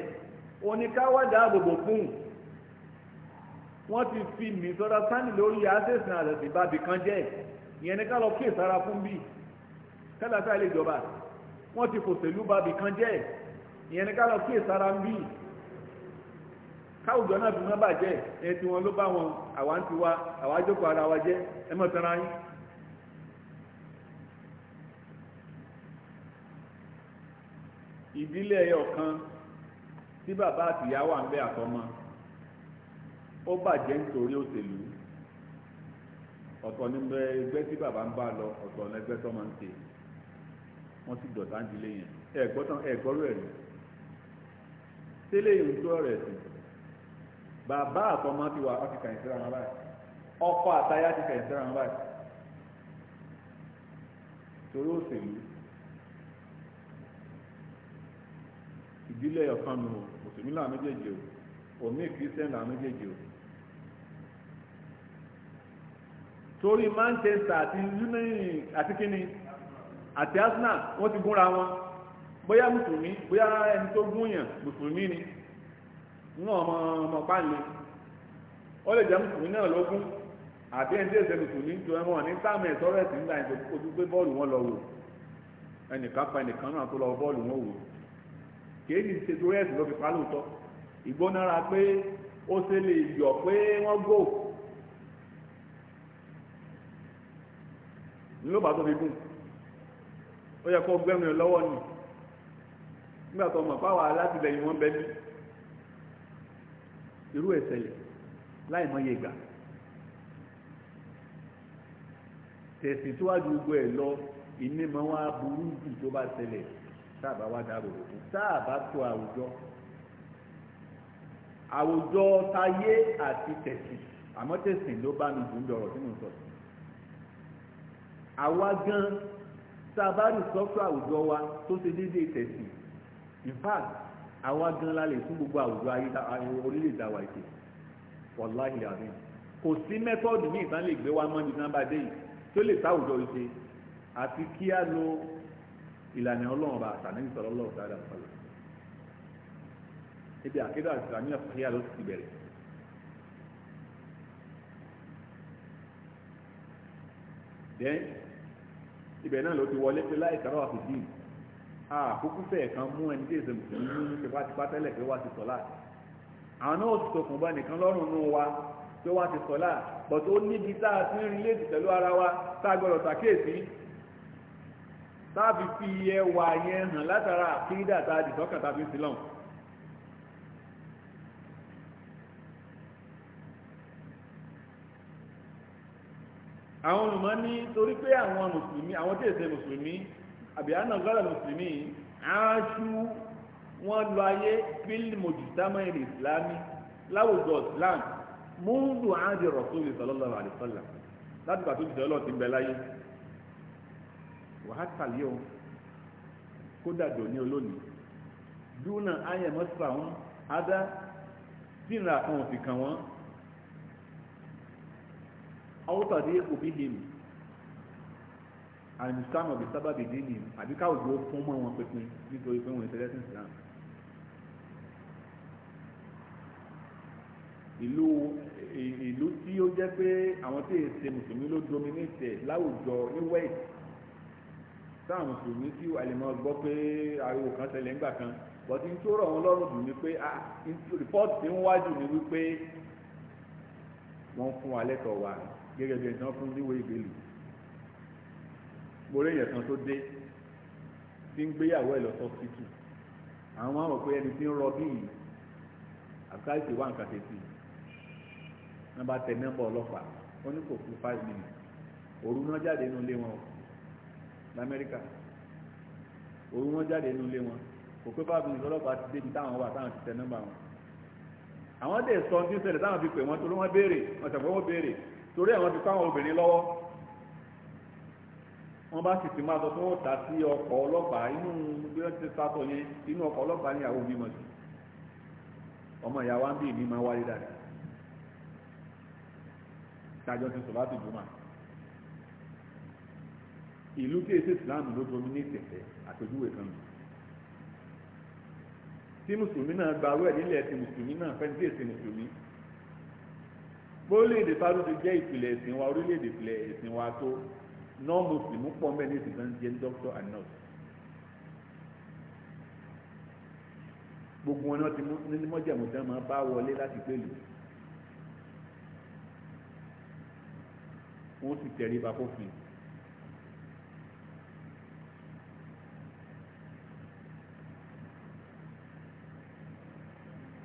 oníkáwádà àbòbò fún wọ́n ti fi mí sọ́dá sáni lórí àṣẹ̀sìn àdẹ̀sìn ìbábì kan jẹ́ ìyẹn ní ká lọ kí ìsára fún bí kálàfẹ́ àlè ìjọba wọ́n ti fòṣèlú bábì kan jẹ́ ìyẹn ní ká kí ìsára ń bí káwùjọ náà fi mọ́ bàjẹ́ ẹ tí wọn ló bá wọn àwa ń tiwa àwa jókòó ara wa jẹ́ ẹ mọ̀ tẹ́ra yín ìdílé ẹyọ kan tí bàbá àtìyá wà ń bẹ àtọmọ ó bàjẹ́ nítorí òṣèlú ọ̀tọ̀ ní ẹgbẹ́ tí bàbá ń bá lọ ọ̀tọ̀ ní ẹgbẹ́ tọ́mọ ń ṣe wọ́n sì dọ̀tá ń dilé yẹn ẹ̀gbọ́tàn ẹ̀gbọ́rọ̀ ẹ̀rí tẹ́lẹ̀ ìrújú ọ̀rọ̀ ẹ̀sìn bàbá àtọmọ ti wà áfíríkà ìṣẹ́ra wọn báyìí ọkọ àtayá ti kà ìṣẹ́ra wọn báyìí torí òṣèlú ìdílé ọ̀kan nù mùsùlùmí là méjèèjì o òmí kìrìsìtẹ́nì là méjèèjì o. torí Manchester àti union àti kíni àti Arsenal wọ́n ti gúnra wọn bóyá mùsùlùmí bóyá ẹni tó gúnyàn mùsùlùmí ni wọn ọmọ ọmọ páàlì ó lè jẹ́ mùsùlùmí náà lógún àbí ẹni tí èsè mùsùlùmí ju ẹ̀wọ̀n ní sáàmù ẹ̀tọ́ rẹ̀ sí nígbà yẹn gbé bọ́ọ̀lù wọn lọ wò ẹnìkan pa ẹnìkan náà tó lọ bọ́ọ̀lù wọn wò kéèdì ṣe torí ẹ̀sìn ló fi pa lóòótọ́ ìgbónára pé ó ṣe lè yọ pé wọ́n gò ní ló bá tó fi gùn ó yẹ kó gbẹ́mìí lọ́wọ́ nì nígbà tó mọ̀ fáwọn alátìlẹyìn wọn bẹ ní irú ẹ̀sẹ̀ yìí láì mọ iye ìgbà tẹ̀sí tó wájú gbogbo ẹ̀ lọ ìní mọ́ burú jù tó bá ṣẹlẹ̀ sáàbà wá dáàbò bò fún sáàbà tó àwùjọ àwùjọ tayé àti tẹ̀sìn àmọ́ tẹ̀sìn ló bá mi dùn dọ̀rọ̀ tí mò ń sọ sí àwa gan sáàbà rí sọ́kọ̀ àwùjọ wa tó ṣe déédéé tẹ̀sìn in fact àwa gan la lè fún gbogbo àwùjọ ayé orílẹ̀-èdè àwa ìṣe wàláhì àríyìn kò sí mẹ́tọ́ọ̀dù ní ìtàn lè gbé wa mọ́ ní nàbàdé yìí tó lè táwùjọ ìṣe àti kí á lo ìlànà ọlọ́run ọba àtàlẹ́yìn sọ̀rọ̀ ọlọ́run sáà dàpọ̀lọ́ ibi àkédà ìsìlámì ọ̀fíà ló ti bẹ̀rẹ̀ dẹ́n ibẹ̀ náà ló ti wọlé pé láì kárọ̀ àfìdí àkókò fẹ́ẹ̀ kan mú ẹni tí èsè mùsùlùmí ní tipátipá tẹ́lẹ̀ pé wá ti sọ̀lá àwọn náà ti sọkùn bá nìkan lọ́rùn nù wa pé wá ti sọ̀lá bọ̀tún ó níbi tá a ti ń rí léèdì pẹ̀lú ara wa tá a gbọ́dọ̀ táàbí fi ẹwà yẹn hàn látara àkídà tàbí sọ́kà tàbí sílọ̀n àwọn olùmọ̀ ní torí pé àwọn mùsùlùmí àwọn tí èsè mùsùlùmí àbí àna gbọ́dọ̀ mùsùlùmí aṣú wọn lọ ayé fílmù jùdámẹ́rì ìsìlámì láwùjọ islam múndù áńdì rọ̀sùlì sallallahu alaihi láti pàtó ìṣẹ́ ọlọ́ọ̀tì ń láyé wàhátà yìí o kódà dò ní olónìí dúnà ayẹmọ́sà wọn adá dínà kan ò sì kàn wọ́n awúsàdé òbí hìm àìmùsàmù ọ̀bí sábàbí dínì àbí káwùjọ fún mọ́ wọn pínpín nítorí pé wọ́n ìṣẹ̀lẹ̀ sìn ìlú tí ó jẹ́ pé àwọn tí èsè mùsùlùmí ló dominate láwùjọ ní west táwọn mùsùlùmí tí àlèmọ́ gbọ́ pé ariwo kan ṣẹlẹ̀ ńgbà kan bọ́tí ń tó rọ̀ wọn lọ́rùn dùn ni pé rìpọ́ọ̀tì tí ń wájú ni wípé wọ́n fún wa lẹ́tọ̀ọ́ wa gẹ́gẹ́ bí ẹ̀sán fún níwèé ìgbèlú mo réyìn ẹ̀sán tó dé tí ń gbéyàwó ẹ̀ lọ sọ́sítù àwọn máa mọ̀ pé ẹni tí ń rọ bíi àkáìsì wà nǹkan tètè nọ́mbà tẹ nọ́mbà ọlọ́pàá ó ní kò fún five minutes òru náà jáde nínú wọn o lamẹ́ríkà òru wọn jáde nínú ilé wọn kò pé bá bìnrin ọlọ́pàá ti débi táwọn wà táwọn ti tẹ nọ́mbà wọn àwọn dẹ̀ sọ ní ṣẹlẹ̀ táwọn fi pè wọ́n torí wọ́n béèrè wọ́n tẹ̀wọ́ wọ́n béèrè torí àwọn fi kọ́ àwọn obìnrin lọ́wọ́ wọ́n bá sì ti máa sọ fún wọn tà sí ọkọ̀ ọlọ́pàá inú bí wọ́n ti sá sọ yẹn inú ọkọ̀ ọlọ́pàá ní àwọn òbí mọ̀ sí ọmọ ìyá wa ń bí ìbí ìlú tí èsì islam ló dominate ẹ̀fẹ́ àpèjúwe kan mi tí mùsùlùmí náà gba awẹ́ nílẹ̀ ti mùsùlùmí náà fẹ́ni tí èsì mùsùlùmí bórílẹ̀-èdè fáró ti jẹ́ ìpìlẹ̀ ẹ̀sìn wa orílẹ̀-èdè ìpìlẹ̀ ẹ̀sìn wa tó non-muslim pọ̀ mẹ́ ní ìsìn náà jẹ́ doctor and gbogbo wọn náà ti ní mọ́jàmọ́ máa bá wọlé láti pẹ̀lú wọ́n ti tẹ̀lé bá kófin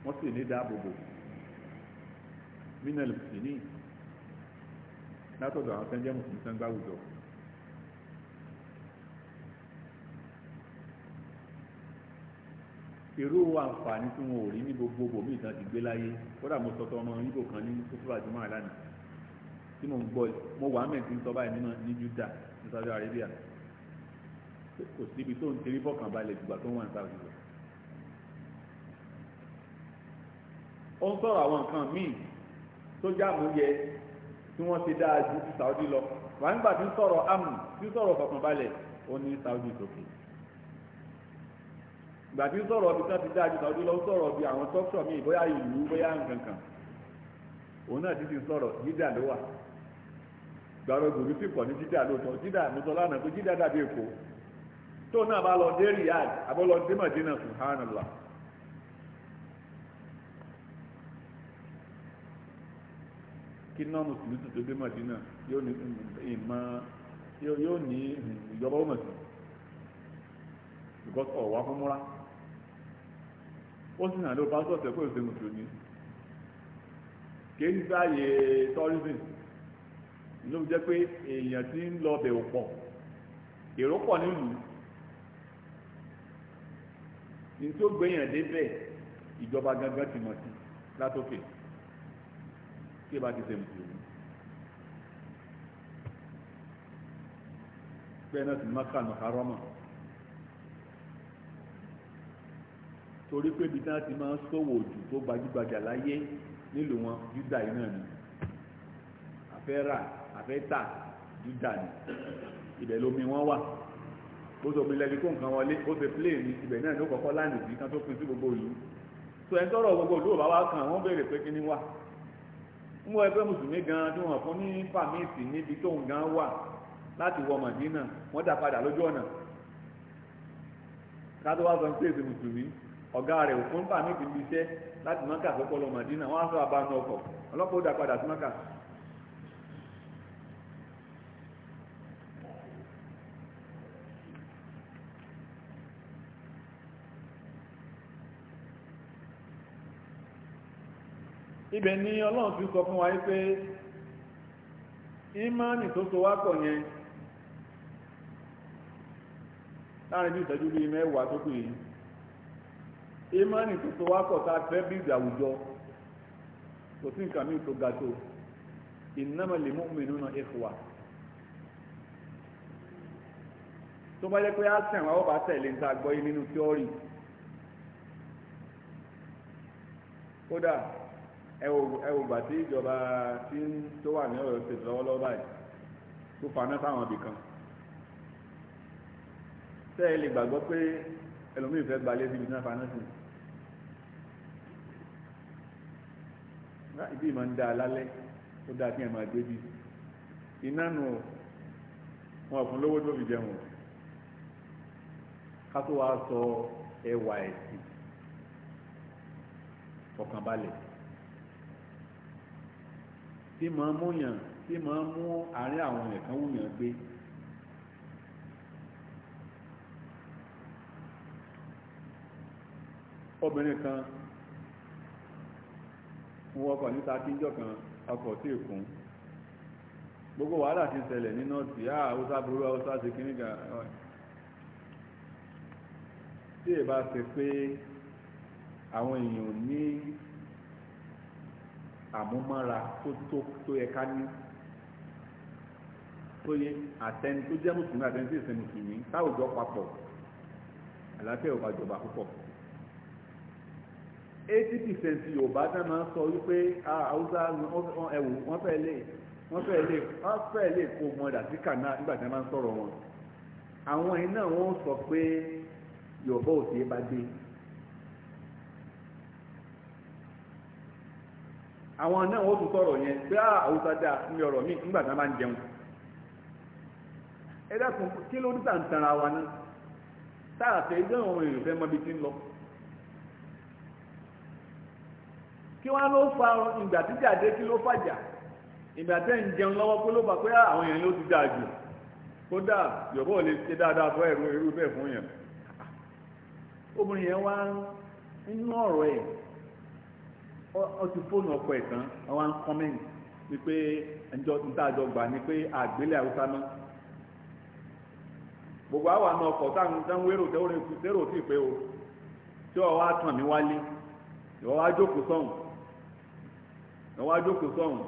wọ́n sì ní dáàbòbò minel sini látọ̀dọ̀ àwọn tẹ́jẹ́ mùsùlùmí tán gbáwùjọ irú àǹfààní tí wọn ò rí ní gbogbo bòmí ìtàn ti gbé láyé kódà mo sọtọ ọmọ ibo kan ní kótó àjùmọ àlànà tí mo ń gbọ́ mo wà á mẹ́tì ń sọ báyìí nínú ní Juda ní Saudi Arabia kò síbi tó ń tẹrí bọ́kàn balẹ̀ jùgbà tó ń wà ní Saudi lọ ó ń sọ̀rọ̀ àwọn nǹkan míì tó já tí wọ́n ti dáa ju Saudi lọ wà nígbà tí ń sọ̀rọ̀ amù tí ń sọ̀rọ̀ fọkànbalẹ̀ ó ní Saudi sókè ìgbà tí ń sọ̀rọ̀ ibi wọ́n ti dáa ju Saudi lọ ń sọ̀rọ̀ bí àwọn tọ́kṣọ̀ míì bóyá ìlú bóyá nǹkan òun náà ti ti sọ̀rọ̀ jíjà ló wà gbàrọ̀ gbòdú sì pọ̀ ní jíjà lóòótọ́ jíjà mọ́tọ́ lánàá pé jíjà dàbí èkó tó náà bá lọ dé Riyadh àbọ̀lọ́ dé Madina subhanallah kí náà mùsùlùmí tó tó dé màdínà yóò ní ìmọ̀ yóò ní ìjọba ọmọ sí because ọ̀wá fún múra ó sì hàn ló bá sọ̀tẹ̀ kó èsè mùsùlùmí kìí sáàyè tourism ló jẹ́ pé èèyàn ti ń lọ bẹ̀rù pọ̀ èrò pọ̀ nílùú ní tó gbẹ̀yàn débẹ̀ ìjọba gangan ti mọ̀ sí látòkè. Okay tí ẹ bá ti ṣe mùsùlùmí. bẹ́ẹ̀ náà sì ní maka makaroma torí pé ibi tí wọ́n ti máa ń ṣòwò jù tó gbajúgbajà láyé nílùú wọn Júdà yìí náà ni àfẹ́ rà àfẹ́ tà Júdà ni ibẹ̀ lomi wọn wà bó tó bilẹ̀ ní kó nǹkan wọlé ó ṣe plane ní ibẹ̀ náà ló kọ́kọ́ láǹdì sí kan tó pin sí gbogbo ìlú tó ẹ̀ ń tọrọ gbogbo olúwo bá wá kan wọ́n béèrè pé kí ni wà mú ẹgbẹ́ mùsùlùmí gan tí wọ́n fún ní pàmìtì níbi tó ń gan wà láti wọ mọ̀dínà wọ́n dá padà lójú ọ̀nà kátó wá sọ pé èsì mùsùlùmí ọ̀gá rẹ̀ ò fún pàmìtì níbi iṣẹ́ láti mọ́kà tó kọ́ lọ mọ̀dínà wọ́n á sọ àbánu ọkọ̀ ọlọ́pàá ó dá padà sí mọ́kà ibẹ̀ ni ọlọ́run ti sọ fún wa pé ìmánì tó so wá pọ̀ yẹn láàrin bí ìtọ́jú bíi mẹ́wàá tó kù yìí ìmánì tó so wá pọ̀ tá a fẹ́ bí ìdàwùjọ kò sí nǹkan míì tó ga tó innamal mu'minuna ikhwa tó bá jẹ́ pé á sẹ̀wọ̀n àwọn bá tẹ̀lé níta gbọ́ yìí nínú tíọ́rì kódà ẹwò gbà tí ìjọba tí ń tó wà ní Ọ̀yọ́ state lọ́wọ́lọ́wọ́ báyìí tó faná sáwọn ibì kan tẹ ẹ lè gbàgbọ́ pé ẹlòmíì fẹ́ gbalẹ̀ síbi náà faná sí ibi ìmọ̀ ń da lálẹ́ ó dáa kí ẹ máa gbé bí iná nù wọn fún lówó tó fi jẹun ká tó wàá sọ ẹwà ẹ̀sìn fọkànbalẹ̀ tí máa mú yàn tí máa mú àárín àwọn ẹ̀kan wù yàn gbé. obìnrin kan wọ ọkọ̀ níta kíjọ kan ọkọ̀ tí èkún gbogbo wàhálà ti ṣẹlẹ̀ ní nọ́ọ̀tì àà haúsá burú haúsá ti kí nígbà tí èbá ṣe pé àwọn èèyàn ní àmúmọ́ra tó tó tó yẹ ká ní tó yẹ àtẹni tó jẹ́ mùsùlùmí àtẹni tó yẹ sẹ́ mùsùlùmí táwùjọ papọ̀ àlàáfíà ò bá jọba púpọ̀ eighty percent yorùbá náà máa ń sọ wípé haúsá ẹwù wọ́n fẹ́ lè wọ́n fẹ́ lè wọ́n fẹ́ lè kó wọn dà sí kànáà nígbà tí wọ́n máa ń sọ̀rọ̀ wọn àwọn yìí náà wọ́n sọ pé yorùbá ò sí é bá dé àwọn náà wọ́n tún sọ̀rọ̀ yẹn pé àwùsá dáa fún mi ọ̀rọ̀ ń kí ló wa ní táàtẹ̀ ẹgbẹ́ àwọn èèyàn fẹ́ tí ń lọ kí wọ́n ló fa ìgbà tíjà kí ló fàjà ìgbà tẹ́ ń jẹun lọ́wọ́ pé ló pé ah, àwọn èèyàn ló ti jù yọ̀bọ̀ lè ṣe dáadáa ọ ti fóònù ọkọ ẹ̀ tán àwọn ń kọ́mẹ́ǹtì wípé ẹjọ́ nítàjọ gbà ní pé àgbélẹ̀ haúsá mọ́ gbogbo àwọn àna ọkọ̀ táwọn ń wérò tẹ́rò sí pé o tí wálé ìwọ́ wá jókòó sọ́hùn ìwọ́ wá jókòó sọ́hùn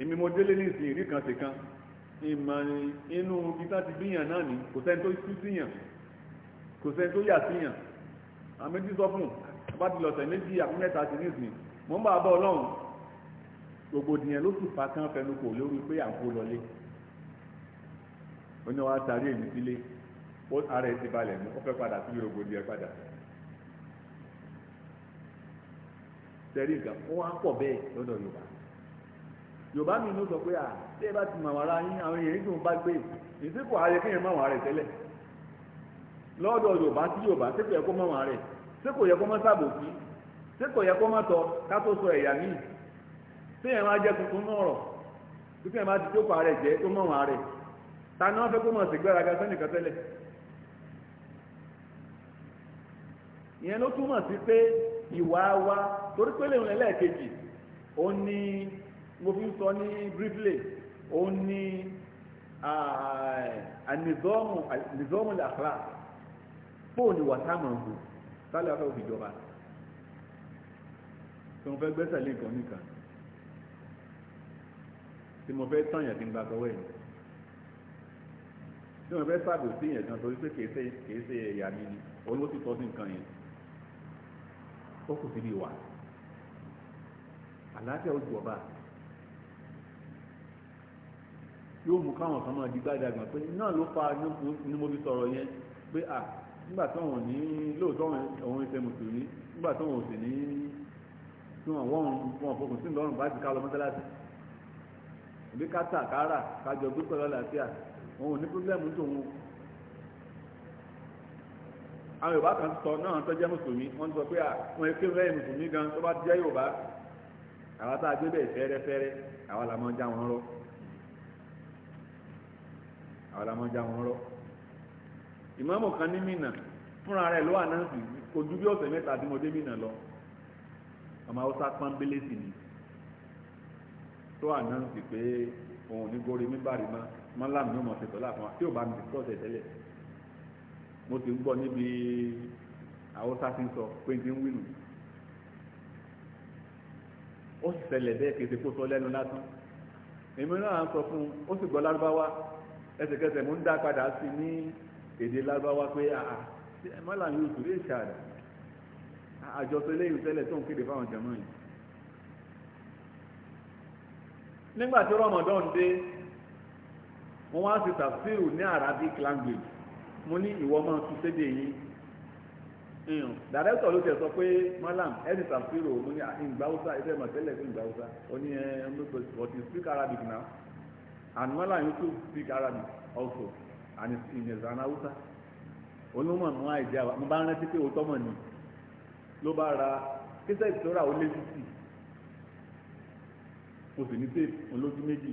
èmi mo délé ní ìsìn ìrí kan ṣèkan ìmọ̀ inú gíga ti bíyàn náà ní kò sẹ́ni tó tú síyàn kò sẹ́ni tó yà síyàn àmì sọ fún bá ti méjì ní ìsìn mọ́ ń bá bọ́ ọlọ́run rògbòdìyàn ló sì fa kán fẹnu kò lórí pé à ń kó lọlé oní wa tarí èmi sílé ó ara ẹ ti balẹ̀ ní ó fẹ́ padà síbi rògbòdìyàn padà tẹ̀rí nǹkan wọ́n á pọ̀ bẹ́ẹ̀ lọ́dọ̀ yorùbá yorùbá mi ló sọ pé à tí ẹ bá ti mọ̀ ara yín àwọn èèyàn tó ń bá gbé ìsìnkú ààrẹ kéèyàn máa wà rẹ̀ tẹ́lẹ̀ lọ́dọ̀ yorùbá sí yorùbá sí kò yẹ kó máa wà rẹ̀ sí kò yẹ kó máa ṣé kò yẹ kó má tọ ká tó sọ ẹ̀yà míì ṣé yẹn máa jẹ́ tuntun náà rọ̀ tó kí ẹ máa ti jókòó ààrẹ jẹ́ tó mọ̀ wọn ààrẹ ta ni wọ́n fẹ́ kó mọ̀ sí gbéraga sẹ́nìkan tẹ́lẹ̀ ìyẹn ló túmọ̀ sí pé ìwà wa torí pé lèun lẹ́ẹ̀kejì ó ní mo fi ń sọ ní briefly ó ní ànìzọ́mù àkàrà fóònù wà táwọn ń bù sálẹ̀ afẹ́ òfin tí mo fẹ́ gbẹ́sẹ̀ lé nǹkan nìkan tí mo fẹ́ tàn yàn kí n gba tọwọ́ ẹ̀ tí mo fẹ́ sábò sí yẹn gan torí pé kìí ṣe kìí ṣe ẹ̀yà mi ni òun ló sì tọ́ sí nǹkan yẹn ó kù síbi wà àlàáfíà ojú ọba yóò mú káwọn kan máa di gbàdàgbà pé náà ló fa ni mo fi sọ̀rọ̀ yẹn pé à nígbà tí wọn ní lóòótọ́ òun ṣe mùsùlùmí nígbà tí wọn ò sì ní tí wọ́n wọ́n wọn fokùn sí lọ́rùn bá ti ká lọ mọ́tálásì ìbí kátà kárà kájọ gbé pẹ̀lú àlàáfíà òun ò ní pírọ́blẹ́mù tòun àwọn yorùbá kan sọ náà tó jẹ́ mùsùlùmí wọ́n sọ pé àwọn ẹkẹ́ rẹ̀ mùsùlùmí gan tó bá jẹ́ yorùbá àwa tá a gbé bẹ́ẹ̀ fẹ́rẹ́fẹ́rẹ́ àwa la máa ń já wọn rọ́ àwa la máa ń já wọn rọ́ ìmáàmù kan ní Mínà fúnra rẹ̀ ló wà náà sì kò ju bí ọ̀sẹ̀ mẹ́ta ọmọ haúsá pọ́nbélé sì ni tó àná sì pé òun ò ní gorí mímbàrí mọ́ mọ́láàmù yóò mọ̀ ṣe tọ́lá fún wa tí ò bá mi discuss ẹ̀ tẹ́lẹ̀ mo ti ń gbọ́ níbi haúsá ti ń sọ pé ti ń wínú ó sì ṣẹlẹ̀ bẹ́ẹ̀ kéde kó sọ lẹ́nu lásán èmi náà sọ fún un ó sì gbọ́ lárúbáwá ẹsẹ̀kẹsẹ̀ mo ń dá padà sí ní èdè lárúbáwá pé àà mọ́là yóò lè ṣàdá àjọsọ eléyìí tẹ́lẹ̀ tó ń kéde fáwọn jàmọ́ yìí nígbà tí Ramadan dé wọ́n wá sí tafsir ní Arabic language mo ní ìwọ máa tún sédè yín ìyàn dàrẹ́tọ̀ ló tẹ̀ sọ pé malam ẹni tafsir o mo ní ah, ìgbà Hausa ẹgbẹ́ mọ̀ tẹ́lẹ̀ fún ìgbà Hausa ó ní ẹ but you speak Arabic now and malam you too speak Arabic also and it's in Hausa onímọ̀ mọ́ àìjẹ́ àwọn mo bá rántí pé òótọ́ mọ̀ ni ló bá ra kíṣẹ́ẹ̀tì tó rà ó lé títì mo sì ní tape olójú méjì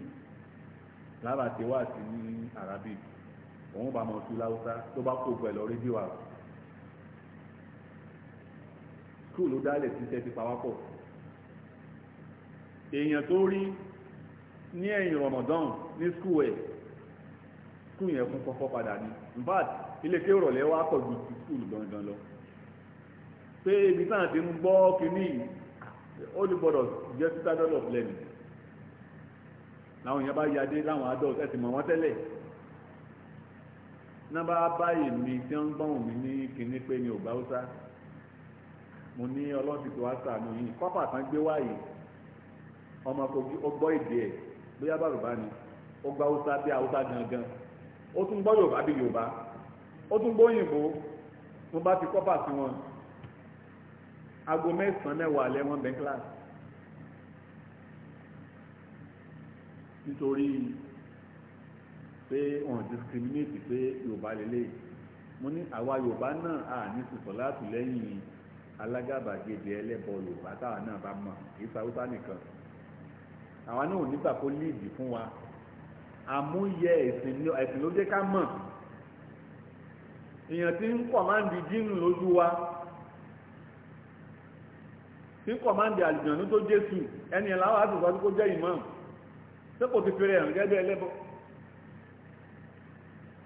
lára ti wá sí ní arabic òun bá mọ̀ sí láwùsá tó bá kó pẹ̀lú rédíò àrùn skul ló dálẹ̀ sí tẹ́tí pawápọ̀ èèyàn tó rí ní ẹ̀yìn Ramadan ní skul ẹ̀ skul yẹn fún kọ́kọ́ padà ní in fact ilé kéwòrọ̀lẹ́ wá pọ̀ ti skul gangan lọ pé ibi táwọn ti ń gbọ́ kínní ó ní gbọ́dọ̀ jẹ́ citadel of learning làwọn èèyàn bá yadé láwọn adult ẹ̀ sì mọ̀ wọ́n tẹ́lẹ̀ nọ́mbà báyìí mi tí wọ́n ń gbọ́hùn mi ní kínní pé mi ò gbá Hausa mo ní ọlọ́sìn tó wá sàánú yìí kọ́pà kan gbé wáyé ọmọ kogi ó gbọ́ èdè ẹ̀ bóyá bàrùbá ni ó gba Hausa bí Hausa gangan ó tún gbọ́ Yorùbá bí Yorùbá ó tún gbóyìnbó mo bá ti kọ́pà sí wọn aago mẹ́sàn-án mẹ́wàá alẹ́ wọn bẹ kíláàsì nítorí pé wọn discriminate pé yorùbá lélẹ̀ mo ní àwa yorùbá náà à ní sísọ láti lẹ́yìn alágàbàgebè ẹlẹ́bọ yorùbá táwa náà bá mọ̀ kì í sáwúsá nìkan àwa náà ò nígbà kó líìdì fún wa àmúyẹ ẹ̀sìn ló jẹ́ ká mọ̀ èèyàn tí ń kọ̀ máa ń di jíìnù lójú wa tí ń kọ̀máǹdì àlìjànú tó jésù ẹni ẹ̀láwà àtùsọ́ tí kó jẹ́ imam tí kò ti fẹ́rẹ̀ ẹ̀rùn gẹ́gẹ́ ẹlẹ́bọ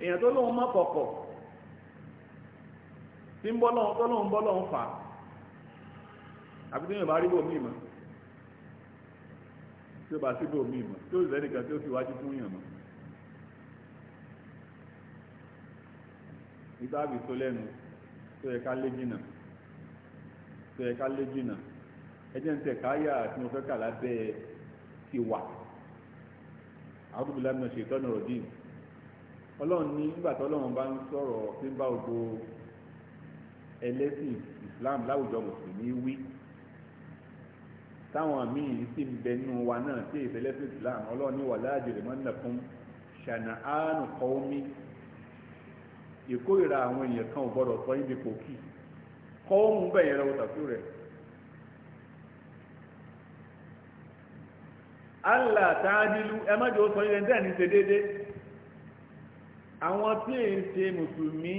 èèyàn tó lóun mọ́ kọ̀kọ̀ tí ń bọ́ lọ́hun tó lóun bọ́ lọ́hun fà àbí tí yóò bá rí bò míì mọ́ tí ó bá sí bò míì mọ́ tí ó zẹ́ nìkan tí ó fi wájú fún yàn mọ́ ìgbà tó lẹ́nu tó yẹ ká lé jìnà tó yẹ ká lé jìnà ẹjẹ́ ń tẹ̀ káyà tí mo fẹ́ kà lábẹ́ ti wà àbúbùlá náà ṣètọ́nà rọ̀dí ọlọ́run ní nígbà tí ọlọ́run bá ń sọ̀rọ̀ tí ń bá ògbó ẹlẹ́sìn Islam láwùjọ mùsùlùmí wí táwọn míì sì ń bẹnu wa náà tí ìfẹ́lẹ́sìn Islam ọlọ́run ní wàlá àjèrè mọ́nà fún ṣànàánù kọ́ọ́mí ìkórìíra àwọn èèyàn kan ò gbọ́dọ̀ sọ ibi kò kì kọ́ọ́mù bẹ̀yẹn lọ́wọ́ tàbí allah ta'adilu ẹ má jẹ́ ó sọ ilẹ̀ ní ṣe déédé àwọn tí è ń ṣe mùsùlùmí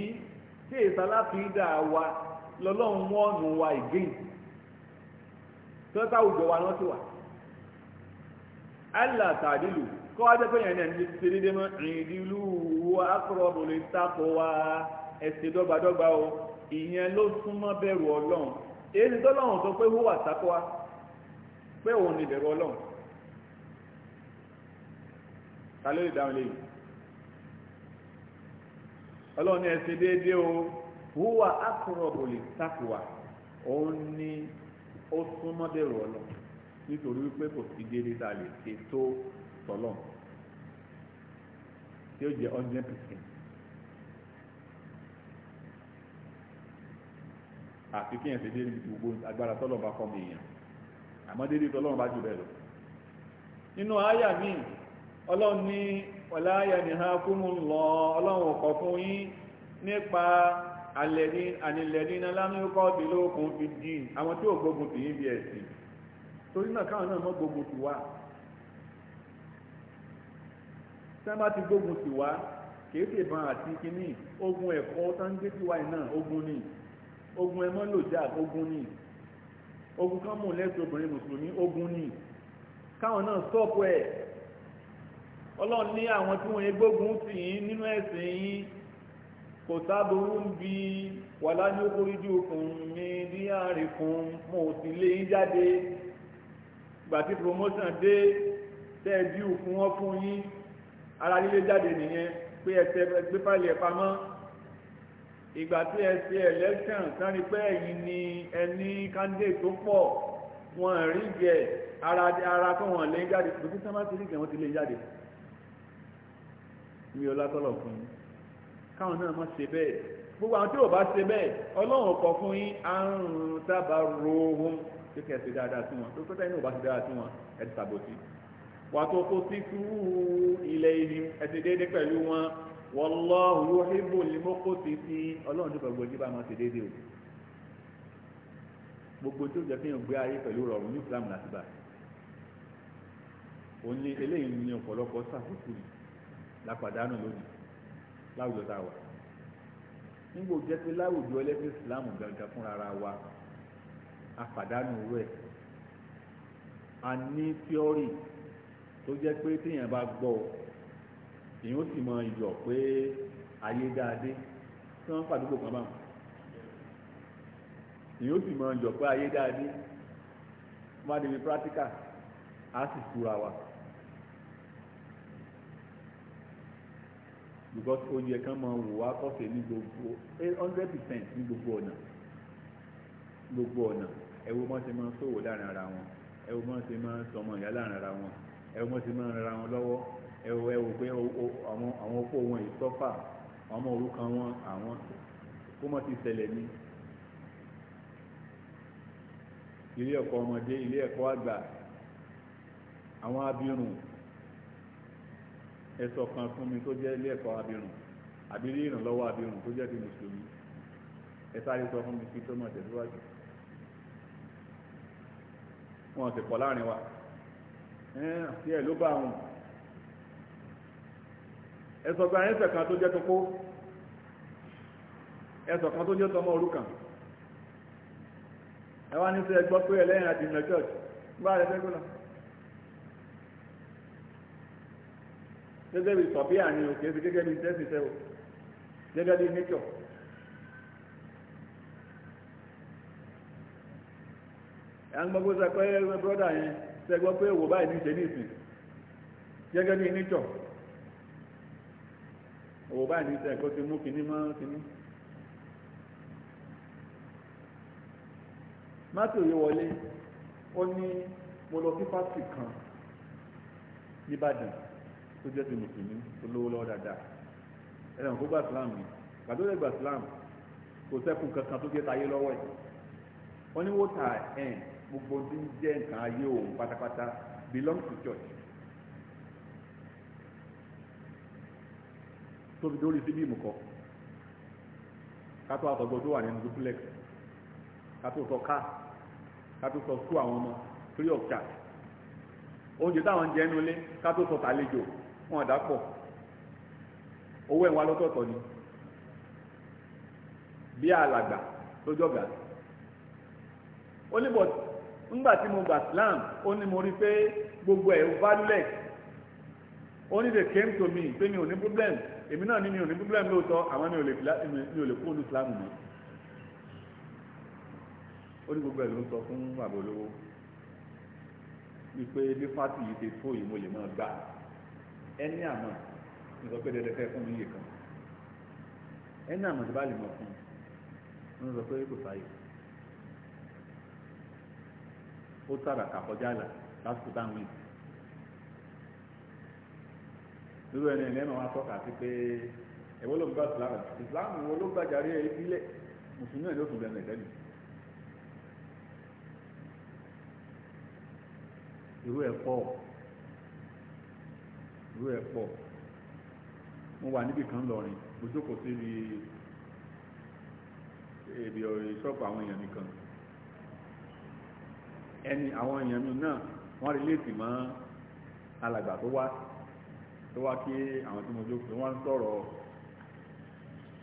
tí è sálápìdà wa lọ́lọ́run wọ́ọ̀nù wa again tọ́ta àwùjọ wa náà ti wà allah ta'adilu kọ́ wá jẹ́ pé yẹn ní ṣe mọ́ ìdílú wa aqrabu lit-taqwa ẹ̀sìn dọ́gbadọ́gba o ìyẹn ló súnmọ́ bẹ̀rù ọlọ́run èyí ni tọ́lọ́run sọ pé wọ́n wà sákọ́ wa pé òun ni bẹ̀rù ọlọ́run ta ló lè dáhùn lè yìí ọlọ́run ẹ ṣe déédéé o wúwà ákùrọ̀bùlì tákùwà òun ni ó súnmọ́ bẹ̀rù ọlọ́ nítorí wípé kò sí déédéé tá a lè ṣe tó tọ́lọ̀ tí ó jẹ́ hundred percent àfi kí èèyàn ṣe déédéé níbi gbogbo agbára tọ́lọ̀ bá fọ́ mi èèyàn àmọ́ déédéé tọ́lọ́run bá jù bẹ́ẹ̀ lọ nínú àyà míì ọlọ́run ní wàláyà ní ha lọ ọlọ́run ọ̀kọ̀ fún yín nípa ànìlẹ̀dínà lámúkọ́ bí lókun fi dì àwọn tí ó gbógun tì yí bí ẹ̀sì torí náà káwọn náà mọ́ wá ogun ẹ̀kọ́ ogun ni ogun ogun ni ogun kan mú ogun ni káwọn náà sọ́ọ̀pù ẹ̀ ọlọ́run ní àwọn tí wọ́n yẹ gbógun tì yín nínú ẹ̀sìn yín kò sábòrú ń bi wàlá ní ojú okùn mi ní àárín fún mo ò sì lé yín jáde ìgbà tí promotion dé tẹ́ẹ̀dí òkun wọn fún yín ara lílé jáde nìyẹn pé ẹsẹ̀ gbé fáìlì ẹ̀ pamọ́ ìgbà tí ẹ ṣe election sanni pé ẹ̀yin ni ẹni candidate tó pọ̀ wọn rí jẹ ara ara kó wọn lé jáde ìgbésẹ̀ máa ti rí jẹ wọn ti lé jáde ní ọlátọ́lọ̀ fún yín káwọn náà má ṣe bẹ́ẹ̀ gbogbo àwọn tí ò bá ṣe bẹ́ẹ̀ ọlọ́run kọ fún yín àrùn tábà rohun tó kẹ́ ṣe dáadáa sí wọn tó tó tẹ́yìn ò bá ṣe dáadáa sí wọn ẹ ti ṣàbòsí wà tó kó sí túwú ilẹ̀ ìlú ẹ ti déédé pẹ̀lú wọn wallahu yuhibbul muqsitin ọlọ́run tó gbàgbọ́ ojú bá máa ṣe déédé o gbogbo tó jẹ́ kéèyàn gbé ayé pẹ̀lú rọrùn ní Islam láti bá òun ni eléyìí ni ọ̀pọ̀lọpọ̀ ṣàkóso yìí lápàdánù lónìí láwùjọ tá a wà nígbà ó jẹ́ pé láwùjọ ẹlẹ́sìn ìsìláàmù gangan fúnra ara wa àpàdánù irú ẹ̀ a ní tíọ́rì tó jẹ́ pé téèyàn bá gbọ́ èyàn ó sì mọ ìyọ̀ pé ayé dáadé tí wọ́n pàdúgbò kan báwọn èyàn ó sì mọ ìyọ̀ pé ayé dáadé wọ́n á débi practical á sì túra wa. because oyè kan máa wò wá kọ́sẹ̀ ní gbogbo eight hundred percent ní gbogbo ọ̀nà gbogbo ọ̀nà ẹ wo mọ́sẹ̀ máa ń ṣòwò láàrin ara wọn ẹ wo mọ́sẹ̀ máa ń sọmọ ìyá láàrin ara wọn ẹ wo mọ́sẹ̀ máa ń ra wọn lọ́wọ́ ẹ wo ẹ wo pé àwọn opó wọn yìí sọ́fà ọmọ òrukàn wọn àwọn kó mọ́ ti ṣẹlẹ̀ ní ilé ẹ̀kọ́ ọmọdé ilé ẹ̀kọ́ àgbà àwọn abirùn ẹ̀sọ̀ kan fún mi tó jẹ́ ilé ẹ̀kọ́ abirùn àbí ilé ìrànlọ́wọ́ abirùn tó jẹ́ ti mùsùlùmí ẹ sáré sọ fún mi kí tó mọ̀ tẹ̀síwájú wọn ti pọ̀ láàrin wa àti ẹ̀ ló bá wọn ẹ̀sọ̀ gba ẹ̀sẹ̀ kan tó jẹ́ kókó ẹ̀sọ̀ kan tó jẹ́ tọmọ òrukàn ẹ wá ní sẹ́ gbọ́ pé ẹlẹ́yìn àti ìrìnà church gbá ẹ fẹ́ gbọ́dọ̀. gẹ́gẹ́ bí sọ̀bíà ni o kìí fi gẹ́gẹ́ bí tẹ́sí tẹ́ o gẹ́gẹ́ bí nature. à ń gbọ́ pé sẹ́pẹ́ brọ́dà yẹn sẹ́gbọ́ pé wò báyìí ní ṣe ní ìsìn gẹ́gẹ́ bí nature wò báyìí ní sẹ́kọ́ ti mú kinní mọ́ kinní. mátò yìí wọlé ó ní mo lọ sí fásitì kan ní Ìbàdàn tó jẹ́ ti mùsùlùmí tó lówó lọ́wọ́ dáadáa ẹ̀rọ kó gba islam ni gbàdó lè gba islam kò sẹ́kù kankan tó jẹ́ táyé lọ́wọ́ ẹ̀ wọ́n ní wọ́tà ẹ̀ gbogbo tí ń jẹ́ nǹkan ayé òun pátápátá belong to church tóbi tó rí sí bí ìmùkọ́ kátó àtọ̀gbọ́ tó wà nínú duplex kátó sọ ká kátó sọ sùkú àwọn ọmọ free of charge oúnjẹ táwọn jẹ́ nulẹ̀ kátó sọ tàlejò wọn àdápọ̀ owó ẹ̀wọ̀n alọ́tọ̀ọ̀tọ̀ ni bí alàgbà lójú ọ̀gá ó ní bọ̀ ńgbà tí mo gbà Islam ó ní mo rí pé gbogbo ẹ̀ valueless ó ní they came to me pé mi ò ní problem èmi náà ní mi ò ní problem lóòótọ́ àmọ́ mi ò lè mi ò lè kúrò ní Islam mi ó ní gbogbo ẹ̀ ló sọ fún bàbá wípé bí fásitì yìí ti tó mo lè máa gbà á ẹni àmọ́ nzọ pé dẹdẹ fún mi yìí kan ẹni àmọ́ tí bá lè mọ fún un nzọ pé kò sáyè ó tààrà kàkọjá là lásìkò táwọn yìí irú ẹni ẹni ẹni wọn atọ́ka sí pé ẹ̀wọ́n ló ń gba ìsìlámù ìsìlámù wo ló gbàjáre ìbílẹ̀ mùsùlùmí ẹ̀ ló tún bẹ̀rẹ̀ lẹ́nu irú ẹ̀ pọ̀. irú ẹ̀ pọ̀ mo wà níbì kan lọ́rin mo jókòó síbi èbì ọ̀rẹ́ ṣọ́ọ̀pù àwọn èèyàn nìkan ẹni àwọn èèyàn mi náà wọ́n rí léètì mọ́ alàgbà tó wá tó wá kí àwọn tí mo jókòó wọ́n sọ̀rọ̀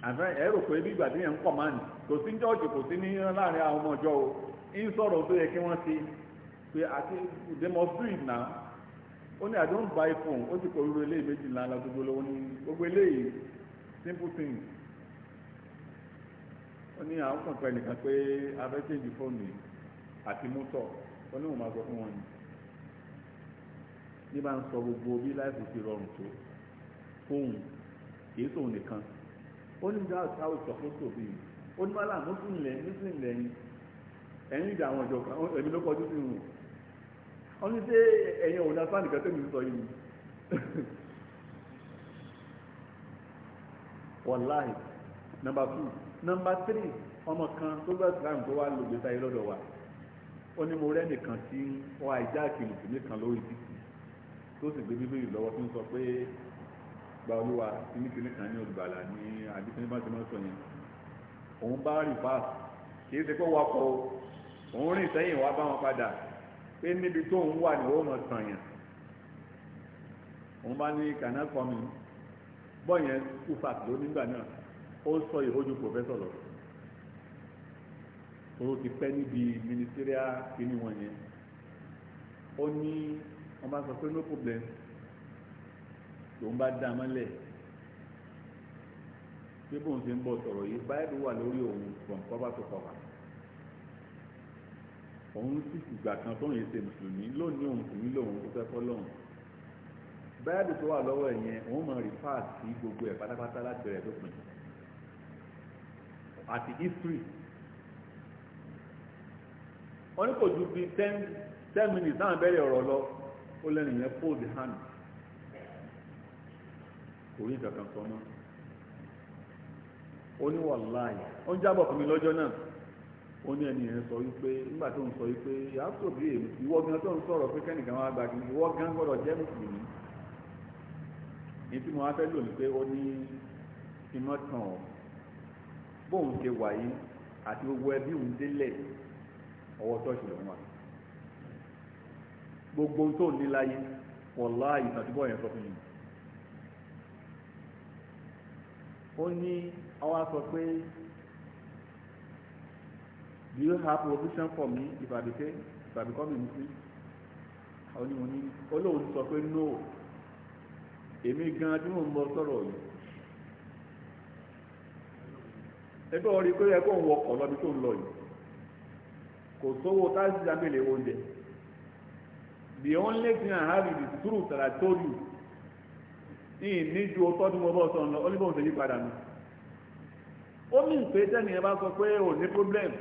àfẹ́ ẹ̀rọ pé bí ìgbà tí yẹn ń pọ̀ máa nì kò sí ní ọ̀jọ̀ kò sí ní láàrin àwọn ọmọ ọjọ́ o ń sọ̀rọ̀ tó yẹ kí wọ́n ti pé àti demonstrate now ó ní i don't buy phone ó sì kọ irú eléyìí méjì ńlá ńlá gbogbo lọ́wọ́ ní gbogbo eléyìí simple thing ó ní àwọn kan pẹ̀lú kan pé abẹ́tẹ̀jì fóònù àti mọ́tọ̀ ó ní òun máa sọ fún wọn ni ní bá ń sọ gbogbo bí láìpẹ́ ti rọrùn tó fóun kìí sóun nìkan ó ní dáhùn táwọn ìsọfóso bíi ó ní má láàmú sí ilẹ̀ ní sí ilẹ̀ yìí ẹ̀yìn ìdá àwọn ìjọ kan ẹ̀mí ló kọjú sí ìrùn wọ́n ní ṣé ẹ̀yin òun náà sáànì kẹtẹ́ mi sọ yìí wàláì nọmba tù nọmba tírì ọmọ kan tó gbà síláàmù tó wà lògbé sáyé lọ́dọ̀ wa ó ní mo rẹ́nìkan tí ó àìjá kìlìkì nìkan lórí títì tó sì gbé bíbélì lọ́wọ́ tó ń sọ pé gba olúwa kìnnìkìnnì kan ní olùgbàlà ní àdìsẹ́ni bá ti mọ́ sọ yẹn òun bá rí pass kì í ṣe pé wakọ̀ òun rìn sẹ́yìn wá bá wọn padà pé níbi tó ń wà ní ó mọ̀ tànyàn òun bá ní kànáà kọ́ mi bọ́ọ̀yẹn ufàt ló nígbà náà ó sọ ìhójú pòfẹ́sọ̀ lọ tó ti pẹ́ níbi ministerial kíní wọn yẹn ó ní wọ́n bá sọ pé no problem lòun bá dá mọ́lẹ̀ pé bóun ṣe ń bọ̀ sọ̀rọ̀ yìí báyìí wà lórí òun from cover to cover òun sì ìgbà kan tó yẹn ṣe mùsùlùmí lónìí òun sì ní lòun tó fẹ́ fọ́ lòun báyàbù tó wà lọ́wọ́ ẹ̀yẹn òun mọ̀ rí fáàtì sí gbogbo ẹ̀ pátápátá láti bẹ̀rẹ̀ tó pin àti history wọ́n ní kò ju bí ten ten minutes náà bẹ̀rẹ̀ ọ̀rọ̀ lọ ó lẹ́nu yẹn fold hand kò rí nǹkan kan sọ mọ́ oníwàláyé ó ń jábọ̀ fún mi lọ́jọ́ náà. ó ní ẹni sọ wípé nígbà tó ń sọ wípé yàtò èmi ìwọ gan tó ń sọ̀rọ̀ pé kẹ́nìkan wá gba kí ìwọ gan gbọ́dọ̀ jẹ́ mùsùlùmí ní tí mo wá fẹ́ lò ní pé ó ní iná tàn ọ́ bóun ṣe gbogbo ẹbí òun délẹ̀ ọwọ́ tọ́ọ̀ṣì lòun wà gbogbo tó ní láyé wọ̀lá ìtàdúbọ̀ yẹn sọ fún do you have provision for me if I become if I become a muslim àwọn onímọ̀ ní olóhùn sọ pé no èmi gan tí mo mọ sọ̀rọ̀ yìí ẹgbẹ́ orí pé ẹ kó ń wọkọ̀ lọ́bi tó ń lọ yìí kò sówó táàsì abẹ́lẹ̀ oúnjẹ the only thing I have is the truth that I told you ní ìníjú ọtọ́dún mo bọ́ sọ ń lọ ó ní bóun ṣe yí padà mi ó mì pé tẹ́nìyàn bá sọ pé ò ní problem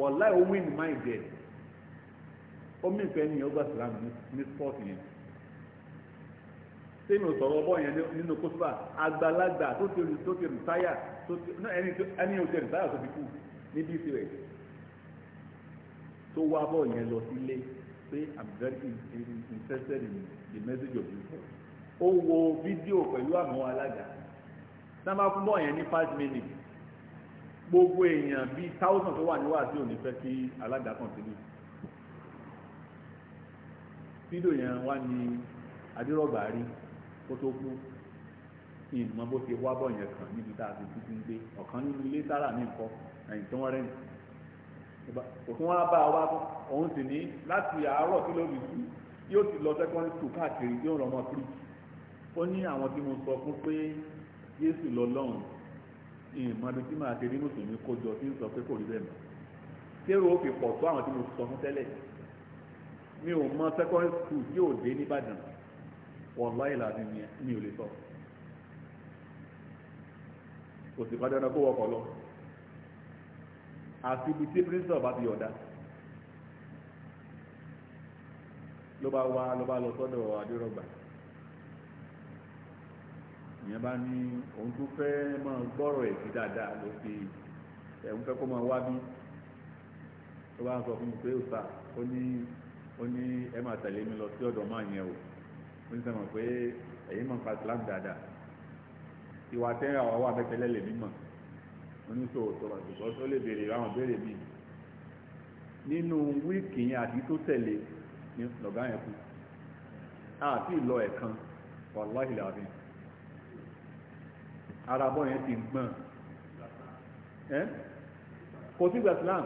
wàláì ó win mind ẹ̀ ó mí ìfẹ́ nìyẹn ó gbà sílám ní sport yẹn sẹ́yìn ò sọ̀rọ̀ ọbọ̀ yẹn nínú kóṣùbà àgbàlagbà tó ti tó ti rìtáyà tó ti ẹni ò ti rìtáyà tó ti kú níbi ìsirẹ̀ tó wá bọ̀ yẹn lọ sílé pé i'm very interested in the message of Jesus ó wo fídíò pẹ̀lú àwọn alága sábà fún bọ̀ yẹn ní five minutes gbogbo èèyàn bíi thousand tó wà níwájú òní fẹ́ kí alága kọ̀ǹtínú fídíò yẹn wá ní adírọ̀gbà rí kó tó kú ìmọ̀ bó ti wá bọ̀ yẹn kàn níbi tá a ti títí ń gbé ọ̀kan nínú ilé tára mi kọ ẹ̀yìn tó wọ́n rẹ́yìn òkun wa bá wa òun sì ní láti àárọ̀ tí ló fi kú yóò ti lọ secondary school káàkiri yóò rọmọ kiri ó ní àwọn tí mo sọ fún pé Jésù lọ lọ́hùn-ún ìmọ̀bi tí màá ṣe ní mùsùlùmí kójọ tí ń sọ pé kò rí bẹ́ẹ̀ mọ́ kérò ó fi pọ̀ tó àwọn tí mo sọ fún tẹ́lẹ̀ mi ò mọ secondary school tí ò dé nìbàdàn wọ̀lá ìlànà mi ò lè sọ kò sì bá dandan kó wọkọ̀ lọ àti ibi tí pírísítọ̀ bá ti yọ̀dá ló bá wá ló bá lọ sọ́dọ̀ adérògbà ìyẹn bá ní òun tó fẹ́ máa gbọ́rọ̀ ẹ̀ sí dáadáa ló fi ẹ̀hún fẹ́ kó máa wá bí tó bá ń sọ fún mi pé òòsà ó ní ó ní ẹ máa tẹ̀lé mi lọ sí ọ̀dọ̀ máa yẹn o ó ní sẹ́mọ̀ pé ẹ̀yin máa ń pa Islam dáadáa ìwà tẹ́rẹ̀ àwọn wà bẹ́tẹ̀lẹ́ lè mímọ̀ oníṣòwò tó wà ṣùgbọ́n tó lè béèrè àwọn béèrè mi nínú wíìkì yẹn àti tó tẹ̀lé ní lọ̀gá yẹn kú àti ìlọ ẹ̀kan wàláhìlà àfihàn ara bọ́ yẹn ti gbọ̀n ẹ́ kò sí gba Islam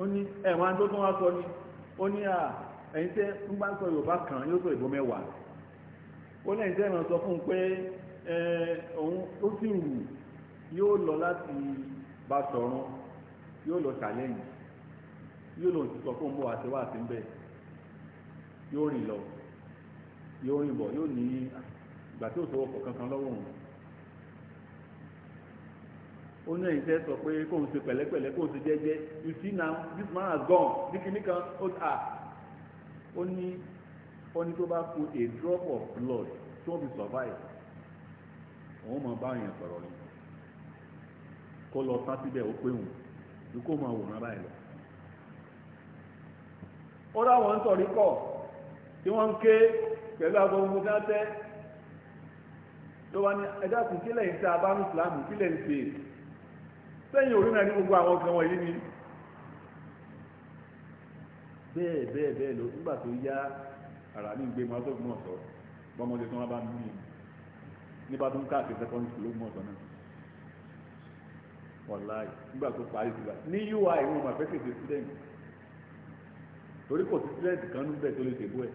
ó ní ẹ̀wọ̀n tó tún wá sọ ni ó ní à ẹ̀yin tẹ́ ń bá ń sọ Yorùbá kan yóò sọ ìbò mẹ́wàá ó lẹ́yìn tẹ́ ẹ̀ràn fún un pé òun ó sì wù yóò lọ láti bá sọ̀rọ̀ yóò lọ challenge yóò lọ sọ fún un bó àti wá àti ń bẹ̀ yóò rìn lọ yóò rìn bọ̀ yóò ní ìgbà tí ò sọ kankan lọ́wọ́ wọn. ó ní ẹ̀yìn tẹ́ sọ pé kó o ṣe pẹ̀lẹ́pẹ̀lẹ́ kó jẹ́jẹ́ you see now this man has gone ní kan ó ta ah. ó ní ó ní tó ku a drop of blood tó fi survive òun máa bá èèyàn sọ̀rọ̀ ni kó lọ sá síbẹ̀ ó pé òun ju kó máa wòran báyìí lọ. ó ń sọ̀rí kọ̀ tí wọ́n ń ké pẹ̀lú tó wá ní ẹ̀dá kù kílẹ̀ yìí tá a bá ní ìsìlámù kílẹ̀ ń pè é sẹ́yìn orí náà ní gbogbo àwọn ọkàn wọ̀nyí ni. bẹ́ẹ̀ bẹ́ẹ̀ bẹ́ẹ̀ ló nígbà tó yá ara ní ìgbé wọn sọ́gun ọ̀sọ́ bọ́mọdé tí wọ́n bá mú mi nígbà tó ń káàkiri secondary school lóògùn ọ̀sán náà wọ̀láì nígbà tó parí ìgbà ní ui wọn mà fẹ́ kéde student torí kò sí student kan níbẹ̀ tó lè ṣègbó ẹ̀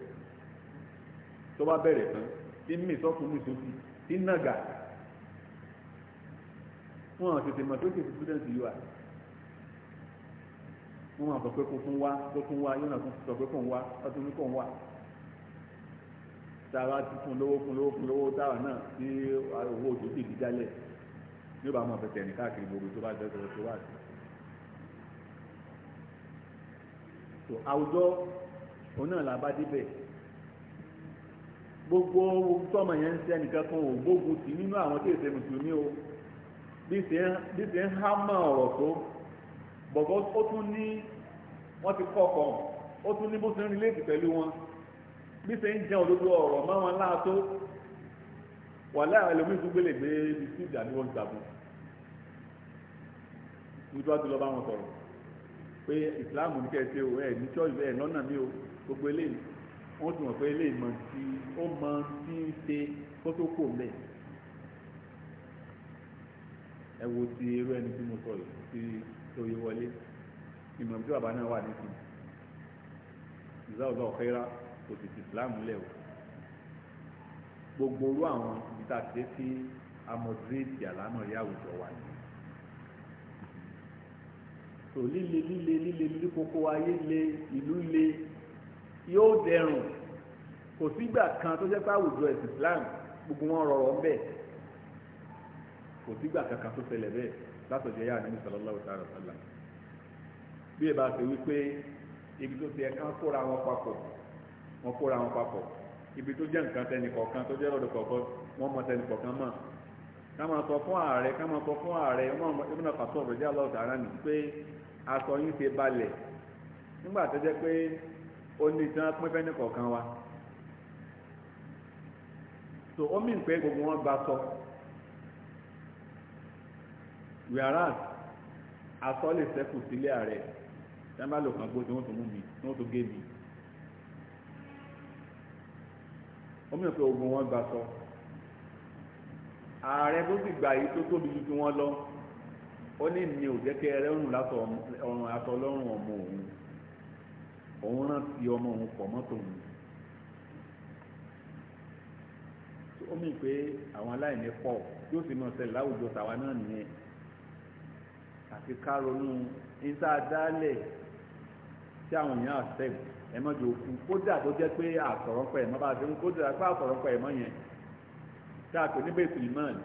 tó bá bẹ̀rẹ̀ tán tí mímì sọ́kùnrin sókè ìnàgà wọn tètè mọ̀ tó kèsì student yìí wà wọn máa sọ pé kó fún wa kó fún wa yóò náà tún sọ pé kó ń wá ọtún ní kó ń wá tààrà ti fún lówó fún lówó fún lówó tààrà náà tí owó òjò sì di jálẹ̀ ní bá máa fẹsẹ̀ ní káàkiri gbogbo tó bá jẹ́ sọ̀rọ̀ tó wà sí. àwùjọ òun náà là bá débẹ̀ gbogbo tọmọ yẹn ń sẹ nìkan kan ò gbógun tì nínú àwọn tí èsè mùsùlùmí o bí ṣe ń há mọ́ ọ̀rọ̀ tó bọ̀bọ̀ ó tún ní wọ́n ti kọ́ ọkọ̀ ó tún ní bó ṣe ń rí léèkì pẹ̀lú wọn bí ṣe ń jẹun òdodo ọ̀rọ̀ mọ́ wọn láàtó wà láàrin ẹlòmíín tún gbélé gbé ibi tí ìjà ni wọ́n gbàgbọ́ níbi wàá tó lọ bá wọn sọ̀rọ̀ pé ìsìláàmù ní kẹsẹ̀ o ní ṣọ́ọ̀ṣì ẹ̀ lọ́nà mi o gbogbo eléyìí wọ́n ti mọ̀ pé eléyìí mọ̀ sí ó mọ tí ń ṣe kó tó kò mẹ́ ẹ wo ti irú ẹni tí mo sọ yìí tí lóye wọlé ìmọ̀ tí bàbá náà wà níbi ìzáòzá ọ̀kẹ́rà kò sì ti ìsìláàmù lẹ̀ gbogbo orú àwọn ibi tá a ti sí amọ̀dírèètì àlánà rí àwùjọ wa ni tò líle líle líle líle kókó ayé le ìlú le yóò dẹrùn kò sígbà kan tó jẹ́ pé àwùjọ ẹ̀sìn Islam gbogbo wọn rọrọ̀ ń bẹ̀ kò sígbà kankan tó ṣẹlẹ̀ bẹ́ẹ̀ látọ̀jọ́ yá àdínní sallallahu ta'ala sallam bí ẹ bá ṣe wípé ibi tó ti ẹ kán kóra wọn papọ̀ wọn kóra wọn papọ̀ ibi tó jẹ́ nǹkan tẹnì kọ̀ọ̀kan tó jẹ́ lọ́dọ̀ kọ̀ọ̀kan wọ́n mọ tẹnì kọ̀ọ̀kan mọ̀ ká máa sọ fún ààrẹ ká máa sọ fún ààrẹ ìmúna pàtó ọ̀rọ̀ jẹ́ aláwọ̀ tààrà nì pé aṣọ yín ṣe balẹ̀ nígbà tó jẹ́ pé ó ní ìtàn pínpẹ́ ní wa so ó mìn pé gbogbo wọn gba sọ whereas asọ lè sẹ́kù sílé ààrẹ tẹ́ńbà lò kàn gbójú wọn tó mú mi wọn tó gé mi ó mìn pé gbogbo wọn gba sọ ààrẹ tó sì gbà yìí tó tóbi ju tí wọ́n lọ ó ní mi ò jẹ́ kí ẹrẹ́ ọ̀run látọ̀ ọ̀run àtọ̀ lọ́rùn ọmọ òun òun rántí ọmọ òun pọ̀ mọ́tò òun ó mì pé àwọn aláìní pọ̀ yóò sì mọ̀ ṣẹlẹ̀ láwùjọ tàwa náà nìyẹn àti ká ronú níta dálẹ̀ tí àwọn èèyàn accept ẹ mọ́ jò kú kódà tó jẹ́ pé àtọ̀rọ̀pọ̀ ẹ̀ mọ́ bá ṣe ń kódà pé àtọ̀rọ̀pọ̀ ẹ̀ mọ́ yẹn tá a pè ní bẹ́ẹ̀ sùlìmọ́ọ̀nì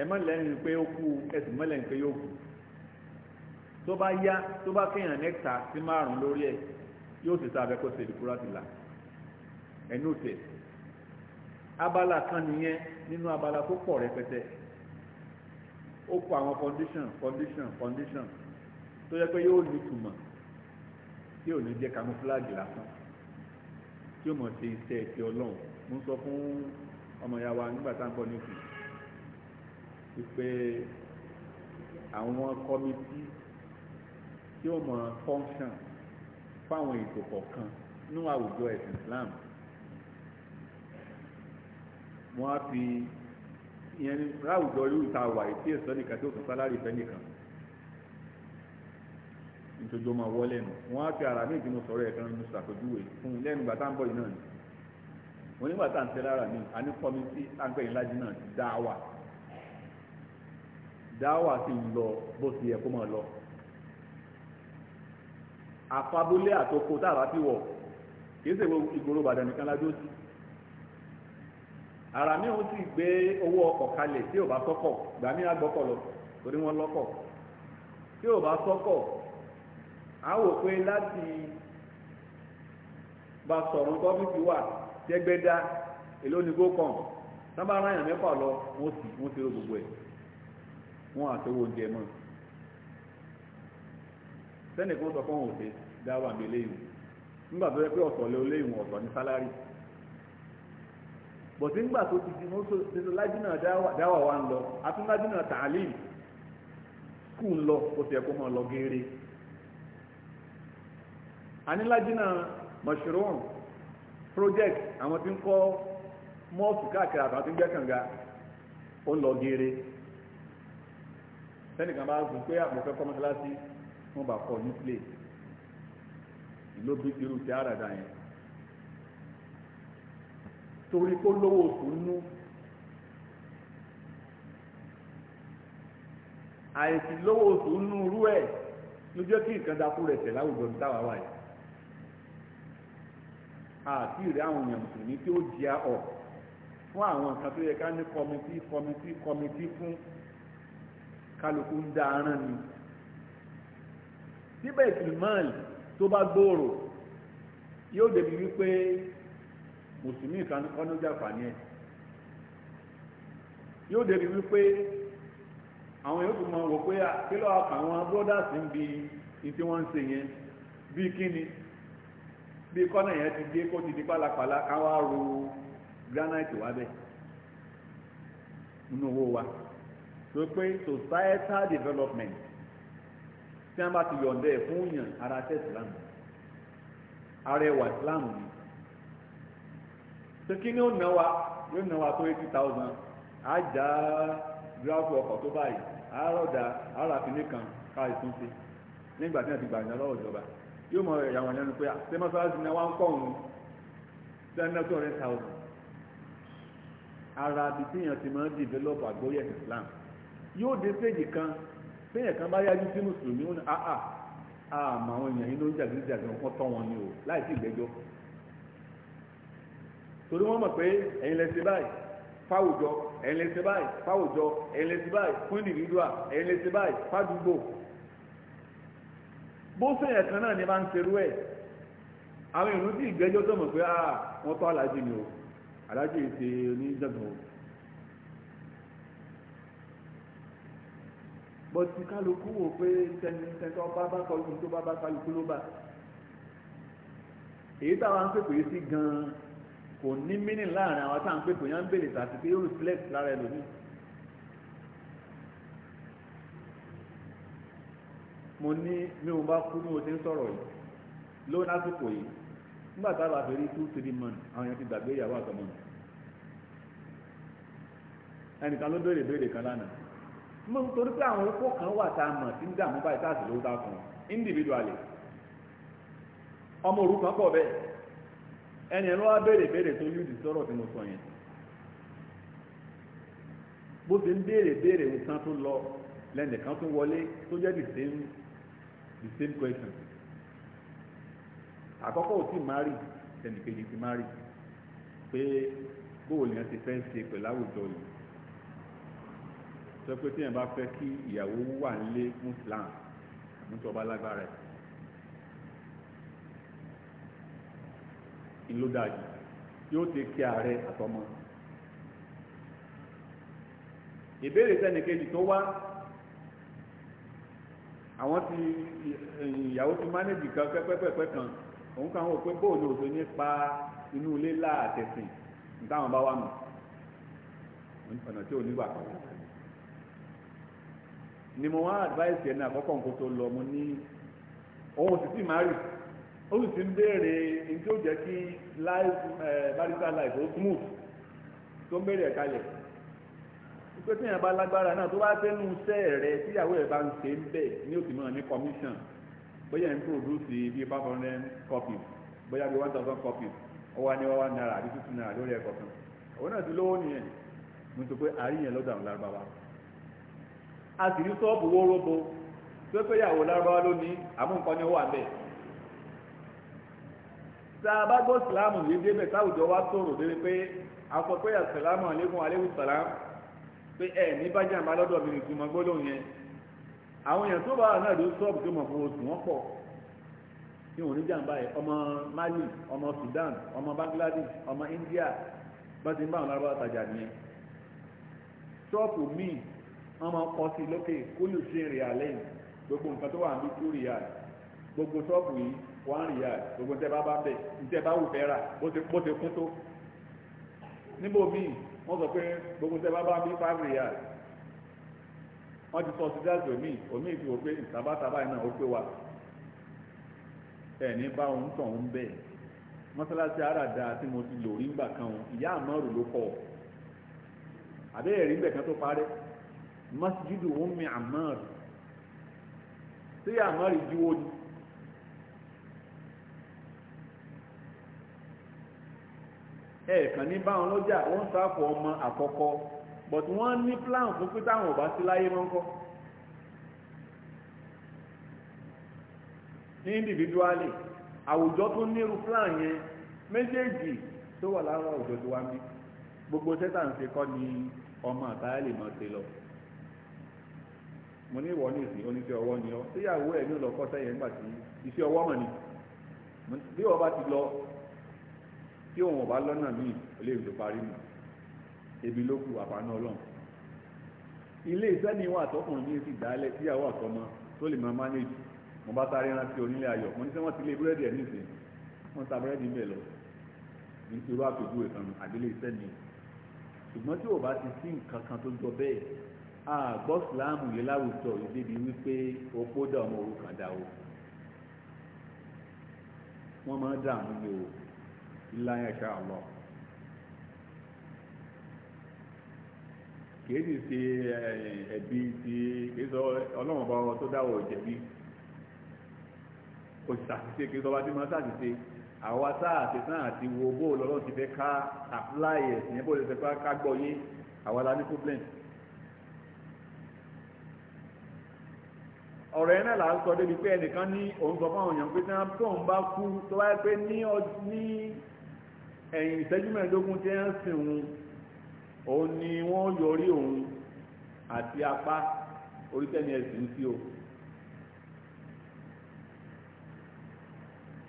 ẹ mọ́ lẹ́yìn pé ó kú ẹ sì mọ́ lẹ́yìn pé yóò kú tó bá yá tó bá kéèyàn mẹ́ta sí márùn-ún lórí ẹ̀ yóò sì sábẹ́ kó ṣe ìdíkúrọ́ ti là ẹnu tẹ̀ abala kan nìyẹn nínú abala tó pọ̀ rẹpẹtẹ ó kọ àwọn condition condition condition tó yẹ pé yóò ní ìtumọ̀ tí ò ní jẹ́ camouflage lásán tí ó mọ̀ sí iṣẹ́ ti ọlọ́run mo ń sọ fún ọmọ ìyá wa nígbà tá à ń bọ̀ nípò wípé àwọn kọ́mítì tí ó mọ̀ function fáwọn ètò kọ̀ọ̀kan nínú àwùjọ ẹ̀sìn Islam wọ́n á fi ìyẹn ní láwùjọ irú ìta wà tí èso nìkan tí ó tún sálárì fẹ́ nìkan nítorí ọmọ wọlé nù wọ́n á fi ara mi ìdí mo sọ̀rọ̀ ẹ̀ kan mo ṣàpèjúwe fún un lẹ́nu gbàtà ń bọ̀ yìí náà ni wọ́n nígbà tá à ń tẹ́lẹ̀ ara mi a ní kọ́mítì àgbẹ̀yìn lájú náà ti dá wà dá wà sí ń lọ bó ti yẹ kó máa lọ àfabúlé àtòkò tá a bá ti wọ̀ kì í ṣe ìgboro Ìbàdàn nìkan lájú ó sì ara mi ò sì gbé owó ọkọ̀ kalẹ̀ tí ò bá sọ́kọ̀ gbà àgbọ́kọ̀ lọ torí wọ́n lọ́kọ̀ tí ò bá sọ́kọ̀ á wò pé láti bá sọ̀rọ̀ wà tẹ́gbẹ́dá èló kan sábà mẹ́fà lọ wọ́n sì wọ́n ti gbogbo ẹ̀ bọ̀tí ńgbà tó ti di mọ́ tó lájúnà dáwà ń lọ atúnlájúnà tààlìm kù ń lọ kò tẹ̀ kó mọ̀ lọ géere anílájúnà mọ̀ṣúrùn project àwọn tí ń kọ́ mọ́ọ̀sì káàkiri àtàwọn tí ń gbẹ́kànga ó ń lọ géere sẹ́nìkan bá gùn pé àpòfẹ́ ní play torí kó lówó oṣù nú àìsí lówó oṣù nú rú ẹ̀ ló jẹ́ kí nǹkan dákú rẹ̀ tẹ̀ láwùjọ ní táwa wáyé àti ìrẹ́ àwọn èèyàn mùsùlùmí tí ó jẹ́ ọ̀ fún àwọn nǹkan tó yẹ ká ní kọmití kọmití kọmití fún kálukú ń dá arán ni síbẹ̀ ìtìmọ́ọ̀lì tó bá gbòòrò yóò débi wípé mùsùlùmí kan kọ́ ní ojú ẹ̀ yóò débi wípé àwọn yóò tún máa wò pé kí lọ́wọ́ àwọn brothers ń bi ní tí wọ́n ń ṣe yẹn bíi kọ́nà yẹn ti wa tó pé societal development tí wọ́n bá ti yọ̀ǹda ara tẹ́ islam ara ẹwà ṣé ni ó ná wa yóò ná wa tó eighty thousand àjà gíráàfù ọkọ̀ tó báyìí àárọ̀dà àràfínì kan káyì tún sí nígbà tí wọ́n ti gbà yàn lọ́wọ́ ìjọba yóò mọ ìyàwó yẹn pé mọ́sálásí ni wọ́n kọ́ òun seven hundred thousand ara àti tíyàn ti máa ń develop àgbóyè Islam yóò dé séèjì kan téèyàn kan bá yájú sí mùsùlùmí ó ní àmọ́ torí wọ́n mọ̀ pé ẹ̀yin lẹ́sẹ̀ báyìí fáwùjọ ẹ̀yin lẹ́sẹ̀ báyìí fáwùjọ ẹ̀yin lẹ́sẹ̀ báyìí fún individual ẹ̀yin lẹ́sẹ̀ báyìí fádùúgbò bó sẹ́yìn ẹ̀kan náà ni máa ń serú ẹ̀ àwọn ìlú tí ìgbẹ́jọ́ tó mọ̀ pé ah wọ́n tọ́ aláàjì ni o aláàjì ti oníjàgbọ̀n o bọ́tí kálukú wò pé tẹ́ntẹ́ntọ́ bá bá kọlu tó bá bá kálukú ló bá èyí táwọn ń pèpè sí gan-an kò ní mínì láàrin àwọn tá à ń pè fòyàn ń bèèrè tàbí pé ó reflect lára ẹlòmíì mo ní mi ò bá kú ní o ti ń sọ̀rọ̀ yìí ló lásìkò yìí nígbà tá a bá fi two three months àwọn èèyàn ti gbàgbé ìyàwó àtọmọ mi kan lánàá mo ń torí pé àwọn kan wà tá a mọ̀ ń dààmú báyìí individually ọmọ pọ̀ bẹ́ẹ̀. ẹni ẹ̀rọ abéèrè béèrè tó yúdi sọ̀rọ̀ tí mo sọ yẹn bó ti ń béèrè béèrè nǹkan tó lọ lẹ́nìkan tó wọlé tó jẹ́ the same the same question àkọ́kọ́ ò tí máa rí ẹnìkejì ti máa rí pé bóòlù yẹn ti fẹ́ ṣe pẹ̀lú àwùjọ yìí sọ pé tí yẹn bá fẹ́ kí ìyàwó wà nílé muslim àmúṣọba lágbára ẹ̀ ìlú dájú yóò ti kí ààrẹ àtọmọ ìbéèrè sẹ́nìkejì tó wá àwọn ti ìyàwó ti mánéjì kan pẹ́pẹ́pẹ́pẹ́ kan òun kàn wọ́n pé bóòlù òṣè nípa inú ilé láàtẹ̀sìn nítawọn bá wà nù ọ̀nà tí ò nígbà kan ni mo wá advice ẹni àkọ́kọ́ nǹkan tó lọ mo ní òun sì sì máa rì o si ti ń béèrè o tí ó jẹ́ eh, marital life ó smooth tó ń béèrè ẹ̀ka lẹ̀ tí èèyàn bá lágbára náà tó bá tẹnu iṣẹ́ rẹ tíyàwó ẹ̀ bá ń ṣe ń bẹ̀ ní commission bóyá ń produce bíi five hundred copies bóyá one thousand copies ọwọ́ ní ọwọ́ náírà àbí fifty naira lórí ẹ̀kọ́ kan òun náà ti lówó nìyẹn mo sọ pé àárín yẹn a sì sọ́ọ̀bù pé ìyàwó lárúbáwá lónìí àmúǹkan tá a bá gbọ́ sìlámù yìí débẹ̀ táwùjọ wa tòrò débi pé akọ pé àsàlámù àlékún àlékún sàlám pé ẹ ní bájà máa lọ́dọ̀ mi nìtúmọ̀ gbólóhùn yẹn àwọn èèyàn tó bá wà náà ló sọ́ọ̀bù tó mọ̀ fún oṣù wọn pọ̀ ní oníjàmbá yìí ọmọ Mali ọmọ Sudan ọmọ Bangladesh ọmọ India bá ti ń bá àwọn arábá tajà nìyẹn ṣọ́ọ̀pù míì wọ́n máa kọ́ sí lókè kúlù sí ìrìn àlẹ́ gbogbo nǹkan tó wà ní kúrìyà gbogbo ṣọ́ọ̀pù yìí one riyal gbogbo tẹ́ bá bá bẹ̀ tẹ́ bá wù fẹ́ rà bó ti kún tó níbo míì wọ́n sọ pé gbogbo tẹ́ bá bá bí five riyal wọ́n ti sọ sídáàtì omi omi ìfi pé ìtàbátàbá iná ó pé wa ẹ̀ ní bá òun tàn ń bẹ̀ mọ́sálásí àràdà tí mo ti lò rí ńgbà kan òun ìyá àmọ́rù ló kọ́ àbẹ́rẹ́ rí ńgbẹ̀ kan tó parẹ́ masjidu omi àmọ́rù sí àmọ́rù ju ojú ẹ̀ẹ̀kan ní báwọn lọ́jà wọ́n sáfù ọmọ àkọ́kọ́ but wọ́n ní plan fún pé táwọn ọba sí láyé mọ́ kọ́ ní individually àwùjọ tó nírú plan yẹn méjèèjì tó wà lára àwùjọ tó wá mí gbogbo tẹ́tà ń ṣe kọ́ ni ọmọ àtàyà lè máa ṣe lọ mo ní ìwọ ní ìsìn oníṣẹ́ ọwọ́ ni ọ síyàwó ẹ̀ ní ọlọ́kọ́ sẹ́yìn nígbà tí iṣẹ́ ọwọ́ mọ̀ ni bí ọba ti lọ tí òun ọ̀bá lọ́nà míì eléyìí ló parí mọ̀ ebi ló kù àbáná ọlọ́run ilé iṣẹ́ ni wà tọkùnrin ní ti dálẹ̀ tíyàwó àtọmọ tó lè máa manage mo bá sáré rántí onílé ayọ̀ mo ní sẹ́ wọ́n ti lé búrẹ́dì ẹ̀ nísìn wọ́n ta búrẹ́dì ń bẹ̀ lọ ní ti irú àpèjú ìkànnì àdílé iṣẹ́ ni ṣùgbọ́n tí ò bá ti sí nǹkan kan tó jọ bẹ́ẹ̀ a gbọ́ síláàmù yìí láwùjọ ìdíbi wípé opó dà ọmọ òrukàn dà o wọ́n máa dààmú ni o illa ya sha Allah kìí sì ṣe eh, ẹ̀bi ti kìí sọ ọlọ́run bá ọ tó dáwọ̀ jẹ̀bi kò sì ṣàṣìṣe kìí sọ bá ti máa ṣàṣìṣe àwa sáà àti sáà àti wo bó lọ́lọ́run ti fẹ́ ká apply ẹ̀sìn yẹn bó lè fẹ́ ká gbọ́ yé àwa la problem. ọ̀rọ̀ yẹn náà là ń sọ débi pé ẹnìkan ní òun sọ fún àwọn èèyàn pé tí wọ́n bá kú tó wáyé pé ní ẹ̀yìn ìṣẹ́jú mẹ́ẹ̀ẹ́dógún tí wọ́n sìn òun òun ni wọ́n yọrí òun àti apá orítẹ́ni ẹ̀sìn sí o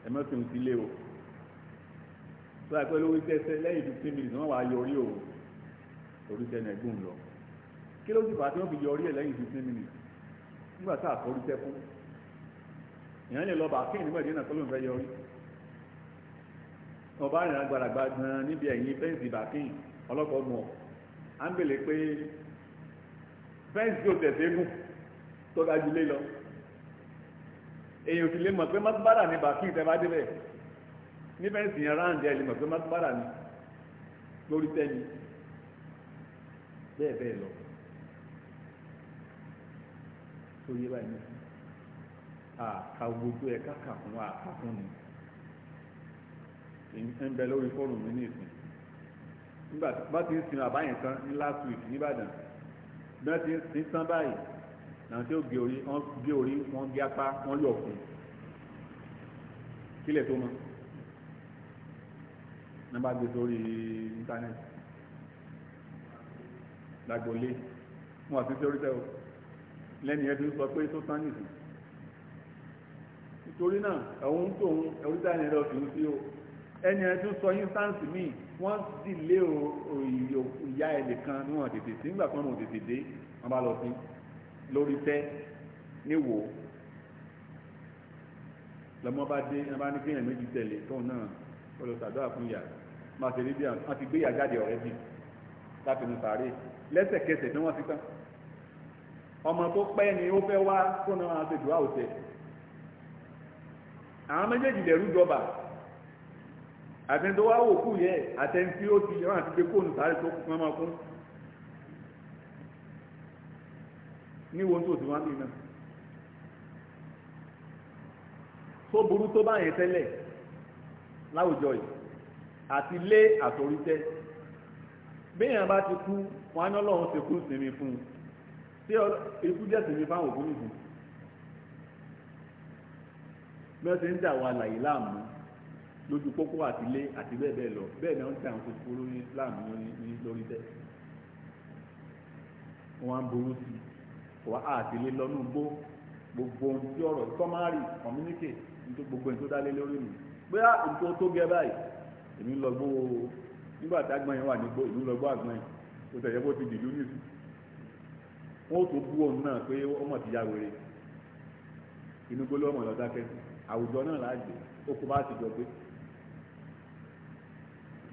ẹ̀mọ́sìn sílé o tó àpẹ́ lórí tẹ́sẹ́ lẹ́yìn fifteen minutes wọ́n wàá yọrí òun orítẹ́ni ẹ̀gbọ́n lọ kí ló ti fà á tí wọ́n fi yọrí ẹ̀ lẹ́yìn fifteen minutes nígbà tá a kọ́ orítẹ́ fún ìyẹn lè lọ bàákẹ́yìn nígbà díẹ̀ náà kọ́ ló fẹ́ yọrí ọba rìnrìn àgbàlagbà gan níbi ẹ̀yìn fẹ́ǹsì bàkín ọlọ́kọ̀ nù ọ́ à ń bèlè pé fẹ́ǹsì ò tẹ̀sẹ̀ gùn tó ga jù lé lọ èyàn ò sì lè mọ̀ pé mọ́tòbárà ni bàkín tẹ́ bá débẹ̀ ní fẹ́ǹsì yẹn ráǹdì ẹ̀ lè mọ̀ pé mọ́tòbárà ni lórí tẹ́ni bẹ́ẹ̀ bẹ́ẹ̀ lọ tó yé báyìí ní àkàwọ́ gbogbo ẹ̀ káàkà fún wa àkàkùn ni ń bẹ lórí fóònù mi ní ìsìn nígbà bá ti ń sin àbáyẹn tán ní last week nìbàdàn bí wọ́n ti ń sin tán báyìí làwọn tí ó gé orí wọ́n gé orí wọ́n gé apá wọ́n yọ̀ fún kílẹ̀ tó mọ́ nígbà gbé sórí íńtánẹ́ẹ̀tì lágbolé wọn àti sórí tẹ́ o lẹ́nu ẹ̀ tó sọ pé tó tán nìsín nítorí náà ẹ̀hún tóun ẹ̀hún dáhìn ẹ̀rọ tòun sí o ẹni ẹdún sọ instance mi wọ́n sì lé ìyá ẹ̀lẹ̀ kan níwọ̀n tètè sí nígbà kan mọ̀ tètè dé wọ́n bá lọ sí lórí tẹ́ níwò lọ́mọ bá dé wọ́n bá ní kéèyàn méjì tẹ̀lé tóun náà olùsàdúrà fún ìyá máa ṣe rédíò wọ́n ti gbé ìyá jáde ọ̀rẹ́ bì láti mú sàárè lẹ́sẹ̀kẹsẹ̀ tí wọ́n ti tán ọmọ tó pẹ́ ni ó fẹ́ wá tó náà ṣe dùá òtẹ̀ àwọn méjèèjì lẹ̀rú jọba àtẹni tó wá wò kú yẹ àtẹni tí ó ti yẹ wọn àti pé kóònù sáré tó kún mọ́ fún ní wo tó ti wá bí náà tó burú tó bá yẹn tẹ́lẹ̀ láwùjọ yìí àti lé àtòrítẹ́ béèyàn bá ti kú wọn ní ọlọ́run ti kú sinmi fún un tí ikú jẹ́ sinmi fáwọn òkú nìyí bí wọ́n ti ń jà wà láyé láàmú lójú pópó àti ilé àti bẹ́ẹ̀ bẹ́ẹ̀ lọ bẹ́ẹ̀ ni wọ́n ti àwọn kòtò lórí Islam ní lórí tẹ́ wọ́n á burú sí wọ́n á àti ilé lọ́nù gbó gbogbo ohun tí ọ̀rọ̀ sọ́márì communicate nítorí gbogbo ohun tó dálé lórí mi bóyá nǹkan tó gẹ báyìí èmi lọ gbó nígbà tá àgbọn yẹn wà nígbó èmi lọ gbó àgbọn yẹn tó tẹ̀yẹ́ bó ti dìlú nìsú wọ́n ó tún bú òun náà pé ọmọ ti ya wèrè inú gbólóhùn ọ̀lọ́dákẹ́sì àwùjọ náà láàgbé ó kó bá ti jọ gbé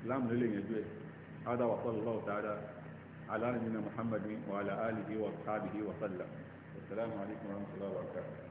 الإسلام للي يجوه هذا وصل الله تعالى على نبينا محمد وعلى آله وصحابه وسلم والسلام عليكم ورحمة الله وبركاته